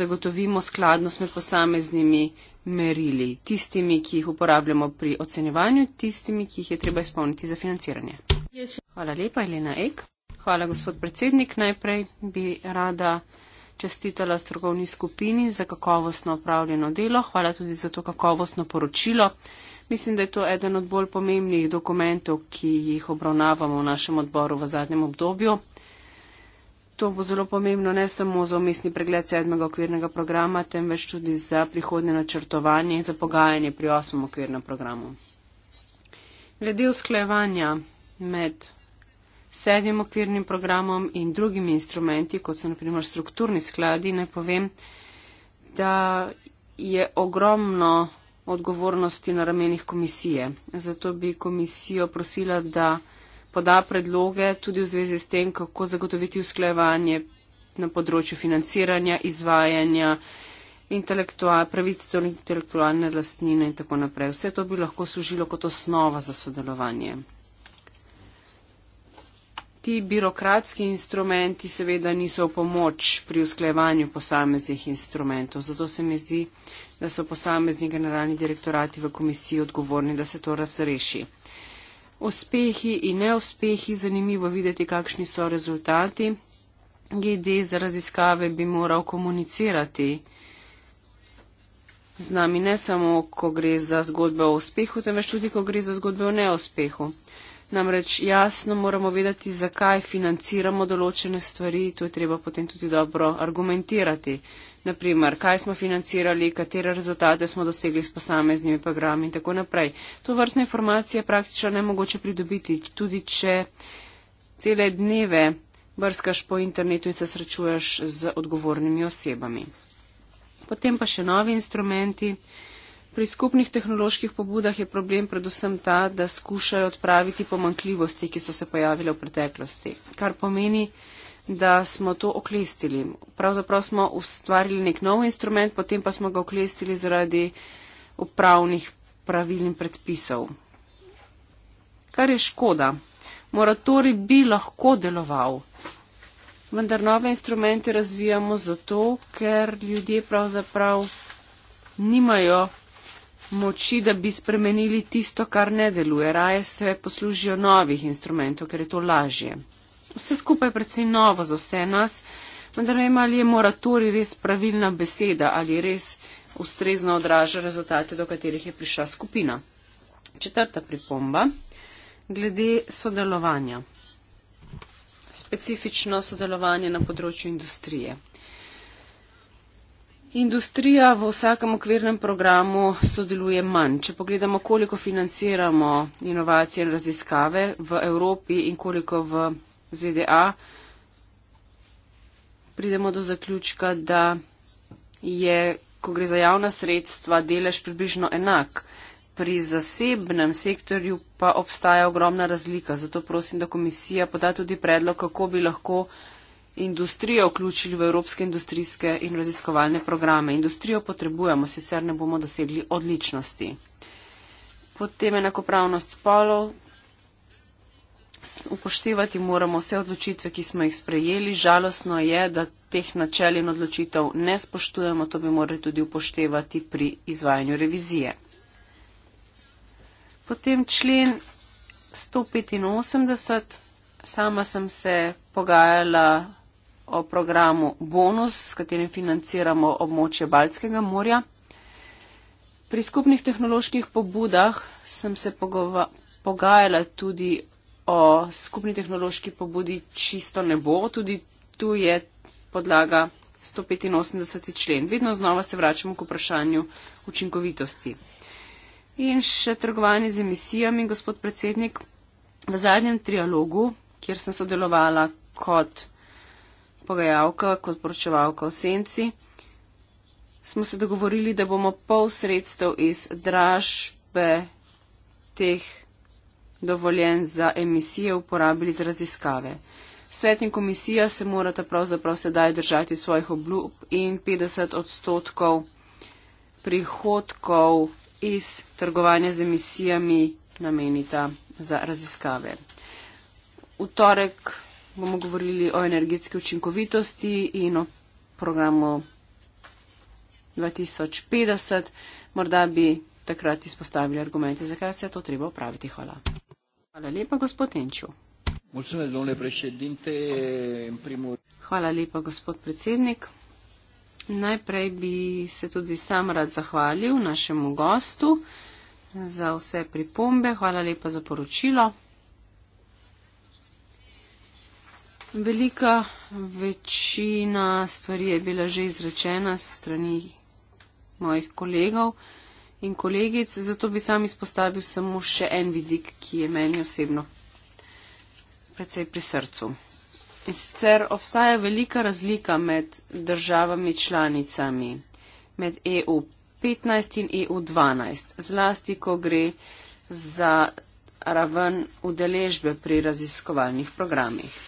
zagotovimo skladnost med posameznimi merili, tistimi, ki jih uporabljamo pri ocenjevanju, tistimi, ki jih je treba izpolniti za financiranje. Hvala lepa, Elena Ek. Hvala, gospod predsednik. Najprej bi rada čestitala strokovni skupini za kakovostno upravljeno delo. Hvala tudi za to kakovostno poročilo. Mislim, da je to eden od bolj pomembnih dokumentov, ki jih obravnavamo v našem odboru v zadnjem obdobju to bo zelo pomembno ne samo za umestni pregled sedmega okvirnega programa, temveč tudi za prihodne načrtovanje in za pogajanje pri osmem okvirnem programu. Glede usklajevanja med sedmim okvirnim programom in drugimi instrumenti, kot so naprimer strukturni skladi, ne povem, da je ogromno odgovornosti na ramenih komisije. Zato bi komisijo prosila, da poda predloge tudi v zvezi s tem, kako zagotoviti usklajevanje na področju financiranja, izvajanja, pravice do intelektualne lastnine in tako naprej. Vse to bi lahko služilo kot osnova za sodelovanje. Ti birokratski instrumenti seveda niso v pomoč pri usklajevanju posameznih instrumentov, zato se mi zdi, da so posamezni generalni direktorati v komisiji odgovorni, da se to razreši uspehi in neuspehi, zanimivo videti, kakšni so rezultati. GD za raziskave bi moral komunicirati z nami ne samo, ko gre za zgodbe o uspehu, temveč tudi, ko gre za zgodbe o neuspehu. Namreč jasno moramo vedeti, zakaj financiramo določene stvari, to je treba potem tudi dobro argumentirati. Naprimer, kaj smo financirali, katere rezultate smo dosegli s posameznimi programi in tako naprej. To vrstne informacije je praktično nemogoče pridobiti, tudi če cele dneve brskaš po internetu in se srečuješ z odgovornimi osebami. Potem pa še novi instrumenti. Pri skupnih tehnoloških pobudah je problem predvsem ta, da skušajo odpraviti pomankljivosti, ki so se pojavile v preteklosti, kar pomeni, da smo to oklestili. Pravzaprav smo ustvarili nek nov instrument, potem pa smo ga oklestili zaradi upravnih pravil in predpisov. Kar je škoda. Moratori bi lahko deloval, vendar nove instrumente razvijamo zato, ker ljudje pravzaprav nimajo moči, da bi spremenili tisto, kar ne deluje. Raje se poslužijo novih instrumentov, ker je to lažje. Vse skupaj je predvsej novo za vse nas, vendar ne vem, ali je moratori res pravilna beseda ali res ustrezno odraža rezultate, do katerih je prišla skupina. Četrta pripomba. Glede sodelovanja. Specifično sodelovanje na področju industrije. Industrija v vsakem okvirnem programu sodeluje manj. Če pogledamo, koliko financiramo inovacije in raziskave v Evropi in koliko v ZDA, pridemo do zaključka, da je, ko gre za javna sredstva, delež približno enak. Pri zasebnem sektorju pa obstaja ogromna razlika. Zato prosim, da komisija poda tudi predlog, kako bi lahko industrijo vključili v evropske industrijske in raziskovalne programe. Industrijo potrebujemo, sicer ne bomo dosegli odličnosti. Potem enakopravnost spolov. Upoštevati moramo vse odločitve, ki smo jih sprejeli. Žalostno je, da teh načel in odločitev ne spoštujemo. To bi morali tudi upoštevati pri izvajanju revizije. Potem člen 185. Sama sem se pogajala o programu Bonus, s katerim financiramo območje Baltskega morja. Pri skupnih tehnoloških pobudah sem se pogajala tudi o skupni tehnološki pobudi Čisto nebo, tudi tu je podlaga 185. člen. Vedno znova se vračamo k vprašanju učinkovitosti. In še trgovanje z emisijami, gospod predsednik. V zadnjem trialogu, kjer sem sodelovala kot pogajalka kot poročevalka v senci, smo se dogovorili, da bomo pol sredstev iz dražbe teh dovoljen za emisije uporabili za raziskave. Svet in komisija se morata pravzaprav sedaj držati svojih obljub in 50 odstotkov prihodkov iz trgovanja z emisijami namenita za raziskave. V torek bomo govorili o energetski učinkovitosti in o programu 2050. Morda bi takrat izpostavili argumente, zakaj se je to treba upraviti. Hvala. Hvala lepa, gospod Enču. Hvala lepa, gospod predsednik. Najprej bi se tudi sam rad zahvalil našemu gostu za vse pripombe. Hvala lepa za poročilo. Velika večina stvari je bila že izrečena strani mojih kolegov in kolegic, zato bi sam izpostavil samo še en vidik, ki je meni osebno predvsej pri srcu. In sicer obstaja velika razlika med državami članicami, med EU 15 in EU 12, zlasti, ko gre za raven udeležbe pri raziskovalnih programih.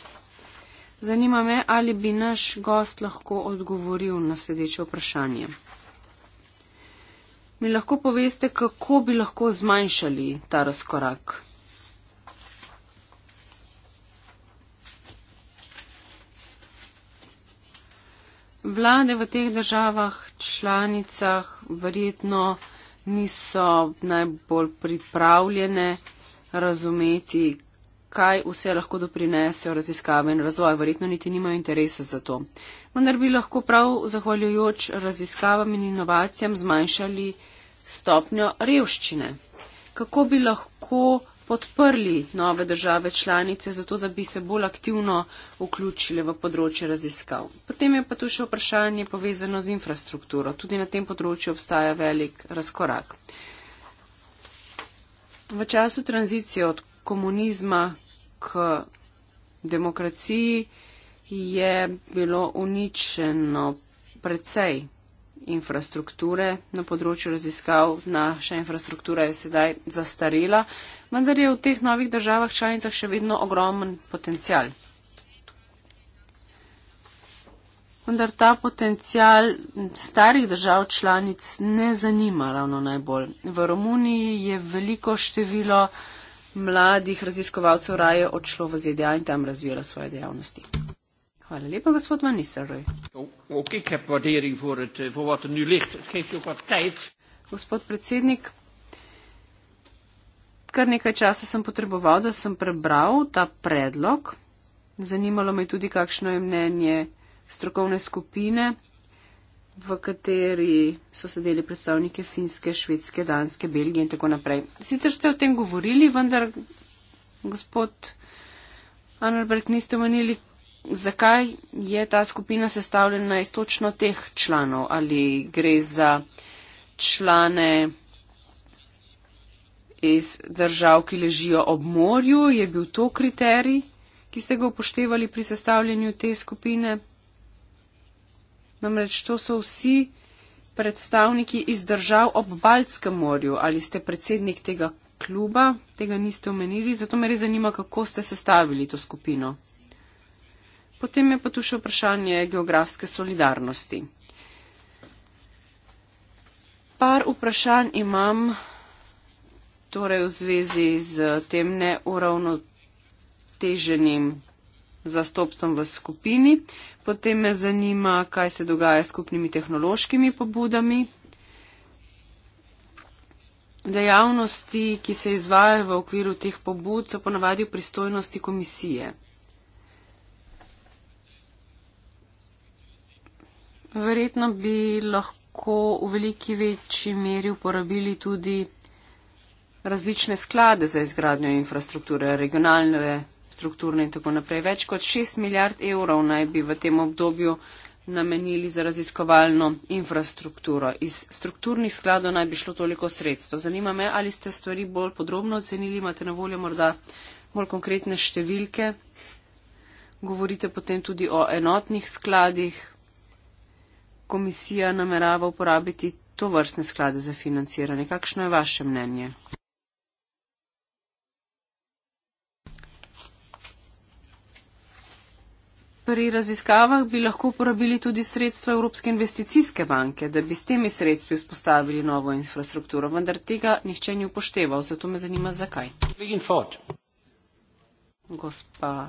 Zanima me, ali bi naš gost lahko odgovoril na sledeče vprašanje. Mi lahko poveste, kako bi lahko zmanjšali ta razkorak? Vlade v teh državah, članicah, verjetno niso najbolj pripravljene razumeti, kaj vse lahko doprinesejo raziskave in razvoj. Verjetno niti nimajo interesa za to. Vendar bi lahko prav zahvaljujoč raziskavam in inovacijam zmanjšali stopnjo revščine. Kako bi lahko podprli nove države članice, zato da bi se bolj aktivno vključile v področje raziskav. Potem je pa tu še vprašanje povezano z infrastrukturo. Tudi na tem področju obstaja velik razkorak. V času tranzicije od komunizma k demokraciji je bilo uničeno precej infrastrukture na področju raziskav. Naša infrastruktura je sedaj zastarela, vendar je v teh novih državah članicah še vedno ogromen potencial. Vendar ta potencial starih držav članic ne zanima ravno najbolj. V Romuniji je veliko število mladih raziskovalcev raje odšlo v ZDA in tam razvijalo svoje dejavnosti. Hvala lepa, gospod Manisaroj. Eh, er gospod predsednik, kar nekaj časa sem potreboval, da sem prebral ta predlog. Zanimalo me je tudi, kakšno je mnenje strokovne skupine v kateri so sedeli predstavnike Finske, Švedske, Danske, Belgije in tako naprej. Sicer ste o tem govorili, vendar, gospod Annerberg, niste omenili, zakaj je ta skupina sestavljena iz točno teh članov. Ali gre za člane iz držav, ki ležijo ob morju, je bil to kriterij, ki ste ga upoštevali pri sestavljanju te skupine? Namreč to so vsi predstavniki iz držav ob Baltskem morju. Ali ste predsednik tega kluba, tega niste omenili, zato me res zanima, kako ste sestavili to skupino. Potem je pa tu še vprašanje geografske solidarnosti. Par vprašanj imam torej v zvezi z tem neuravnoteženim zastopstvom v skupini. Potem me zanima, kaj se dogaja s skupnimi tehnološkimi pobudami. Dejavnosti, ki se izvajajo v okviru teh pobud, so ponavadi v pristojnosti komisije. Verjetno bi lahko v veliki večji meri uporabili tudi različne sklade za izgradnjo infrastrukture, regionalne infrastrukturne in tako naprej. Več kot 6 milijard evrov naj bi v tem obdobju namenili za raziskovalno infrastrukturo. Iz strukturnih skladov naj bi šlo toliko sredstva. Zanima me, ali ste stvari bolj podrobno ocenili, imate na voljo morda bolj konkretne številke. Govorite potem tudi o enotnih skladih. Komisija namerava uporabiti to vrstne sklade za financiranje. Kakšno je vaše mnenje? pri raziskavah bi lahko uporabili tudi sredstva Evropske investicijske banke, da bi s temi sredstvi vzpostavili novo infrastrukturo, vendar tega nihče ni upošteval. Zato me zanima, zakaj. Ford. Gospa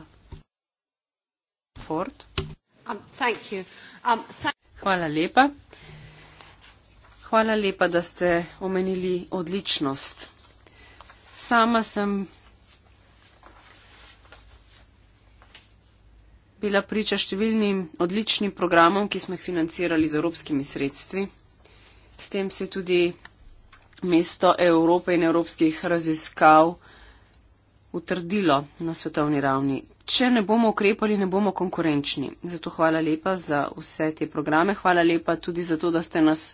Ford. Um, thank you. Um, thank Hvala lepa. Hvala lepa, da ste omenili odličnost. Sama sem bila priča številnim odličnim programom, ki smo jih financirali z evropskimi sredstvi. S tem se je tudi mesto Evrope in evropskih raziskav utrdilo na svetovni ravni. Če ne bomo ukrepali, ne bomo konkurenčni. Zato hvala lepa za vse te programe. Hvala lepa tudi za to, da ste nas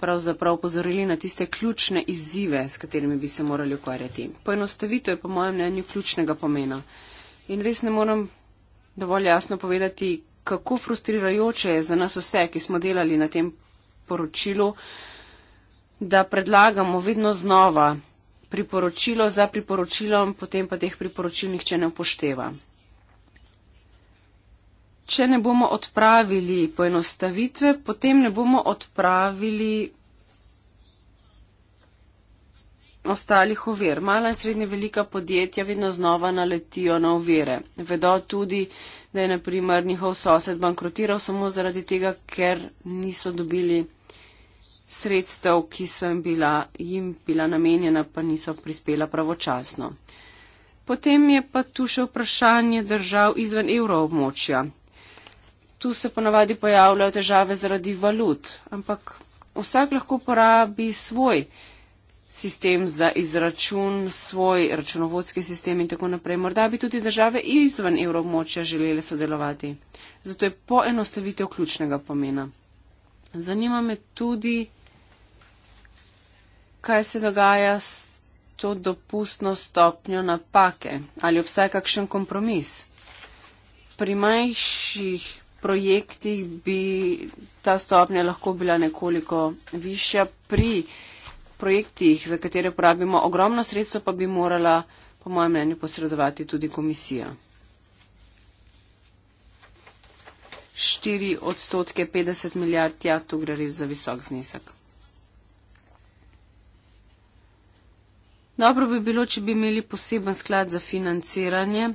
pravzaprav pozorili na tiste ključne izzive, s katerimi bi se morali ukvarjati. Poenostavitev je po mojem mnenju ključnega pomena. In res ne moram dovolj jasno povedati, kako frustrirajoče je za nas vse, ki smo delali na tem poročilu, da predlagamo vedno znova priporočilo za priporočilom, potem pa teh priporočil nihče ne upošteva. Če ne bomo odpravili poenostavitve, potem ne bomo odpravili ostalih uver. Mala in srednje velika podjetja vedno znova naletijo na uvere. Vedo tudi, da je naprimer njihov sosed bankrotiral samo zaradi tega, ker niso dobili sredstev, ki so jim bila, jim bila namenjena, pa niso prispela pravočasno. Potem je pa tu še vprašanje držav izven evroobmočja. Tu se ponavadi pojavljajo težave zaradi valut, ampak vsak lahko porabi svoj sistem za izračun, svoj računovodski sistem in tako naprej. Morda bi tudi države izven evromočja želele sodelovati. Zato je poenostavitev ključnega pomena. Zanima me tudi, kaj se dogaja s to dopustno stopnjo napake. Ali obstaja kakšen kompromis? Pri manjših projektih bi ta stopnja lahko bila nekoliko višja. Pri projektih, za katere porabimo ogromno sredstva, pa bi morala, po mojem mnenju, posredovati tudi komisija. 4 odstotke 50 milijard, ja, tu gre res za visok znesek. Dobro bi bilo, če bi imeli poseben sklad za financiranje,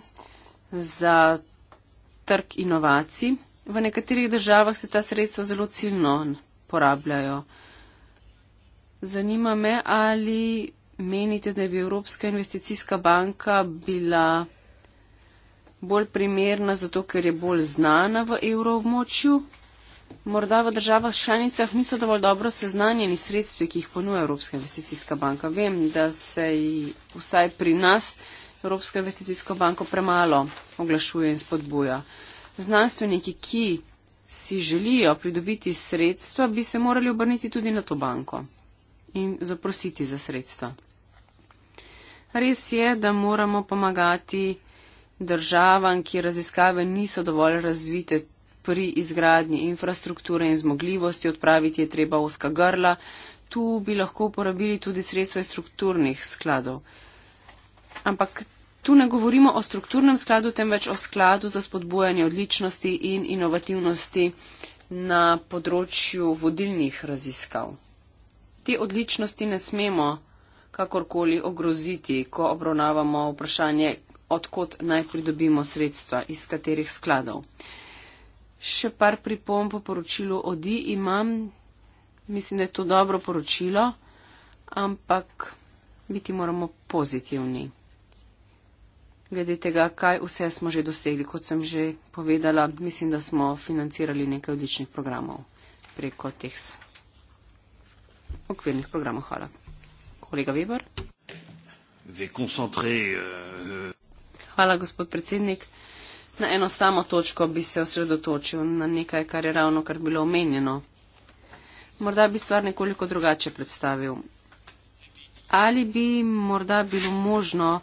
za trg inovacij. V nekaterih državah se ta sredstva zelo ciljno porabljajo. Zanima me, ali menite, da bi Evropska investicijska banka bila bolj primerna zato, ker je bolj znana v evroobmočju. Morda v državah članicah niso dovolj dobro seznanjeni sredstvi, ki jih ponuja Evropska investicijska banka. Vem, da se vsaj pri nas Evropsko investicijsko banko premalo oglašuje in spodbuja. Znanstveniki, ki si želijo pridobiti sredstva, bi se morali obrniti tudi na to banko in zaprositi za sredstva. Res je, da moramo pomagati državam, ki raziskave niso dovolj razvite pri izgradnji infrastrukture in zmogljivosti, odpraviti je treba oska grla. Tu bi lahko uporabili tudi sredstva iz strukturnih skladov. Ampak tu ne govorimo o strukturnem skladu, temveč o skladu za spodbujanje odličnosti in inovativnosti na področju vodilnih raziskav te odličnosti ne smemo kakorkoli ogroziti, ko obravnavamo vprašanje, odkot naj pridobimo sredstva, iz katerih skladov. Še par pripomp po poročilu odi imam. Mislim, da je to dobro poročilo, ampak biti moramo pozitivni. Glede tega, kaj vse smo že dosegli, kot sem že povedala, mislim, da smo financirali nekaj odličnih programov preko teh okvirnih programov. Hvala. Kolega Weber. Euh, Hvala, gospod predsednik. Na eno samo točko bi se osredotočil na nekaj, kar je ravno kar bilo omenjeno. Morda bi stvar nekoliko drugače predstavil. Ali bi morda bilo možno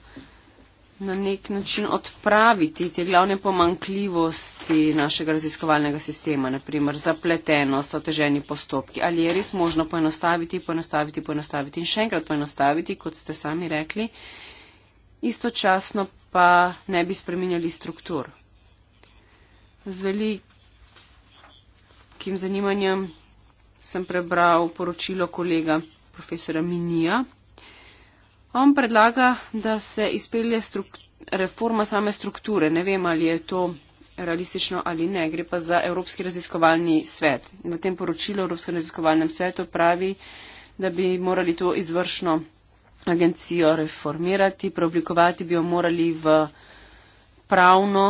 na nek način odpraviti te glavne pomankljivosti našega raziskovalnega sistema, naprimer zapletenost, oteženi postopki, ali je res možno poenostaviti, poenostaviti, poenostaviti in še enkrat poenostaviti, kot ste sami rekli, istočasno pa ne bi spreminjali struktur. Z velikim zanimanjem sem prebral poročilo kolega profesora Minija, On predlaga, da se izpelje struk reforma same strukture. Ne vem, ali je to realistično ali ne. Gre pa za Evropski raziskovalni svet. V tem poročilu Evropskem raziskovalnem svetu pravi, da bi morali to izvršno agencijo reformirati, preoblikovati bi jo morali v pravno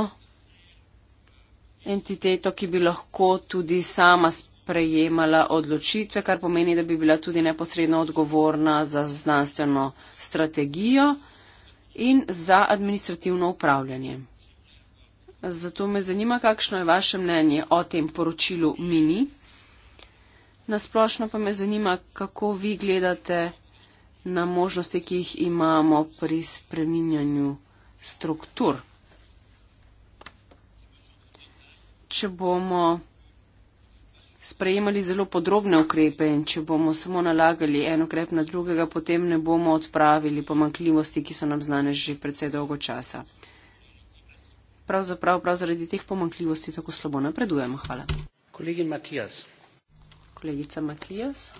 entiteto, ki bi lahko tudi sama spremljala prejemala odločitve, kar pomeni, da bi bila tudi neposredno odgovorna za znanstveno strategijo in za administrativno upravljanje. Zato me zanima, kakšno je vaše mnenje o tem poročilu Mini. Nasplošno pa me zanima, kako vi gledate na možnosti, ki jih imamo pri spreminjanju struktur. Če bomo sprejemali zelo podrobne ukrepe in če bomo samo nalagali en ukrep na drugega, potem ne bomo odpravili pomankljivosti, ki so nam znane že predvsej dolgo časa. Pravzaprav prav zaradi teh pomankljivosti tako slabo napredujemo. Hvala. Kolegi Matijas. Kolegica Matijas.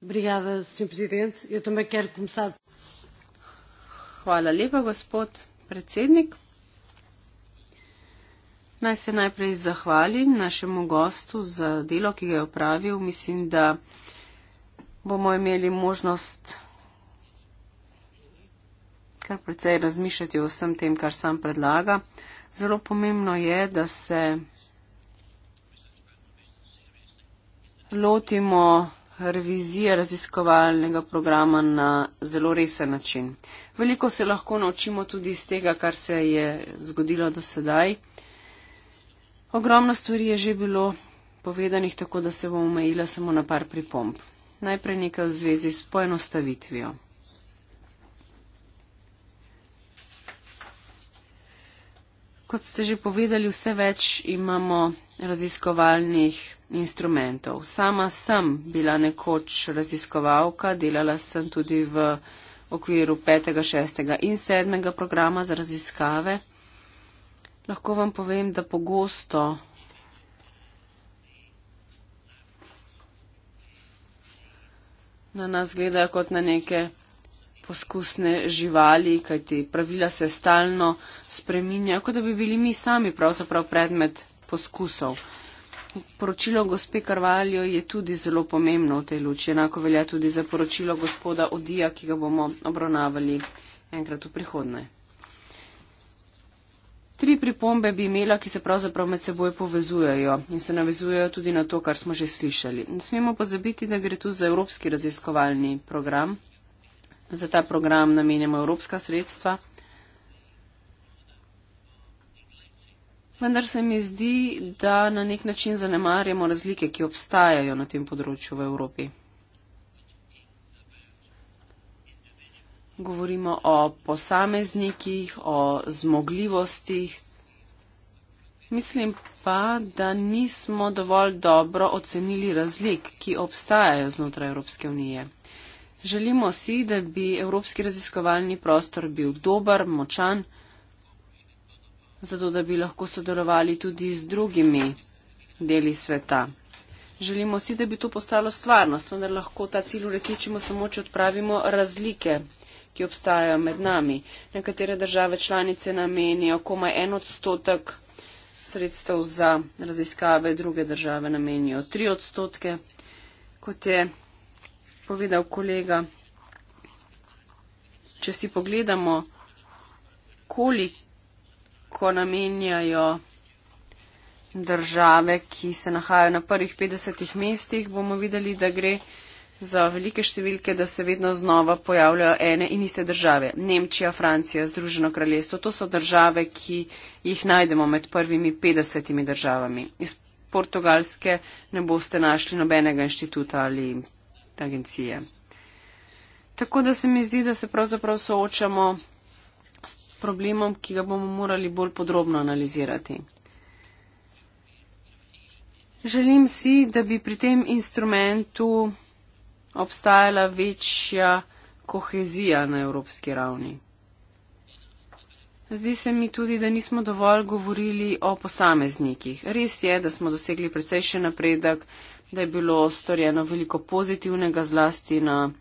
Brigada, gospod predsednik, jaz tam kar komisar. Hvala lepa, gospod predsednik. Naj se najprej zahvalim našemu gostu za delo, ki ga je opravil. Mislim, da bomo imeli možnost kar precej razmišljati o vsem tem, kar sam predlaga. Zelo pomembno je, da se lotimo revizije raziskovalnega programa na zelo resen način. Veliko se lahko naučimo tudi iz tega, kar se je zgodilo do sedaj. Ogromno stvari je že bilo povedanih, tako da se bom omejila samo na par pripomp. Najprej nekaj v zvezi s poenostavitvijo. Kot ste že povedali, vse več imamo raziskovalnih instrumentov. Sama sem bila nekoč raziskovalka, delala sem tudi v okviru 5., 6. in 7. programa za raziskave. Lahko vam povem, da pogosto na nas gledajo kot na neke poskusne živali, kajti pravila se stalno spreminjajo, kot da bi bili mi sami pravzaprav predmet poskusov. Poročilo gospe Karvaljo je tudi zelo pomembno v tej luči. Enako velja tudi za poročilo gospoda Odija, ki ga bomo obravnavali enkrat v prihodnje. Tri pripombe bi imela, ki se pravzaprav med seboj povezujejo in se navezujejo tudi na to, kar smo že slišali. Ne smemo pozabiti, da gre tu za Evropski raziskovalni program. Za ta program namenjamo evropska sredstva. Vendar se mi zdi, da na nek način zanemarjamo razlike, ki obstajajo na tem področju v Evropi. govorimo o posameznikih, o zmogljivostih. Mislim pa, da nismo dovolj dobro ocenili razlik, ki obstajajo znotraj Evropske unije. Želimo si, da bi evropski raziskovalni prostor bil dober, močan, zato da bi lahko sodelovali tudi z drugimi deli sveta. Želimo si, da bi to postalo stvarnost, vendar lahko ta cilj uresničimo samo, če odpravimo razlike ki obstajajo med nami. Nekatere države članice namenijo komaj en odstotek sredstev za raziskave, druge države namenijo tri odstotke. Kot je povedal kolega, če si pogledamo, koliko namenjajo države, ki se nahajajo na prvih 50 mestih, bomo videli, da gre za velike številke, da se vedno znova pojavljajo ene in iste države. Nemčija, Francija, Združeno kraljestvo. To so države, ki jih najdemo med prvimi 50 državami. Iz Portugalske ne boste našli nobenega inštituta ali agencije. Tako da se mi zdi, da se pravzaprav soočamo s problemom, ki ga bomo morali bolj podrobno analizirati. Želim si, da bi pri tem instrumentu obstajala večja kohezija na evropski ravni. Zdi se mi tudi, da nismo dovolj govorili o posameznikih. Res je, da smo dosegli precejšen napredek, da je bilo storjeno veliko pozitivnega zlasti na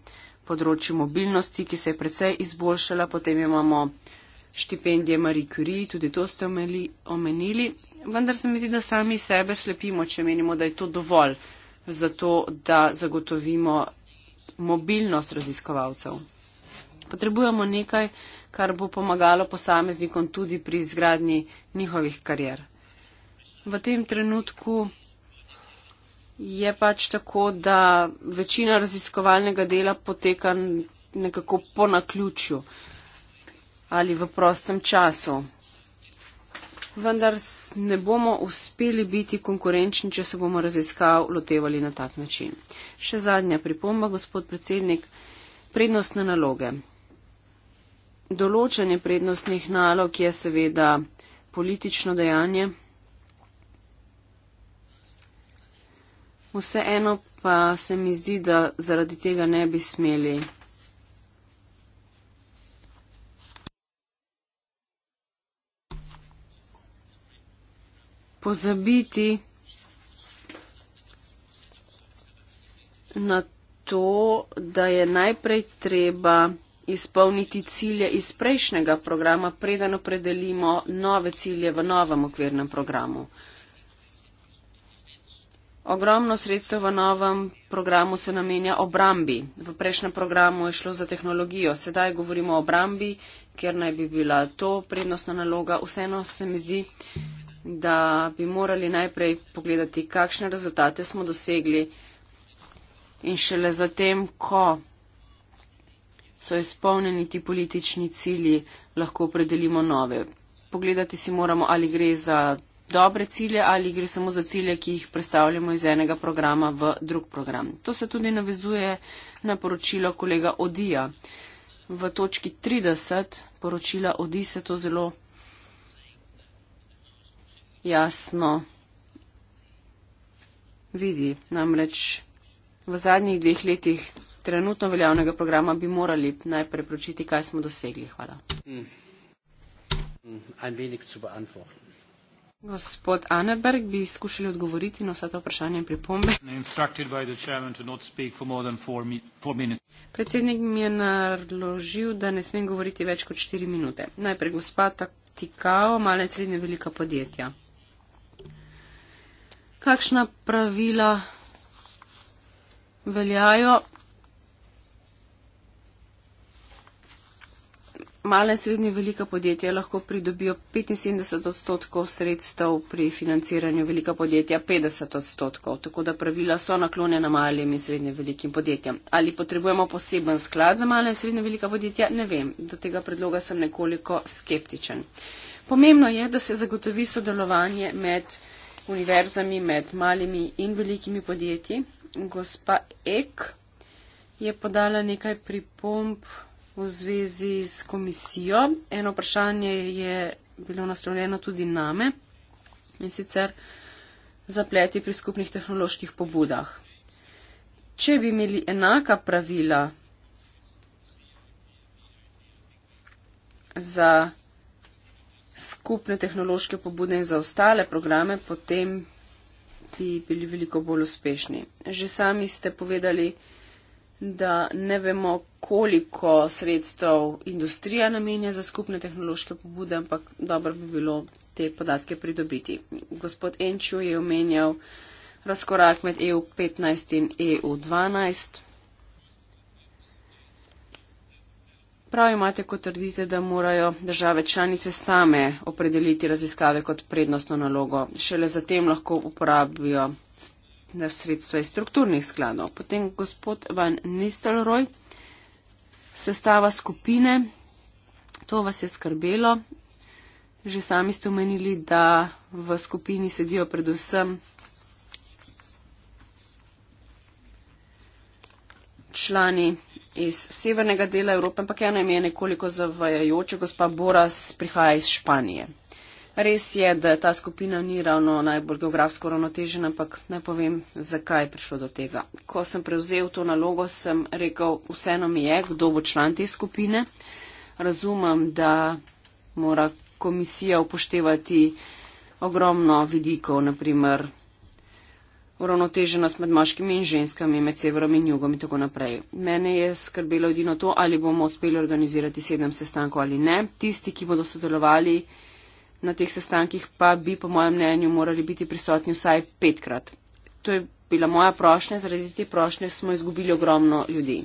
področju mobilnosti, ki se je precej izboljšala. Potem imamo štipendije Marie Curie, tudi to ste omenili. Vendar se mi zdi, da sami sebe slepimo, če menimo, da je to dovolj za to, da zagotovimo mobilnost raziskovalcev. Potrebujemo nekaj, kar bo pomagalo posameznikom tudi pri izgradnji njihovih karier. V tem trenutku je pač tako, da večina raziskovalnega dela poteka nekako po naključju ali v prostem času vendar ne bomo uspeli biti konkurenčni, če se bomo raziskav lotevali na tak način. Še zadnja pripomba, gospod predsednik, prednostne naloge. Določanje prednostnih nalog je seveda politično dejanje. Vseeno pa se mi zdi, da zaradi tega ne bi smeli pozabiti na to, da je najprej treba izpolniti cilje iz prejšnjega programa, preden opredelimo nove cilje v novem okvirnem programu. Ogromno sredstev v novem programu se namenja obrambi. V prejšnjem programu je šlo za tehnologijo, sedaj govorimo o obrambi, ker naj bi bila to prednostna naloga. Vseeno se mi zdi, da bi morali najprej pogledati, kakšne rezultate smo dosegli in šele zatem, ko so izpolneni ti politični cilji, lahko predelimo nove. Pogledati si moramo, ali gre za dobre cilje ali gre samo za cilje, ki jih predstavljamo iz enega programa v drug program. To se tudi navezuje na poročilo kolega Odija. V točki 30 poročila Odi se to zelo jasno vidi. Namreč v zadnjih dveh letih trenutno veljavnega programa bi morali najprej pročiti, kaj smo dosegli. Hvala. Mm. Mm, Gospod Anneberg, bi skušali odgovoriti na vsa ta vprašanja in pripombe. Predsednik mi je naložil, da ne smem govoriti več kot štiri minute. Najprej gospa Tikao, male in srednje velika podjetja kakšna pravila veljajo. Male in srednje velika podjetja lahko pridobijo 75 odstotkov sredstev pri financiranju velika podjetja 50 odstotkov, tako da pravila so naklonjena malim in srednje velikim podjetjem. Ali potrebujemo poseben sklad za male in srednje velika podjetja, ne vem. Do tega predloga sem nekoliko skeptičen. Pomembno je, da se zagotovi sodelovanje med univerzami med malimi in velikimi podjetji. Gospa Ek je podala nekaj pripomp v zvezi s komisijo. Eno vprašanje je bilo naslovljeno tudi name in sicer zapleti pri skupnih tehnoloških pobudah. Če bi imeli enaka pravila za skupne tehnološke pobude in za ostale programe, potem bi bili veliko bolj uspešni. Že sami ste povedali, da ne vemo, koliko sredstev industrija namenja za skupne tehnološke pobude, ampak dobro bi bilo te podatke pridobiti. Gospod Enču je omenjal razkorak med EU15 in EU12. Prav imate, ko trdite, da morajo države članice same opredeliti raziskave kot prednostno nalogo. Šele zatem lahko uporabijo na sredstva iz strukturnih skladov. Potem gospod Van Nistelrooy, sestava skupine, to vas je skrbelo. Že sami ste omenili, da v skupini sedijo predvsem člani iz severnega dela Evrope, ampak eno ime je nekoliko zavajajoče, gospa Boras prihaja iz Španije. Res je, da ta skupina ni ravno najbolj geografsko ravnotežena, ampak ne povem, zakaj je prišlo do tega. Ko sem prevzel to nalogo, sem rekel, vseeno mi je, kdo bo član te skupine. Razumem, da mora komisija upoštevati ogromno vidikov, naprimer uravnoteženost med moškimi in ženskami, med severom in jugom in tako naprej. Mene je skrbelo edino to, ali bomo uspeli organizirati sedem sestankov ali ne. Tisti, ki bodo sodelovali na teh sestankih, pa bi po mojem mnenju morali biti prisotni vsaj petkrat. To je bila moja prošnja, zaradi te prošnje smo izgubili ogromno ljudi.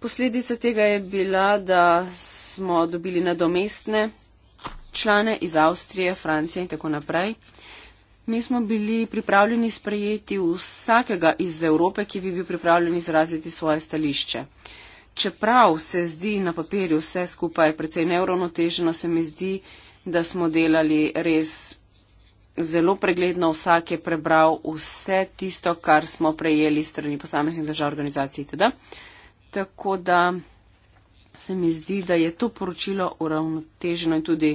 Posledica tega je bila, da smo dobili nadomestne člane iz Avstrije, Francije in tako naprej. Mi smo bili pripravljeni sprejeti vsakega iz Evrope, ki bi bil pripravljen izraziti svoje stališče. Čeprav se zdi na papirju vse skupaj precej neuravnoteženo, se mi zdi, da smo delali res zelo pregledno. Vsak je prebral vse tisto, kar smo prejeli strani posameznih držav organizacij. Teda. Tako da se mi zdi, da je to poročilo uravnoteženo in tudi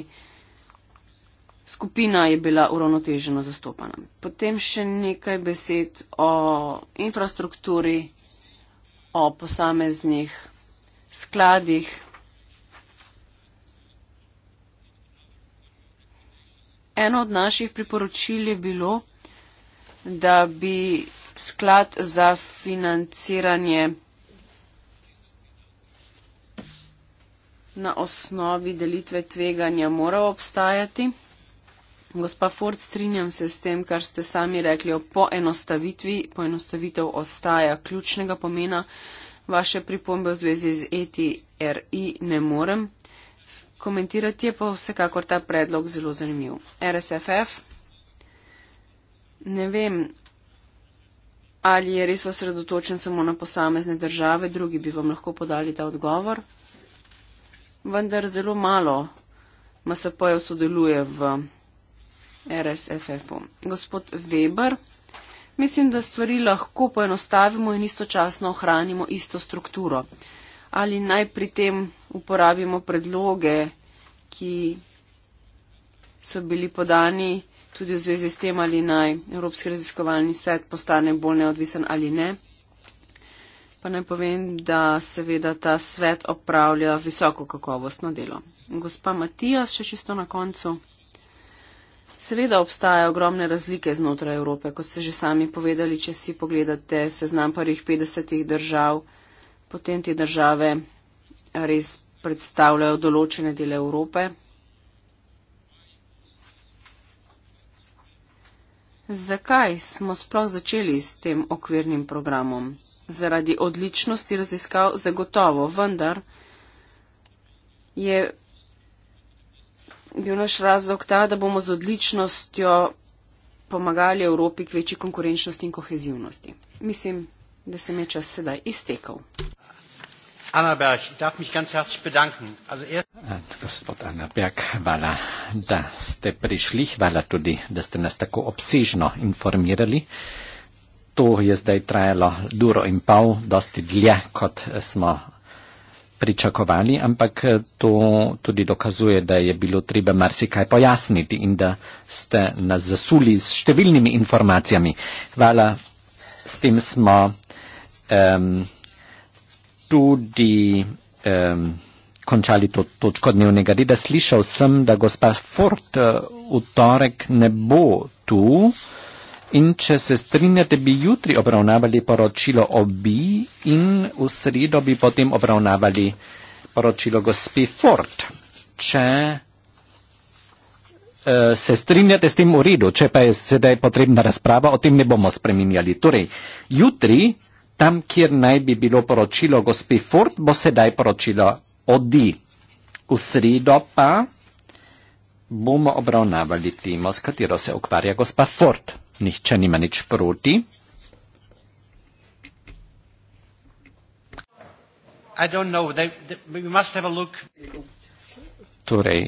skupina je bila uravnoteženo zastopana. Potem še nekaj besed o infrastrukturi, o posameznih skladih. Eno od naših priporočil je bilo, da bi sklad za financiranje na osnovi delitve tveganja moral obstajati. Gospa Ford, strinjam se s tem, kar ste sami rekli o poenostavitvi. Poenostavitev ostaja ključnega pomena. Vaše pripombe v zvezi z ETRI ne morem komentirati, je pa vsekakor ta predlog zelo zanimiv. RSFF, ne vem, ali je res osredotočen samo na posamezne države, drugi bi vam lahko podali ta odgovor. Vendar zelo malo MSP-jev sodeluje v RSFF-u. Gospod Weber, mislim, da stvari lahko poenostavimo in istočasno ohranimo isto strukturo. Ali naj pri tem uporabimo predloge, ki so bili podani tudi v zvezi s tem, ali naj Evropski raziskovalni svet postane bolj neodvisen ali ne. Pa naj povem, da seveda ta svet opravlja visoko kakovostno delo. Gospa Matija, še čisto na koncu. Seveda obstajajo ogromne razlike znotraj Evrope, kot ste že sami povedali, če si pogledate seznam prvih 50 držav, potem te države res predstavljajo določene dele Evrope. Zakaj smo sploh začeli s tem okvirnim programom? Zaradi odličnosti raziskav zagotovo, vendar je bil naš razlog ta, da bomo z odličnostjo pomagali Evropi k večji konkurenčnosti in kohezivnosti. Mislim, da se mi je čas sedaj iztekel. Annaberg, ich darf mich ganz herzlich bedanken. Also er... Gospod Annaberg, hvala, da ste prišli, hvala tudi, da ste nas tako obsežno informirali. To je zdaj trajalo duro in pol, dosti dlje, kot smo pričakovali, ampak eh, to tudi dokazuje, da je bilo treba marsikaj pojasniti in da ste nas zasuli s številnimi informacijami. Hvala, s tem smo um, tudi um, končali to točko dnevnega reda. Slišal sem, da gospa Ford eh, v torek ne bo tu. In če se strinjate, bi jutri obravnavali poročilo o bi in v sredo bi potem obravnavali poročilo gospe Ford. Če eh, se strinjate s tem v redu, če pa je sedaj potrebna razprava, o tem ne bomo spreminjali. Torej, jutri, tam, kjer naj bi bilo poročilo gospe Ford, bo sedaj poročilo o di. V sredo pa bomo obravnavali temo, s katero se ukvarja gospa Ford. Nihče nima nič proti. Torej,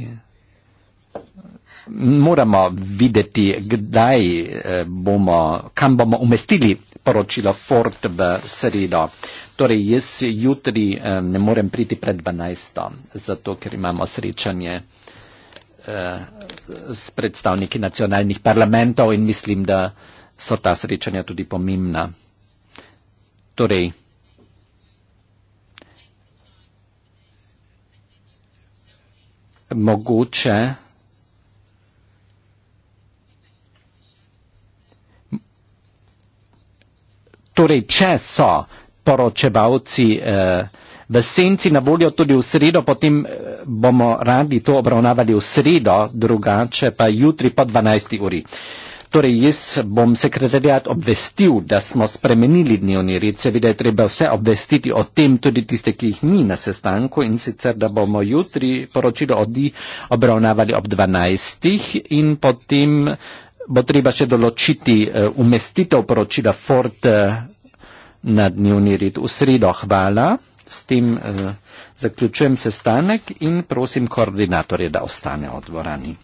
moramo videti, kdaj eh, bomo, kam bomo umestili poročilo Ford v sredo. Torej, jaz jutri eh, ne morem priti pred 12. zato ker imamo srečanje eh, s predstavniki nacionalnih parlamentov in mislim, da so ta srečanja tudi pomembna. Torej, mogoče Torej, če so poročevalci eh, v senci na voljo tudi v sredo, potem eh, bomo radi to obravnavali v sredo, drugače pa jutri po 12. uri. Torej, jaz bom sekretarjat obvestil, da smo spremenili dnevni red, seveda je treba vse obvestiti o tem, tudi tiste, ki jih ni na sestanku in sicer, da bomo jutri poročilo odi obravnavali ob 12. in potem eh, bo treba še določiti uh, umestitev poročila Ford uh, na dnevni red v sredo. Hvala s tem eh, zaključujem sestanek in prosim koordinatorje, da ostane v dvorani.